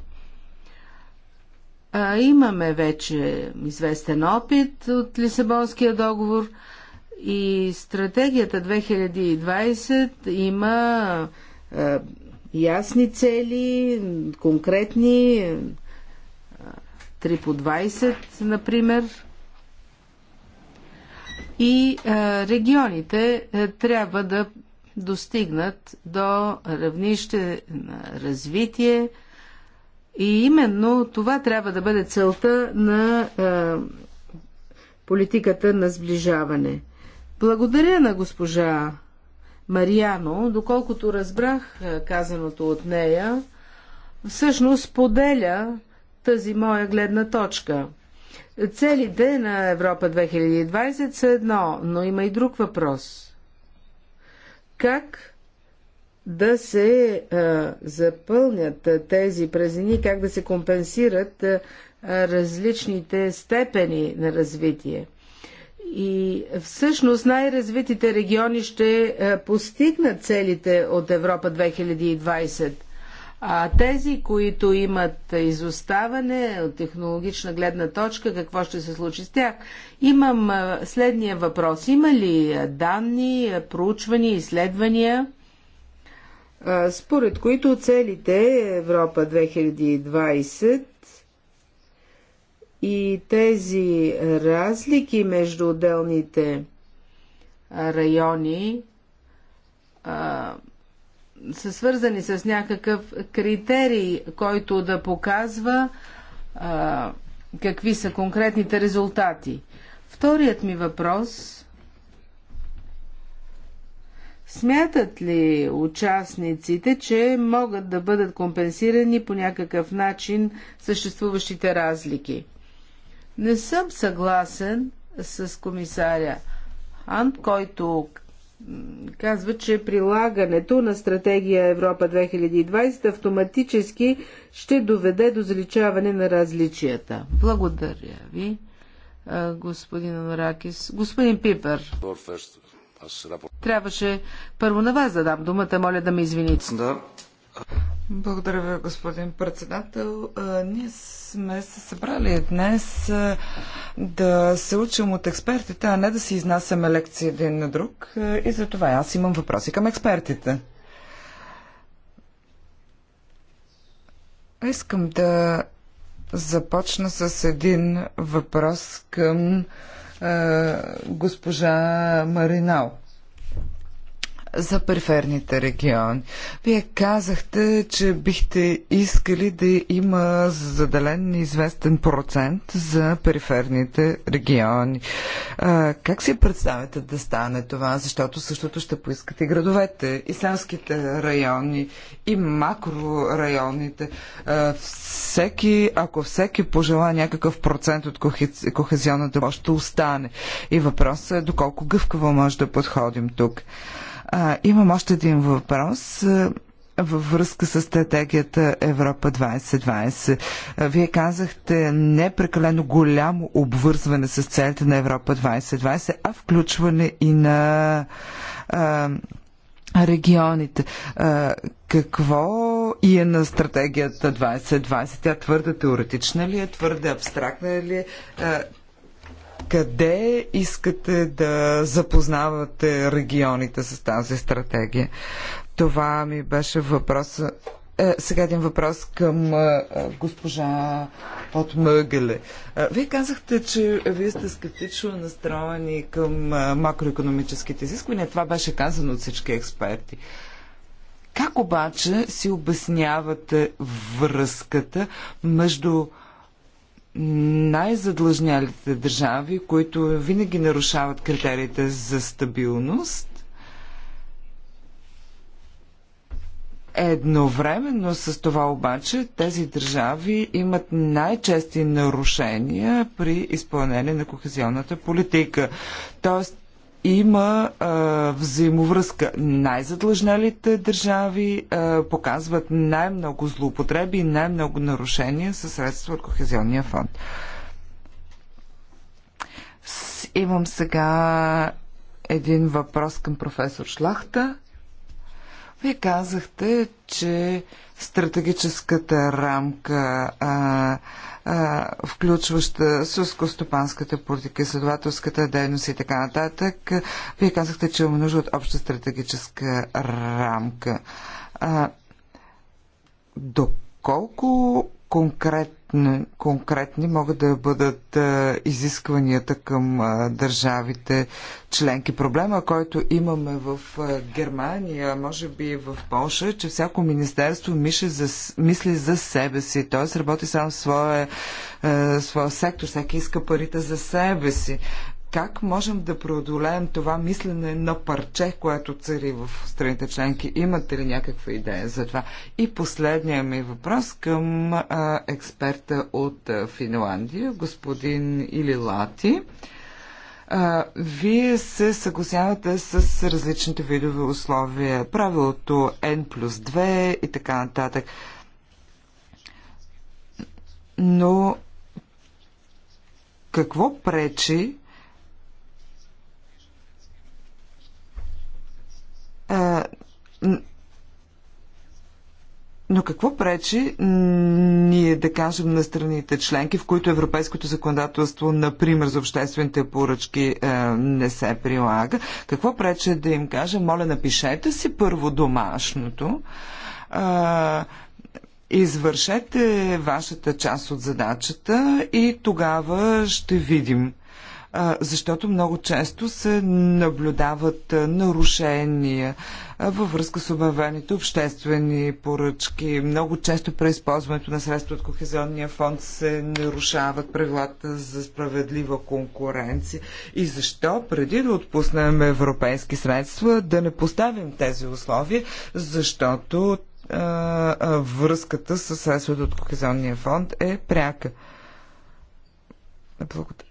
А, имаме вече известен опит от Лисабонския договор и стратегията 2020 има а, ясни цели, конкретни 3 по 20, например. И е, регионите е, трябва да достигнат до равнище на развитие. И именно това трябва да бъде целта на е, политиката на сближаване. Благодаря на госпожа Мариано, доколкото разбрах казаното от нея, всъщност поделя тази моя гледна точка. Целите на Европа 2020 са едно, но има и друг въпрос. Как да се а, запълнят а, тези празнини, как да се компенсират а, различните степени на развитие. И всъщност най-развитите региони ще постигнат целите от Европа 2020. А тези, които имат изоставане от технологична гледна точка, какво ще се случи с тях? Имам следния въпрос. Има ли данни, проучвания, изследвания, според които целите Европа 2020 и тези разлики между отделните райони са свързани с някакъв критерий, който да показва а, какви са конкретните резултати. Вторият ми въпрос. Смятат ли участниците, че могат да бъдат компенсирани по някакъв начин съществуващите разлики? Не съм съгласен с комисаря Ант, който казва, че прилагането на стратегия Европа 2020 автоматически ще доведе до заличаване на различията. Благодаря ви, господин Анаракис. Господин Пипер. Трябваше първо на вас да дам думата, моля да ме извините. Да. Благодаря ви, господин председател. Ние сме се събрали днес да се учим от експертите, а не да си изнасяме лекции един на друг. И за това аз имам въпроси към експертите. Искам да започна с един въпрос към госпожа Маринал за периферните региони. Вие казахте, че бихте искали да има заделен известен процент за периферните региони. А, как си представяте да стане това? Защото същото ще поискате и градовете, и райони, и макрорайоните. А, всеки, ако всеки пожела някакъв процент от кохезионната, ще остане. И въпросът е доколко гъвкаво може да подходим тук. А, имам още един въпрос във връзка с стратегията Европа 2020. Вие казахте не прекалено голямо обвързване с целите на Европа 2020, а включване и на а, регионите. А, какво и е на стратегията 2020? Тя твърде теоретична ли е, твърде абстрактна ли е? А, къде искате да запознавате регионите с тази стратегия? Това ми беше въпрос. Е, сега един въпрос към е, госпожа от Мъгеле. Е, вие казахте, че вие сте скептично настроени към е, макроекономическите изисквания. Това беше казано от всички експерти. Как обаче си обяснявате връзката между най-задлъжнялите държави, които винаги нарушават критериите за стабилност, едновременно с това обаче тези държави имат най-чести нарушения при изпълнение на кохезионната политика. Тоест, има а, взаимовръзка. Най-задлъжнелите държави а, показват най-много злоупотреби и най-много нарушения със средства от Кохезионния фонд. С, имам сега един въпрос към професор Шлахта. Вие казахте, че стратегическата рамка а, включваща сълскостопанската политика, изследователската дейност и така нататък. Вие казахте, че имаме нужда от обща стратегическа рамка. Доколко конкретно конкретни, конкретни могат да бъдат изискванията към държавите членки. Проблема, който имаме в Германия, може би и в Польша, е, че всяко министерство за, мисли за себе си, т.е. работи само в своя, своя сектор, всеки иска парите за себе си. Как можем да преодолеем това мислене на парче, което цари в страните членки? Имате ли някаква идея за това? И последния ми въпрос към а, експерта от а, Финландия, господин Лати. А, вие се съгласявате с различните видове условия, правилото N плюс 2 и така нататък. Но какво пречи Но какво пречи ние да кажем на страните членки, в които европейското законодателство, например за обществените поръчки, не се прилага? Какво пречи да им кажем, моля, напишете си първо домашното, извършете вашата част от задачата и тогава ще видим защото много често се наблюдават нарушения във връзка с обявените обществени поръчки. Много често при използването на средства от Кохезионния фонд се нарушават правилата за справедлива конкуренция. И защо преди да отпуснем европейски средства да не поставим тези условия, защото а, а, връзката с средствата от Кохезионния фонд е пряка. Благодаря.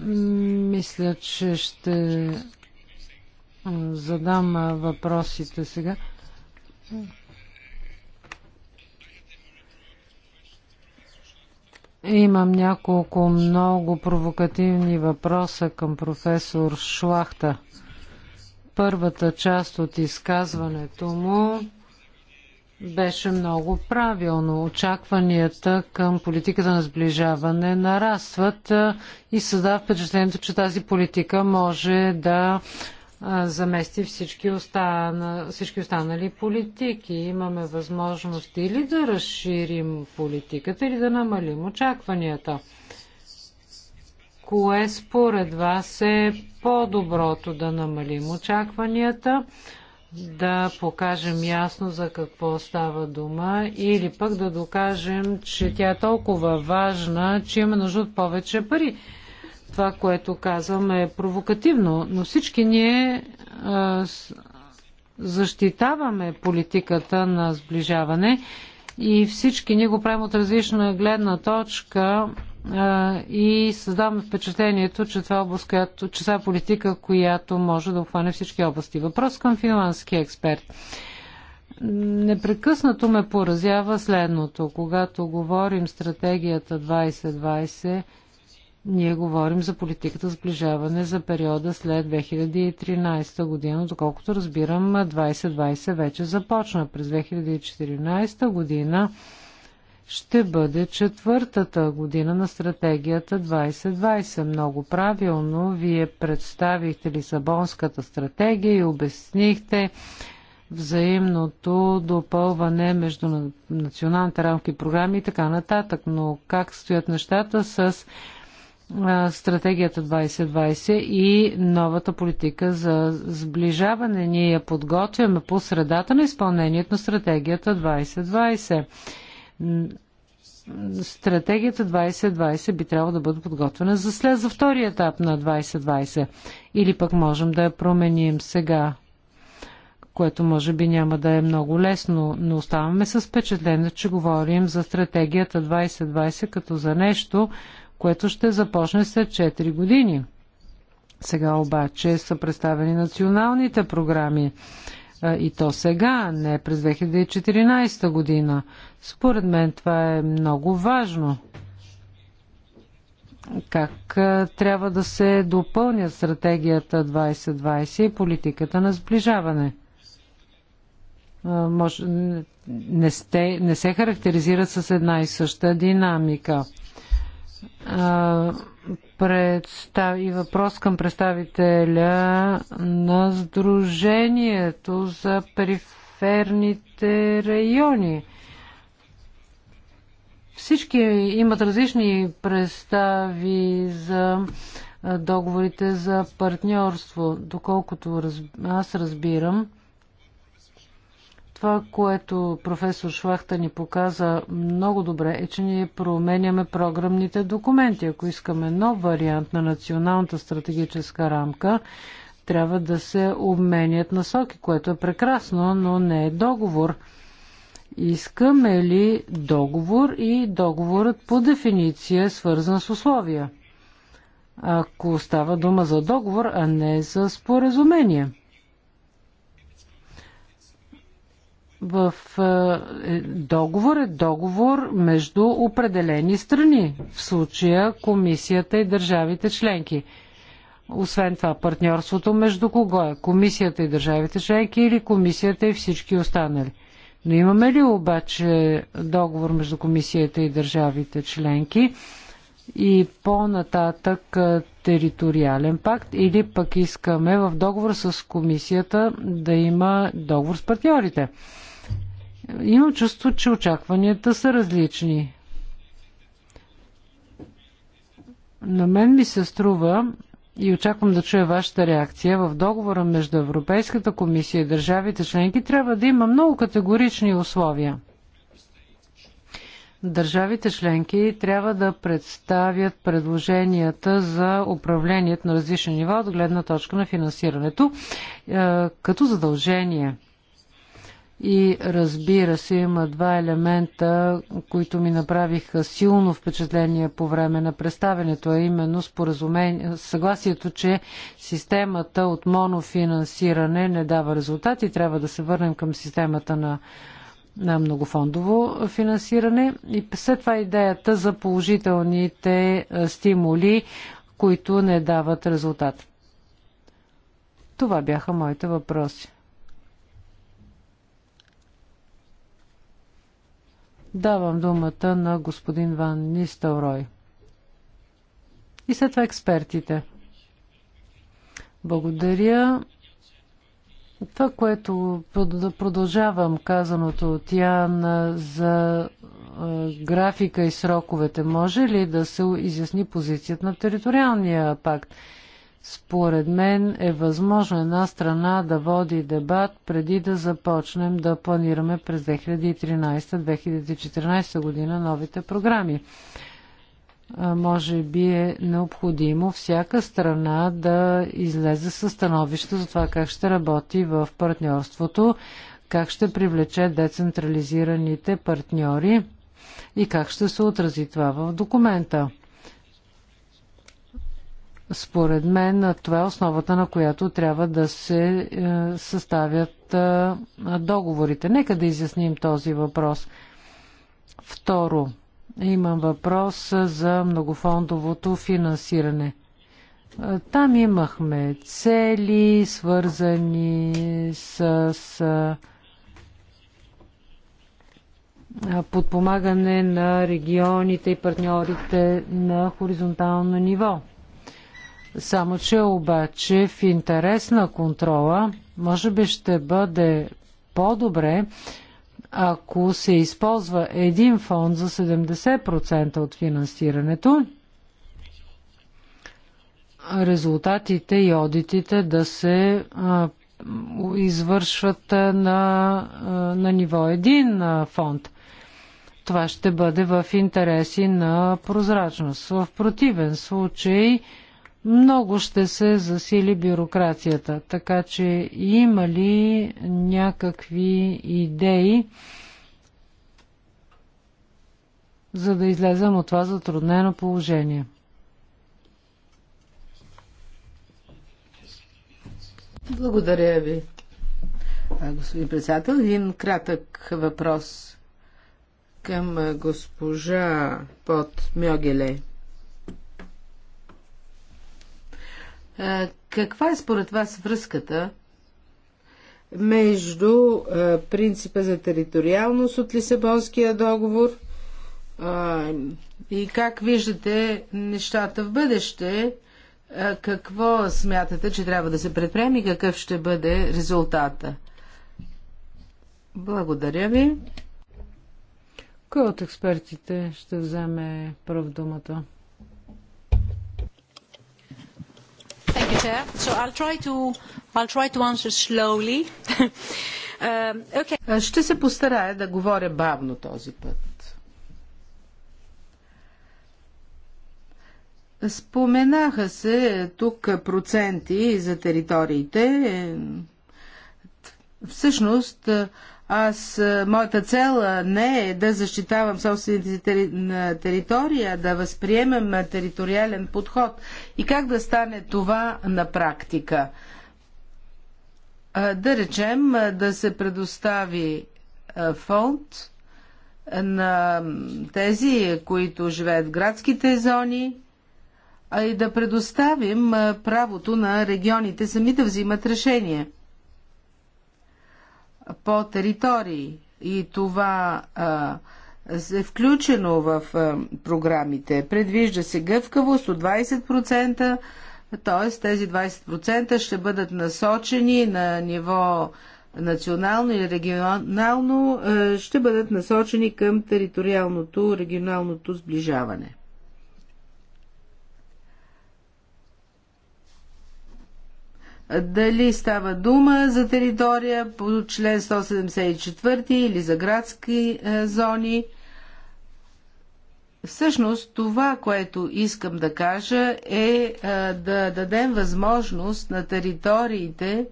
Мисля, че ще задам въпросите сега. Имам няколко много провокативни въпроса към професор Шлахта. Първата част от изказването му беше много правилно. Очакванията към политиката на сближаване нарастват и създава впечатлението, че тази политика може да замести всички, остана, всички останали политики. Имаме възможност или да разширим политиката, или да намалим очакванията. Кое според вас е по-доброто да намалим очакванията? да покажем ясно за какво става дума или пък да докажем, че тя е толкова важна, че има нужда от повече пари. Това, което казвам е провокативно, но всички ние а, защитаваме политиката на сближаване и всички ние го правим от различна гледна точка и създаваме впечатлението, че това, е област, която, че това е политика, която може да обхване всички области. Въпрос към финландския експерт. Непрекъснато ме поразява следното. Когато говорим стратегията 2020, ние говорим за политиката сближаване за периода след 2013 година. Доколкото разбирам, 2020 вече започна. През 2014 година ще бъде четвъртата година на стратегията 2020. Много правилно вие представихте Лисабонската стратегия и обяснихте взаимното допълване между националните рамки програми и така нататък. Но как стоят нещата с стратегията 2020 и новата политика за сближаване. Ние я подготвяме по средата на изпълнението на стратегията 2020 стратегията 2020 би трябвало да бъде подготвена за след за втория етап на 2020. Или пък можем да я променим сега, което може би няма да е много лесно, но оставаме с впечатление, че говорим за стратегията 2020 като за нещо, което ще започне след 4 години. Сега обаче са представени националните програми и то сега, не през 2014 година. Според мен това е много важно. Как трябва да се допълнят стратегията 2020 и политиката на сближаване? Може, не, сте, не се характеризират с една и съща динамика представ... и въпрос към представителя на Сдружението за периферните райони. Всички имат различни представи за договорите за партньорство. Доколкото аз разбирам, това, което професор Швахта ни показа много добре, е, че ние променяме програмните документи. Ако искаме нов вариант на националната стратегическа рамка, трябва да се обменят насоки, което е прекрасно, но не е договор. Искаме ли договор и договорът по дефиниция е свързан с условия? Ако става дума за договор, а не за споразумение – в е, е, договор е договор между определени страни, в случая комисията и държавите членки. Освен това, партньорството между кого е? Комисията и държавите членки или комисията и всички останали? Но имаме ли обаче договор между комисията и държавите членки и по-нататък е, териториален пакт или пък искаме в договор с комисията да има договор с партньорите? Имам чувство, че очакванията са различни. На мен ми се струва и очаквам да чуя вашата реакция. В договора между Европейската комисия и държавите членки трябва да има много категорични условия. Държавите членки трябва да представят предложенията за управлението на различни нива от гледна точка на финансирането е, като задължение – и разбира се, има два елемента, които ми направиха силно впечатление по време на представенето, а именно съгласието, че системата от монофинансиране не дава резултати. Трябва да се върнем към системата на на многофондово финансиране и след това идеята за положителните стимули, които не дават резултат. Това бяха моите въпроси. Давам думата на господин Ван Нисталрой. И след това експертите. Благодаря. Това, което продължавам казаното от Ян за графика и сроковете, може ли да се изясни позицията на териториалния пакт? Според мен е възможно една страна да води дебат преди да започнем да планираме през 2013-2014 година новите програми. Може би е необходимо всяка страна да излезе със становище за това как ще работи в партньорството, как ще привлече децентрализираните партньори и как ще се отрази това в документа. Според мен това е основата, на която трябва да се е, съставят е, договорите. Нека да изясним този въпрос. Второ, имам въпрос за многофондовото финансиране. Е, там имахме цели, свързани с, с подпомагане на регионите и партньорите на хоризонтално ниво. Само, че обаче в интерес на контрола, може би ще бъде по-добре, ако се използва един фонд за 70% от финансирането, резултатите и одитите да се извършват на, на ниво един фонд. Това ще бъде в интереси на прозрачност. В противен случай, много ще се засили бюрокрацията. Така че има ли някакви идеи, за да излезем от това затруднено положение? Благодаря ви, господин председател. Един кратък въпрос към госпожа Под Мьогеле. Каква е според вас връзката между принципа за териториалност от Лисабонския договор и как виждате нещата в бъдеще? Какво смятате, че трябва да се предприеме и какъв ще бъде резултата? Благодаря ви. Кой от експертите ще вземе прав думата? I'll try to answer slowly. Uh, okay. Е, ще се постарая да говоря бавно този път. Споменаха се тук проценти за териториите. Е, всъщност, аз, е, моята цел не е да защитавам собствените тери, територия, да възприемем териториален подход. И как да стане това на практика? Да речем, да се предостави фонд на тези, които живеят в градските зони, а и да предоставим правото на регионите сами да взимат решение по територии. И това а, е включено в а, програмите. Предвижда се гъвкавост от 20%, т.е. тези 20% ще бъдат насочени на ниво национално и регионално, ще бъдат насочени към териториалното, регионалното сближаване. Дали става дума за територия по член 174 или за градски е, зони. Всъщност това, което искам да кажа е, е да дадем възможност на териториите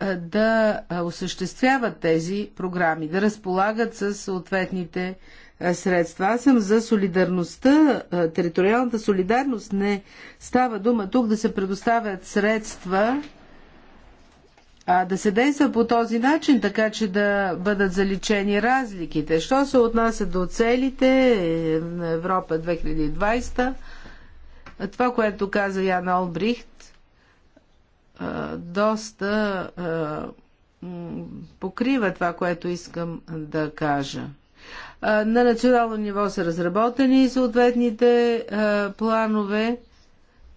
е, да осъществяват тези програми, да разполагат с съответните е, средства. Аз съм за солидарността, е, териториалната солидарност. Не става дума тук да се предоставят средства, а да се действа по този начин, така че да бъдат заличени разликите. Що се отнася до целите е, на Европа 2020, това, което каза Ян Олбрихт, доста покрива това, което искам да кажа. На национално ниво са разработени съответните планове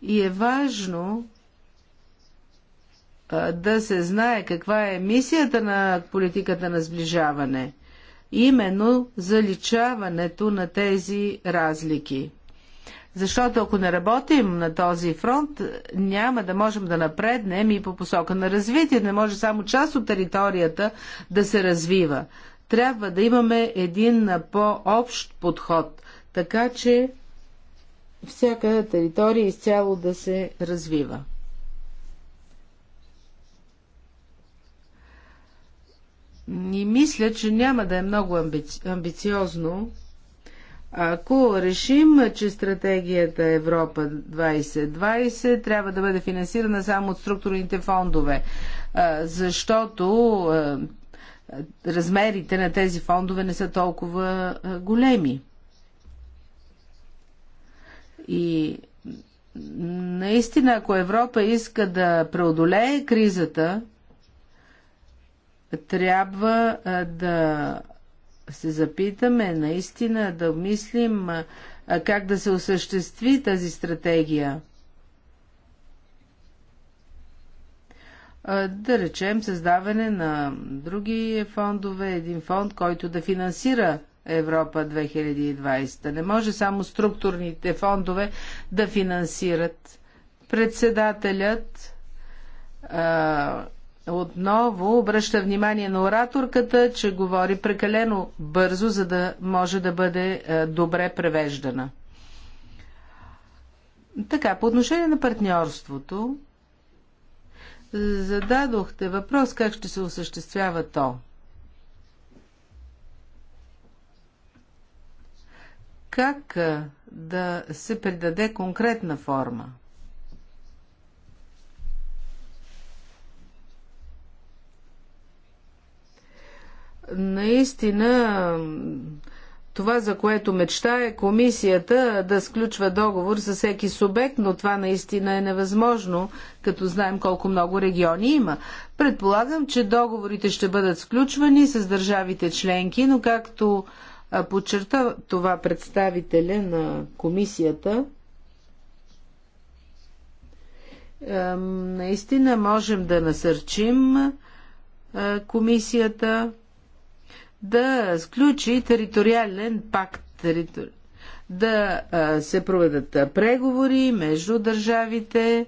и е важно да се знае каква е мисията на политиката на сближаване. Именно заличаването на тези разлики. Защото ако не работим на този фронт, няма да можем да напреднем и по посока на развитие. Не може само част от територията да се развива. Трябва да имаме един по-общ подход, така че всяка територия изцяло да се развива. И мисля, че няма да е много амбици... амбициозно, ако решим, че стратегията Европа 2020 трябва да бъде финансирана само от структурните фондове, защото размерите на тези фондове не са толкова големи. И наистина, ако Европа иска да преодолее кризата, трябва да се запитаме, наистина да мислим как да се осъществи тази стратегия – да речем, създаване на други фондове, един фонд, който да финансира Европа 2020. Не може само структурните фондове да финансират. Председателят а, отново обръща внимание на ораторката, че говори прекалено бързо, за да може да бъде а, добре превеждана. Така, по отношение на партньорството, зададохте въпрос как ще се осъществява то. Как да се придаде конкретна форма? Наистина, това, за което мечта е комисията да сключва договор за всеки субект, но това наистина е невъзможно, като знаем колко много региони има. Предполагам, че договорите ще бъдат сключвани с държавите членки, но както подчерта това представителя на комисията, наистина можем да насърчим комисията да сключи териториален пакт, територи... да се проведат преговори между държавите,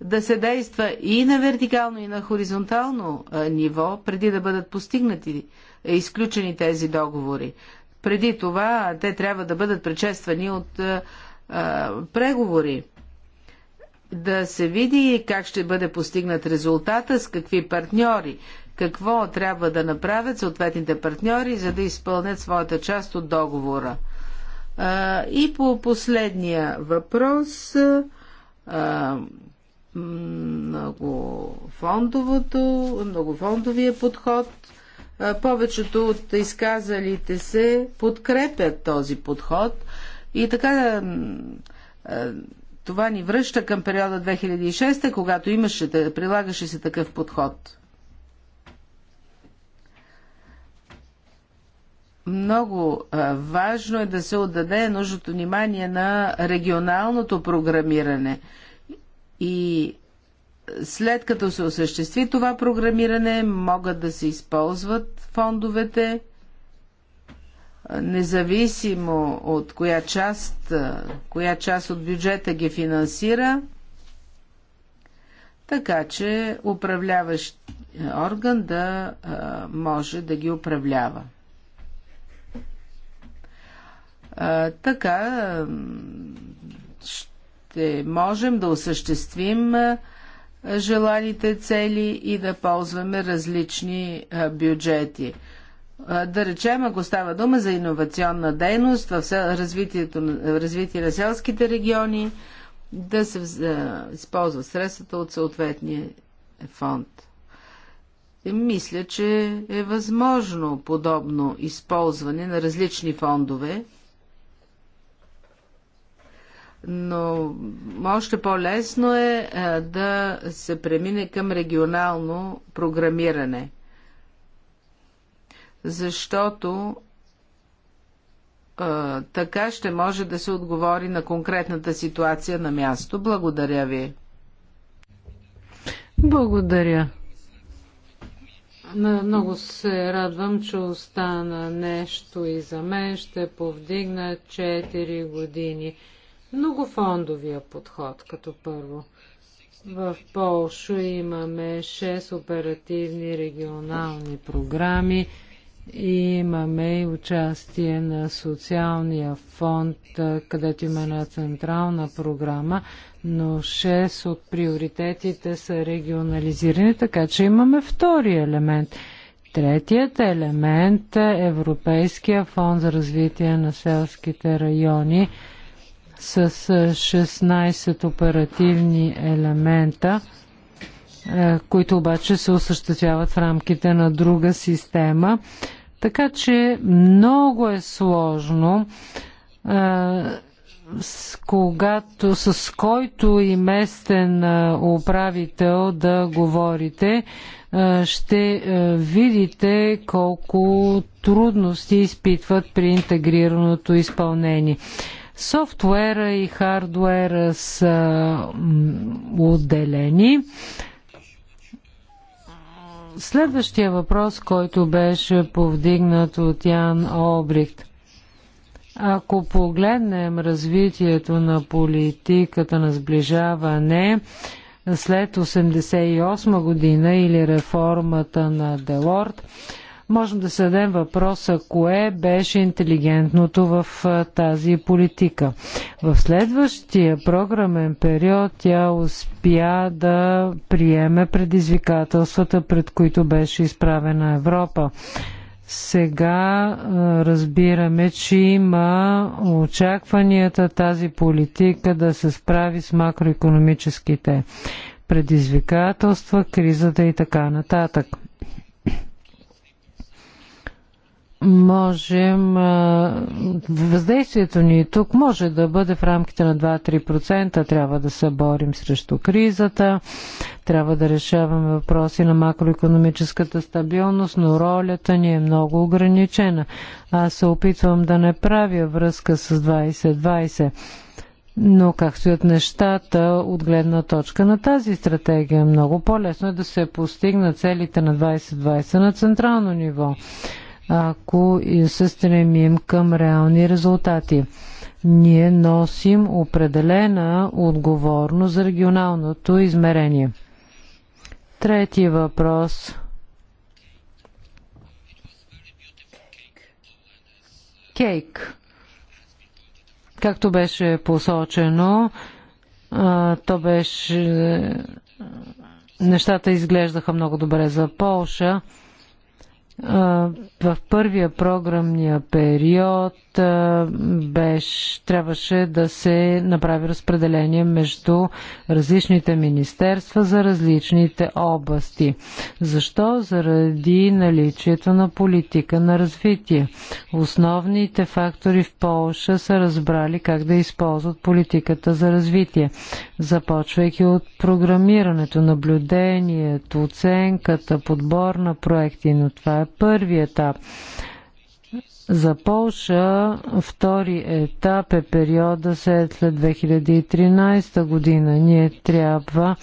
да се действа и на вертикално, и на хоризонтално ниво, преди да бъдат постигнати изключени тези договори. Преди това те трябва да бъдат предшествани от а, преговори да се види как ще бъде постигнат резултата, с какви партньори, какво трябва да направят съответните партньори, за да изпълнят своята част от договора. И по последния въпрос, многофондовото, многофондовия подход, повечето от изказалите се подкрепят този подход и така това ни връща към периода 2006, когато имаше, прилагаше се такъв подход. Много важно е да се отдаде нужното внимание на регионалното програмиране. И след като се осъществи това програмиране, могат да се използват фондовете независимо от коя част, коя част от бюджета ги финансира, така че управляващ орган да може да ги управлява. Така ще можем да осъществим желаните цели и да ползваме различни бюджети. Да речем, ако става дума за иновационна дейност в развитието, развитие на селските региони, да се използват средствата от съответния фонд. Мисля, че е възможно подобно използване на различни фондове, но още по-лесно е да се премине към регионално програмиране – защото а, така ще може да се отговори на конкретната ситуация на място. Благодаря ви. Благодаря. Много се радвам, че остана нещо и за мен. Ще повдигна 4 години. Многофондовия подход като първо. В Полшо имаме 6 оперативни регионални програми Имаме и участие на социалния фонд, където има една централна програма, но 6 от приоритетите са регионализирани, така че имаме втори елемент. Третият елемент е Европейския фонд за развитие на селските райони с 16 оперативни елемента, които обаче се осъществяват в рамките на друга система. Така че много е сложно с, когато, с който и местен управител да говорите, ще видите колко трудности изпитват при интегрираното изпълнение. Софтуера и хардуера са отделени. Следващия въпрос, който беше повдигнат от Ян Обрихт. Ако погледнем развитието на политиката на сближаване след 1988 година или реформата на Делорд, можем да се дадем въпроса кое беше интелигентното в тази политика. В следващия програмен период тя успя да приеме предизвикателствата, пред които беше изправена Европа. Сега разбираме, че има очакванията тази политика да се справи с макроекономическите предизвикателства, кризата и така нататък. можем, въздействието ни тук може да бъде в рамките на 2-3%. Трябва да се борим срещу кризата, трябва да решаваме въпроси на макроекономическата стабилност, но ролята ни е много ограничена. Аз се опитвам да не правя връзка с 2020. Но как стоят нещата от гледна точка на тази стратегия? Много по-лесно е да се постигнат целите на 2020 на централно ниво ако се стремим към реални резултати. Ние носим определена отговорност за регионалното измерение. Трети въпрос. Кейк. Както беше посочено, то беше нещата изглеждаха много добре за Полша в първия програмния период беше, трябваше да се направи разпределение между различните министерства за различните области. Защо? Заради наличието на политика на развитие. Основните фактори в Полша са разбрали как да използват политиката за развитие, започвайки от програмирането, наблюдението, оценката, подбор на проекти, но това е първи етап. За Полша втори етап е периода след 2013 година. Ние трябва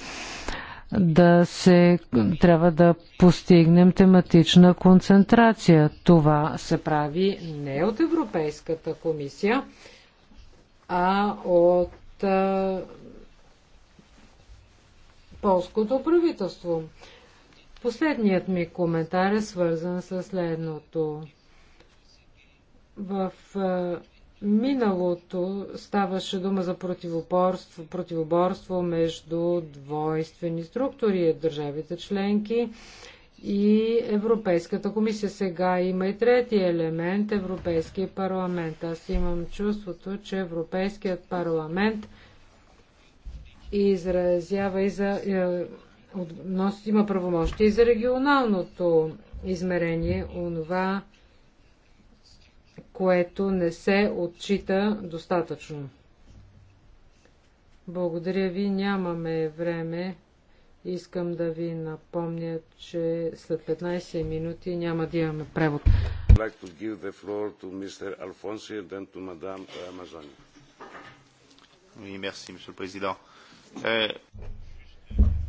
да се трябва да постигнем тематична концентрация. Това се прави не от Европейската комисия, а от а, полското правителство. Последният ми коментар е свързан с следното. В миналото ставаше дума за противоборство, противоборство между двойствени структури, държавите членки и Европейската комисия. Сега има и трети елемент Европейския парламент. Аз имам чувството, че Европейският парламент изразява и за е, относ, има правомощи и за регионалното измерение, онова, което не се отчита достатъчно. Благодаря ви, нямаме време. Искам да ви напомня, че след 15 минути няма да имаме превод. merci, Monsieur le Président. Euh...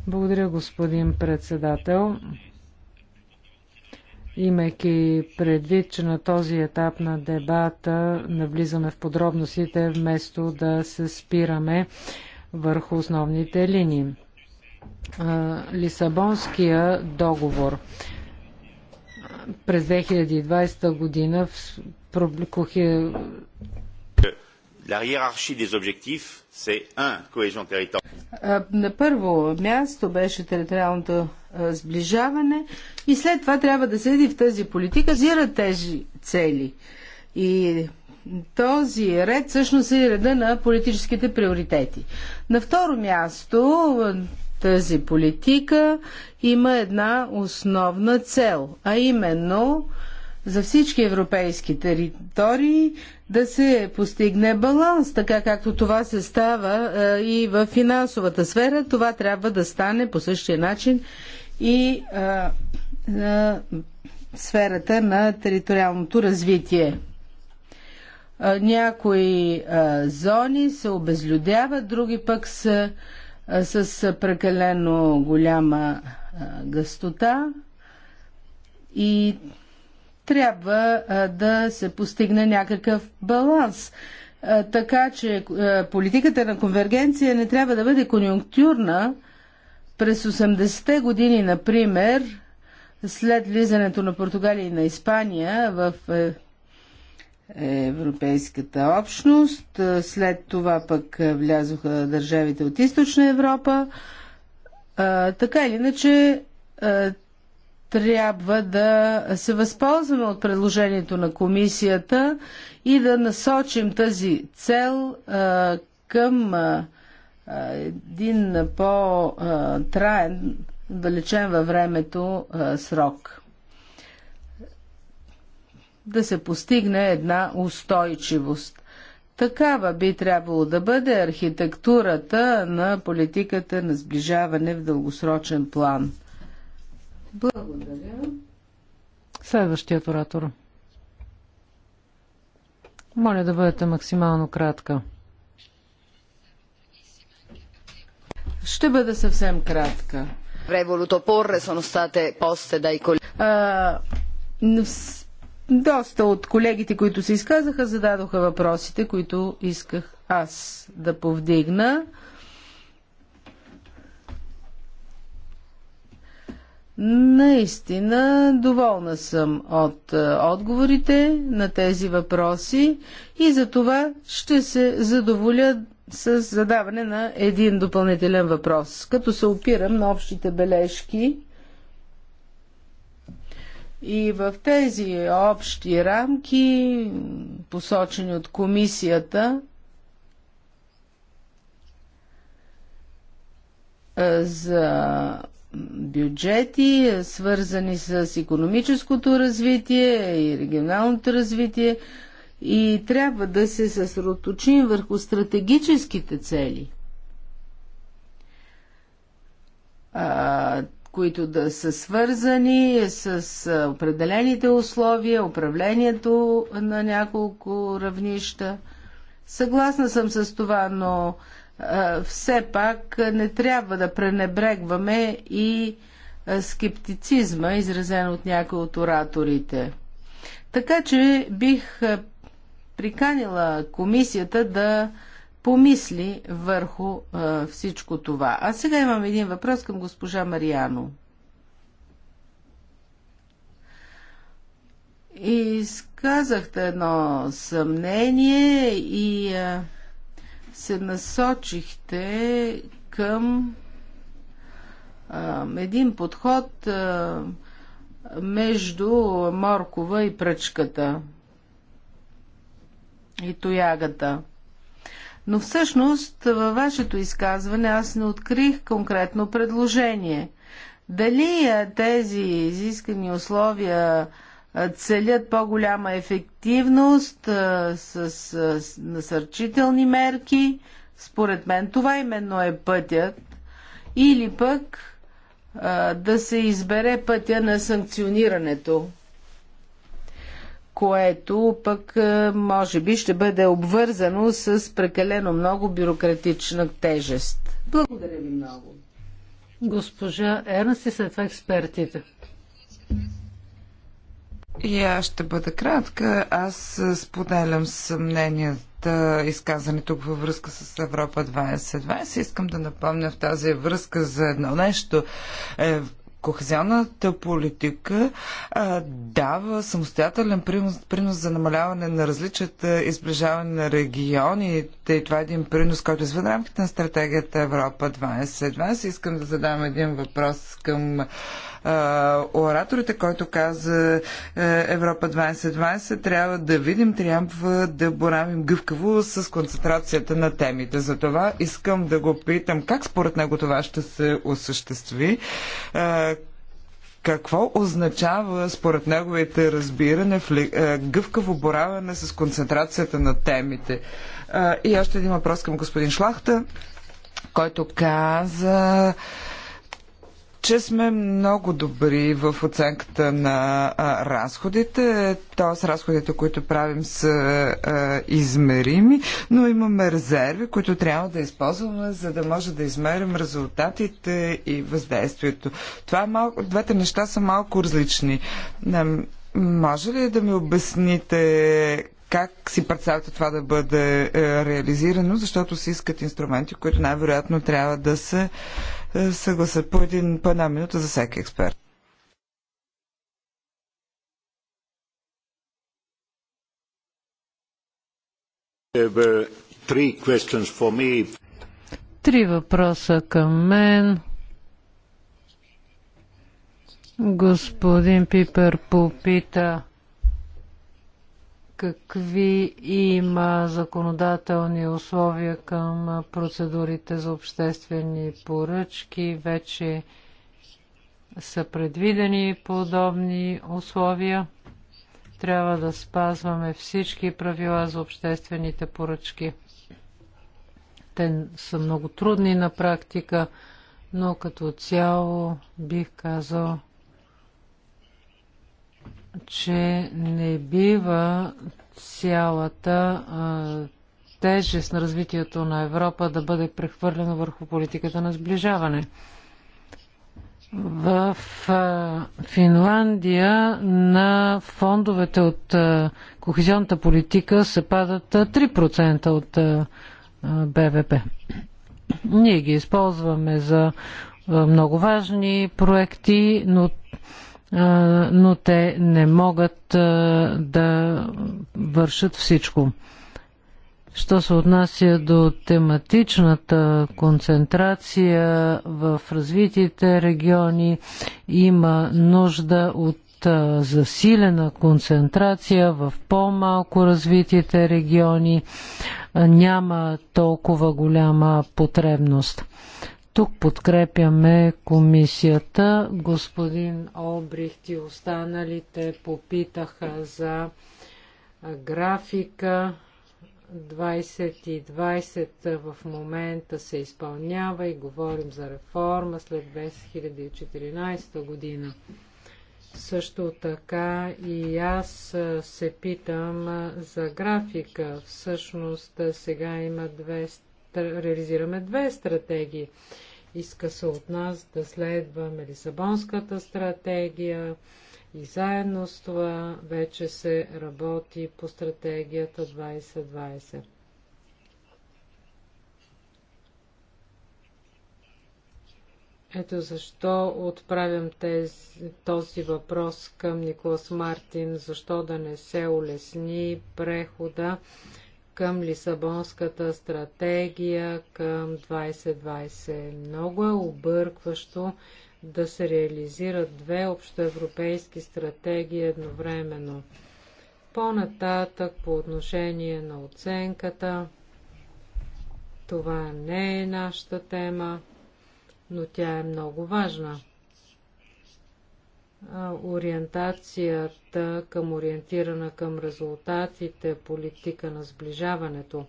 Благодаря, господин председател. Имайки предвид, че на този етап на дебата навлизаме в подробностите, вместо да се спираме върху основните линии. Лисабонския договор през 2020 година в La hiérarchie des objectifs, c'est 1. Cohésion territoriale. Е, на първо място беше териториалното е, сближаване и след това трябва да седи в тази политика зира тези цели. И този ред всъщност е реда на политическите приоритети. На второ място е, тази политика има една основна цел, а именно за всички европейски територии да се постигне баланс, така както това се става е, и в финансовата сфера. Това трябва да стане по същия начин и а, е, а, е, сферата на териториалното развитие. А, някои а, зони се обезлюдяват, други пък са с прекалено голяма а, гъстота и трябва да се постигне някакъв баланс. Така че политиката на конвергенция не трябва да бъде конюнктюрна. През 80-те години, например, след влизането на Португалия и на Испания в е, Европейската общност, след това пък влязоха държавите от Източна Европа, така или иначе трябва да се възползваме от предложението на комисията и да насочим тази цел а, към а, един по-траен, далечен във времето а, срок. Да се постигне една устойчивост. Такава би трябвало да бъде архитектурата на политиката на сближаване в дългосрочен план – благодаря. Следващият оратор. Моля да бъдете максимално кратка. Ще бъда съвсем кратка. Револуто порре state poste dai Доста от колегите, които се изказаха, зададоха въпросите, които исках аз да повдигна. Наистина доволна съм от е, отговорите на тези въпроси и за това ще се задоволя с задаване на един допълнителен въпрос, като се опирам на общите бележки. И в тези общи рамки, посочени от комисията, е, за бюджети, свързани с економическото развитие и регионалното развитие и трябва да се съсредоточим върху стратегическите цели, които да са свързани с определените условия, управлението на няколко равнища. Съгласна съм с това, но все пак не трябва да пренебрегваме и скептицизма, изразен от някои от ораторите. Така че бих приканила комисията да помисли върху а, всичко това. А сега имам един въпрос към госпожа Мариано. Изказахте едно съмнение и а, се насочихте към един подход между моркова и пръчката и тоягата. Но всъщност във вашето изказване аз не открих конкретно предложение. Дали тези изискани условия целят по-голяма ефективност с, с насърчителни мерки. Според мен това именно е пътят. Или пък а, да се избере пътя на санкционирането, което пък а, може би ще бъде обвързано с прекалено много бюрократична тежест. Благодаря ви много. Госпожа Ернст и след това експертите. И аз ще бъда кратка. Аз споделям съмненията, изказани тук във връзка с Европа 2020. Искам да напомня в тази връзка за едно нещо. Е, кохезионната политика а, дава самостоятелен принос, принос за намаляване на различията и сближаване на регионите. И това е един принос, който е извън рамките на стратегията Европа 2020. Искам да задам един въпрос към ораторите, който каза е, Европа 2020, трябва да видим, трябва да боравим гъвкаво с концентрацията на темите. За това искам да го питам как според него това ще се осъществи, е, какво означава според неговите разбиране в е, гъвкаво бораване с концентрацията на темите? И още един въпрос към господин Шлахта, който каза че сме много добри в оценката на а, разходите, т.е. разходите, които правим са а, измерими, но имаме резерви, които трябва да използваме, за да може да измерим резултатите и въздействието. Това е малко, двете неща са малко различни. Може ли да ми обясните как си представяте това да бъде е, реализирано, защото се искат инструменти, които най-вероятно трябва да се е, съгласят по, един, по една минута за всеки експерт. Три въпроса към мен. Господин Пипер попита какви има законодателни условия към процедурите за обществени поръчки. Вече са предвидени подобни условия. Трябва да спазваме всички правила за обществените поръчки. Те са много трудни на практика, но като цяло бих казал, че не бива цялата а, тежест на развитието на Европа да бъде прехвърлена върху политиката на сближаване. В а, Финландия на фондовете от а, кохезионната политика се падат 3% от а, БВП. Ние ги използваме за а, много важни проекти, но но те не могат да вършат всичко. Що се отнася до тематичната концентрация в развитите региони, има нужда от засилена концентрация в по-малко развитите региони. Няма толкова голяма потребност. Тук подкрепяме комисията. Господин Обрихт и останалите попитаха за графика. 2020 в момента се изпълнява и говорим за реформа след 2014 година. Също така и аз се питам за графика. Всъщност сега има 200 реализираме две стратегии. Иска се от нас да следваме Лисабонската стратегия и заедно с това вече се работи по стратегията 2020. Ето защо отправям тези, този въпрос към Николас Мартин, защо да не се улесни прехода към Лисабонската стратегия, към 2020. Много е объркващо да се реализират две общоевропейски стратегии едновременно. По-нататък по отношение на оценката, това не е нашата тема, но тя е много важна ориентацията към ориентирана към резултатите, политика на сближаването.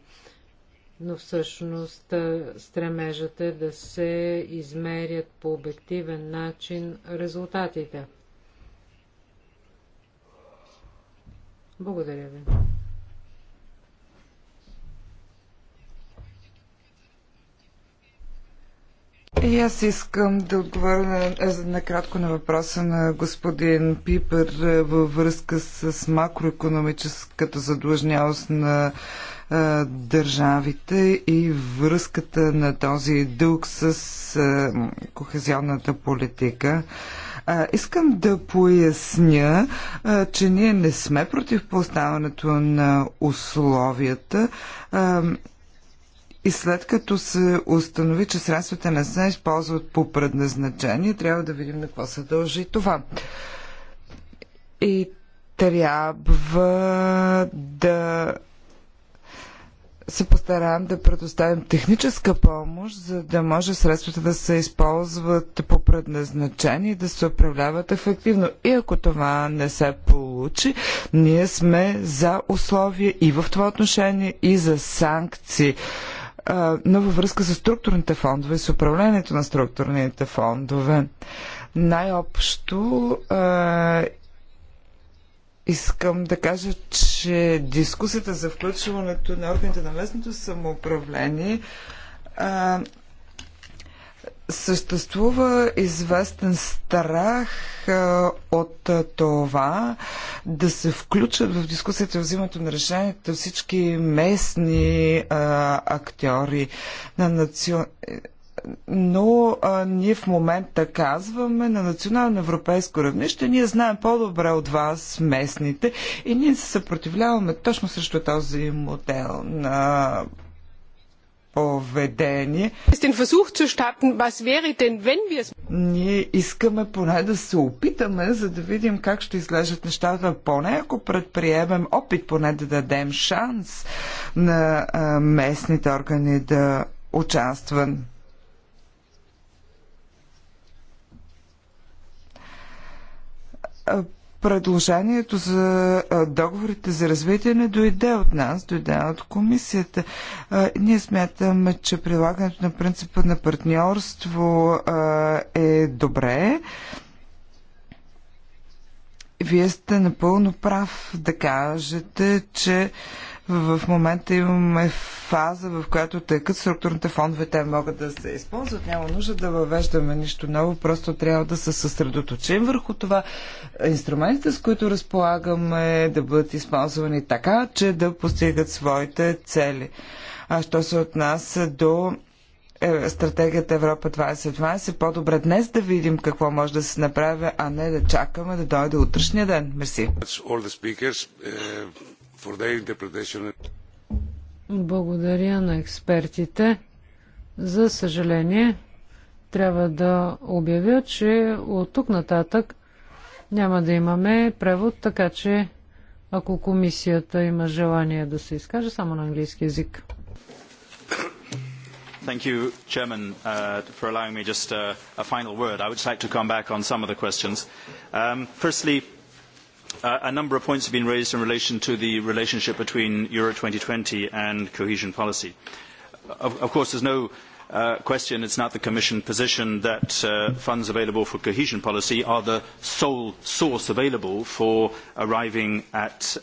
Но всъщност стремежът е да се измерят по обективен начин резултатите. Благодаря ви. И аз искам да отговоря накратко на въпроса на господин Пипер е, във връзка с макроекономическата задлъжнялост на а, е, държавите и връзката на този дълг с а, е, кохезионната политика. А, искам да поясня, а, че ние не сме против поставането на условията. А, и след като се установи, че средствата не се използват по предназначение, трябва да видим на какво се дължи това. И трябва да се постараем да предоставим техническа помощ, за да може средствата да се използват по предназначение и да се управляват ефективно. И ако това не се получи, ние сме за условия и в това отношение, и за санкции но във връзка с структурните фондове и с управлението на структурните фондове. Най-общо искам да кажа, че дискусията за включването на органите на местното самоуправление Съществува известен страх от това да се включат в дискусията в взимането на решенията всички местни а, актьори на национ но а, ние в момента казваме на национално европейско равнище, ние знаем по-добре от вас местните и ние се съпротивляваме точно срещу този модел на поведение. Ние искаме поне да се опитаме, за да видим как ще изглеждат нещата. Поне ако предприемем опит, поне да дадем шанс на местните органи да участват. Предложението за договорите за развитие не дойде от нас, дойде от комисията. Ние смятаме, че прилагането на принципа на партньорство е добре. Вие сте напълно прав да кажете, че в момента имаме фаза, в която тъй като структурните фондове те могат да се използват. Няма нужда да въвеждаме нищо ново, просто трябва да се съсредоточим върху това. Инструментите, с които разполагаме, да бъдат използвани така, че да постигат своите цели. А що се отнася до е, стратегията Европа 2020, по-добре днес да видим какво може да се направи, а не да чакаме да дойде утрешния ден. Мерси. Е, благодаря на експертите. За съжаление, трябва да обявя, че от тук нататък няма да имаме превод, така че ако комисията има желание да се изкаже само на английски язик. Thank you, Chairman, uh, for allowing me just uh, a final word. I would like to come back on some of the questions. Um, firstly, a number of points have been raised in relation to the relationship between Euro twenty and cohesion policy. Of, course, there is no question. It is not the Commission position that funds available for cohesion policy are the sole source available for arriving at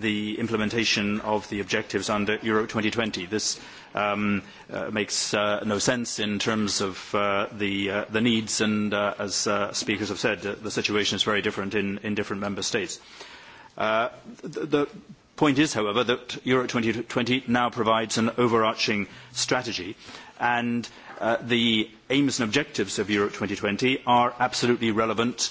the implementation of the objectives under Euro twenty. This makes no sense in terms of the needs and, as speakers have said, the situation is very different in different member states. The point is, however, that Euro twenty now provides an overarching strategy and the aims and objectives of Europe twenty are absolutely relevant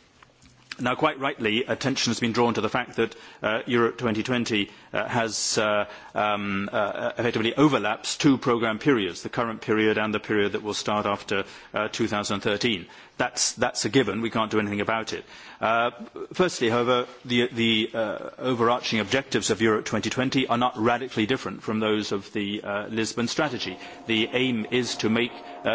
Now, quite rightly, attention has been drawn to the fact that uh, Europe 2020 uh, has uh, um, uh, effectively overlaps two programme periods, the current period and the period that will start after uh, 2013. That's, that's a given. We can't do anything about it. firstly, however, the, overarching objectives of Europe twenty are not radically different from those of the Lisbon strategy. The aim is to make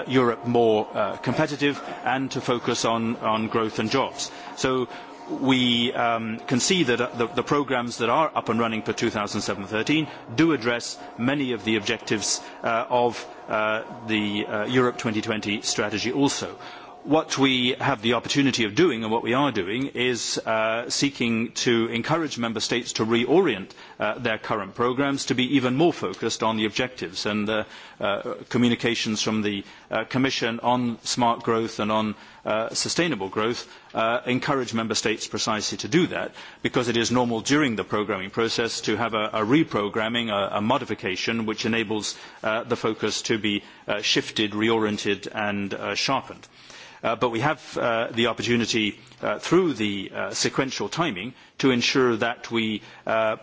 Europe more competitive and to focus on, growth and jobs. So we can see that the, programmes that are up and running for 2007-13 do address many of the objectives of the uh, Europe twenty strategy also what we have the opportunity of doing and what we are doing is seeking to encourage member states to reorient their current programmes to be even more focused on the objectives and the communications from the commission on smart growth and on sustainable growth encourage member states precisely to do that because it is normal during the programming process to have a reprogramming, a modification which enables the focus to be shifted, reoriented and sharpened but we have the opportunity through the sequential timing to ensure that we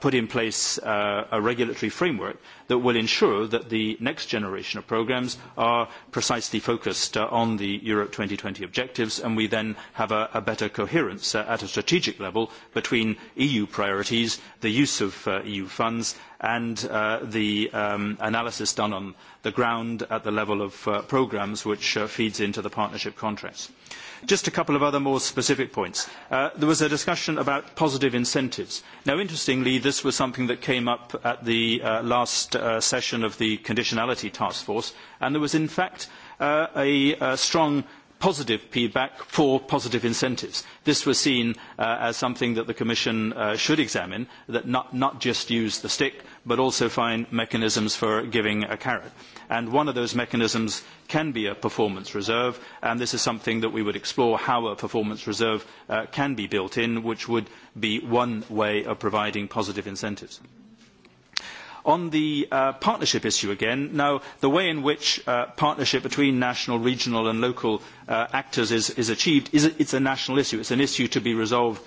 put in place a regulatory framework that will ensure that the next generation of programmes are precisely focused on the Europe twenty objectives and we then have a better coherence at a strategic level between EU priorities, the use of EU funds and the analysis done on the ground at the level of programmes, which feeds into the partnership contracts. Just a couple of other more specific points. there was a discussion about positive incentives. Now, interestingly, this was something that came up at the last session of the conditionality task force, and there was in fact a strong positive feedback for positive incentives. This was seen as something that the Commission should examine, that not, just use the stick, but also find mechanisms for giving a carrot. And one of those mechanisms can be a performance reserve, and this is something that we would explore how a performance reserve can be built in, which would be one way of providing positive incentives. On the partnership issue again, now the way in which partnership between national, regional and local actors is, achieved, is it's a national issue. It is an issue to be resolved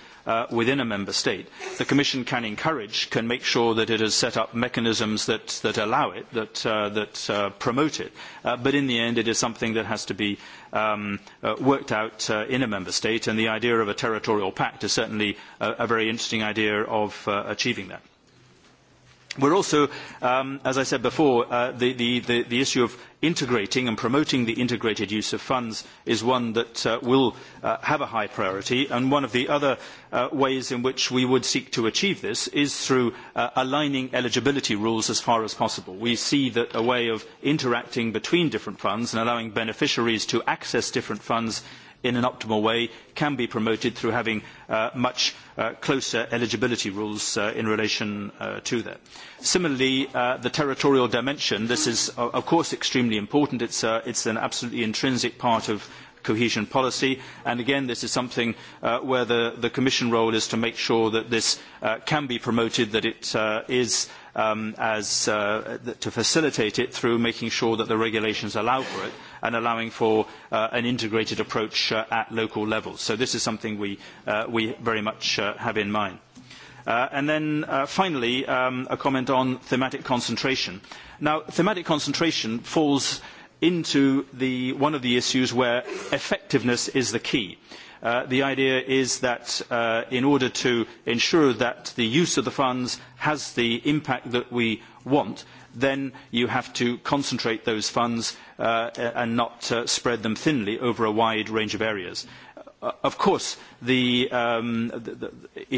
within a member state. The Commission can encourage, can make sure that it has set up mechanisms that, allow it, that, promote it. but in the end, it is something that has to be worked out in a member state, and the idea of a territorial pact is certainly a, very interesting idea of achieving that. We are also, as I said before, the, issue of integrating and promoting the integrated use of funds is one that will have a high priority. And one of the other ways in which we would seek to achieve this is through aligning eligibility rules as far as possible. We see that a way of interacting between different funds and allowing beneficiaries to access different funds in an optimal way can be promoted through having much closer eligibility rules in relation to that. Similarly, the territorial dimension, this is of course extremely important. It is an absolutely intrinsic part of cohesion policy. And again, this is something where the, Commission role is to make sure that this can be promoted, that it is to facilitate it through making sure that the regulations allow for it and allowing for an integrated approach at local level. So this is something we, very much have in mind. and then finally, a comment on thematic concentration. Now, thematic concentration falls into one of the issues where effectiveness is the key. the idea is that in order to ensure that the use of the funds has the impact that we want, then you have to concentrate those funds and not spread them thinly over a wide range of areas. Of course, it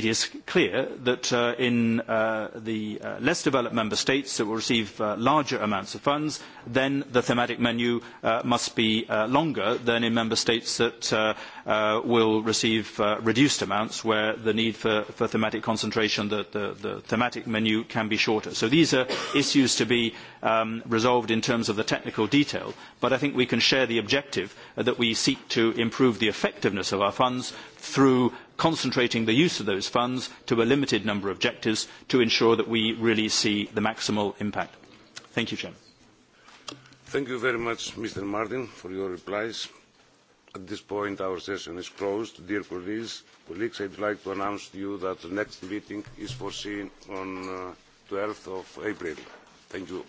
is clear that in the less developed member states that will receive larger amounts of funds, then the thematic menu must be longer than in member states that will receive reduced amounts where the need for, thematic concentration, the, thematic menu can be shorter. So these are issues to be resolved in terms of the technical detail, but I think we can share the objective that we seek to improve the effectiveness of our funds through concentrating the use of those funds to a limited number of objectives to ensure that we really see the maximal impact. Thank you, Chairman. Thank you very much, Mr. Martin, for your replies At this point, our session is closed. Dear colleagues, colleagues, I'd like to announce to you that the next meeting is foreseen on uh, 12th of April. Thank you.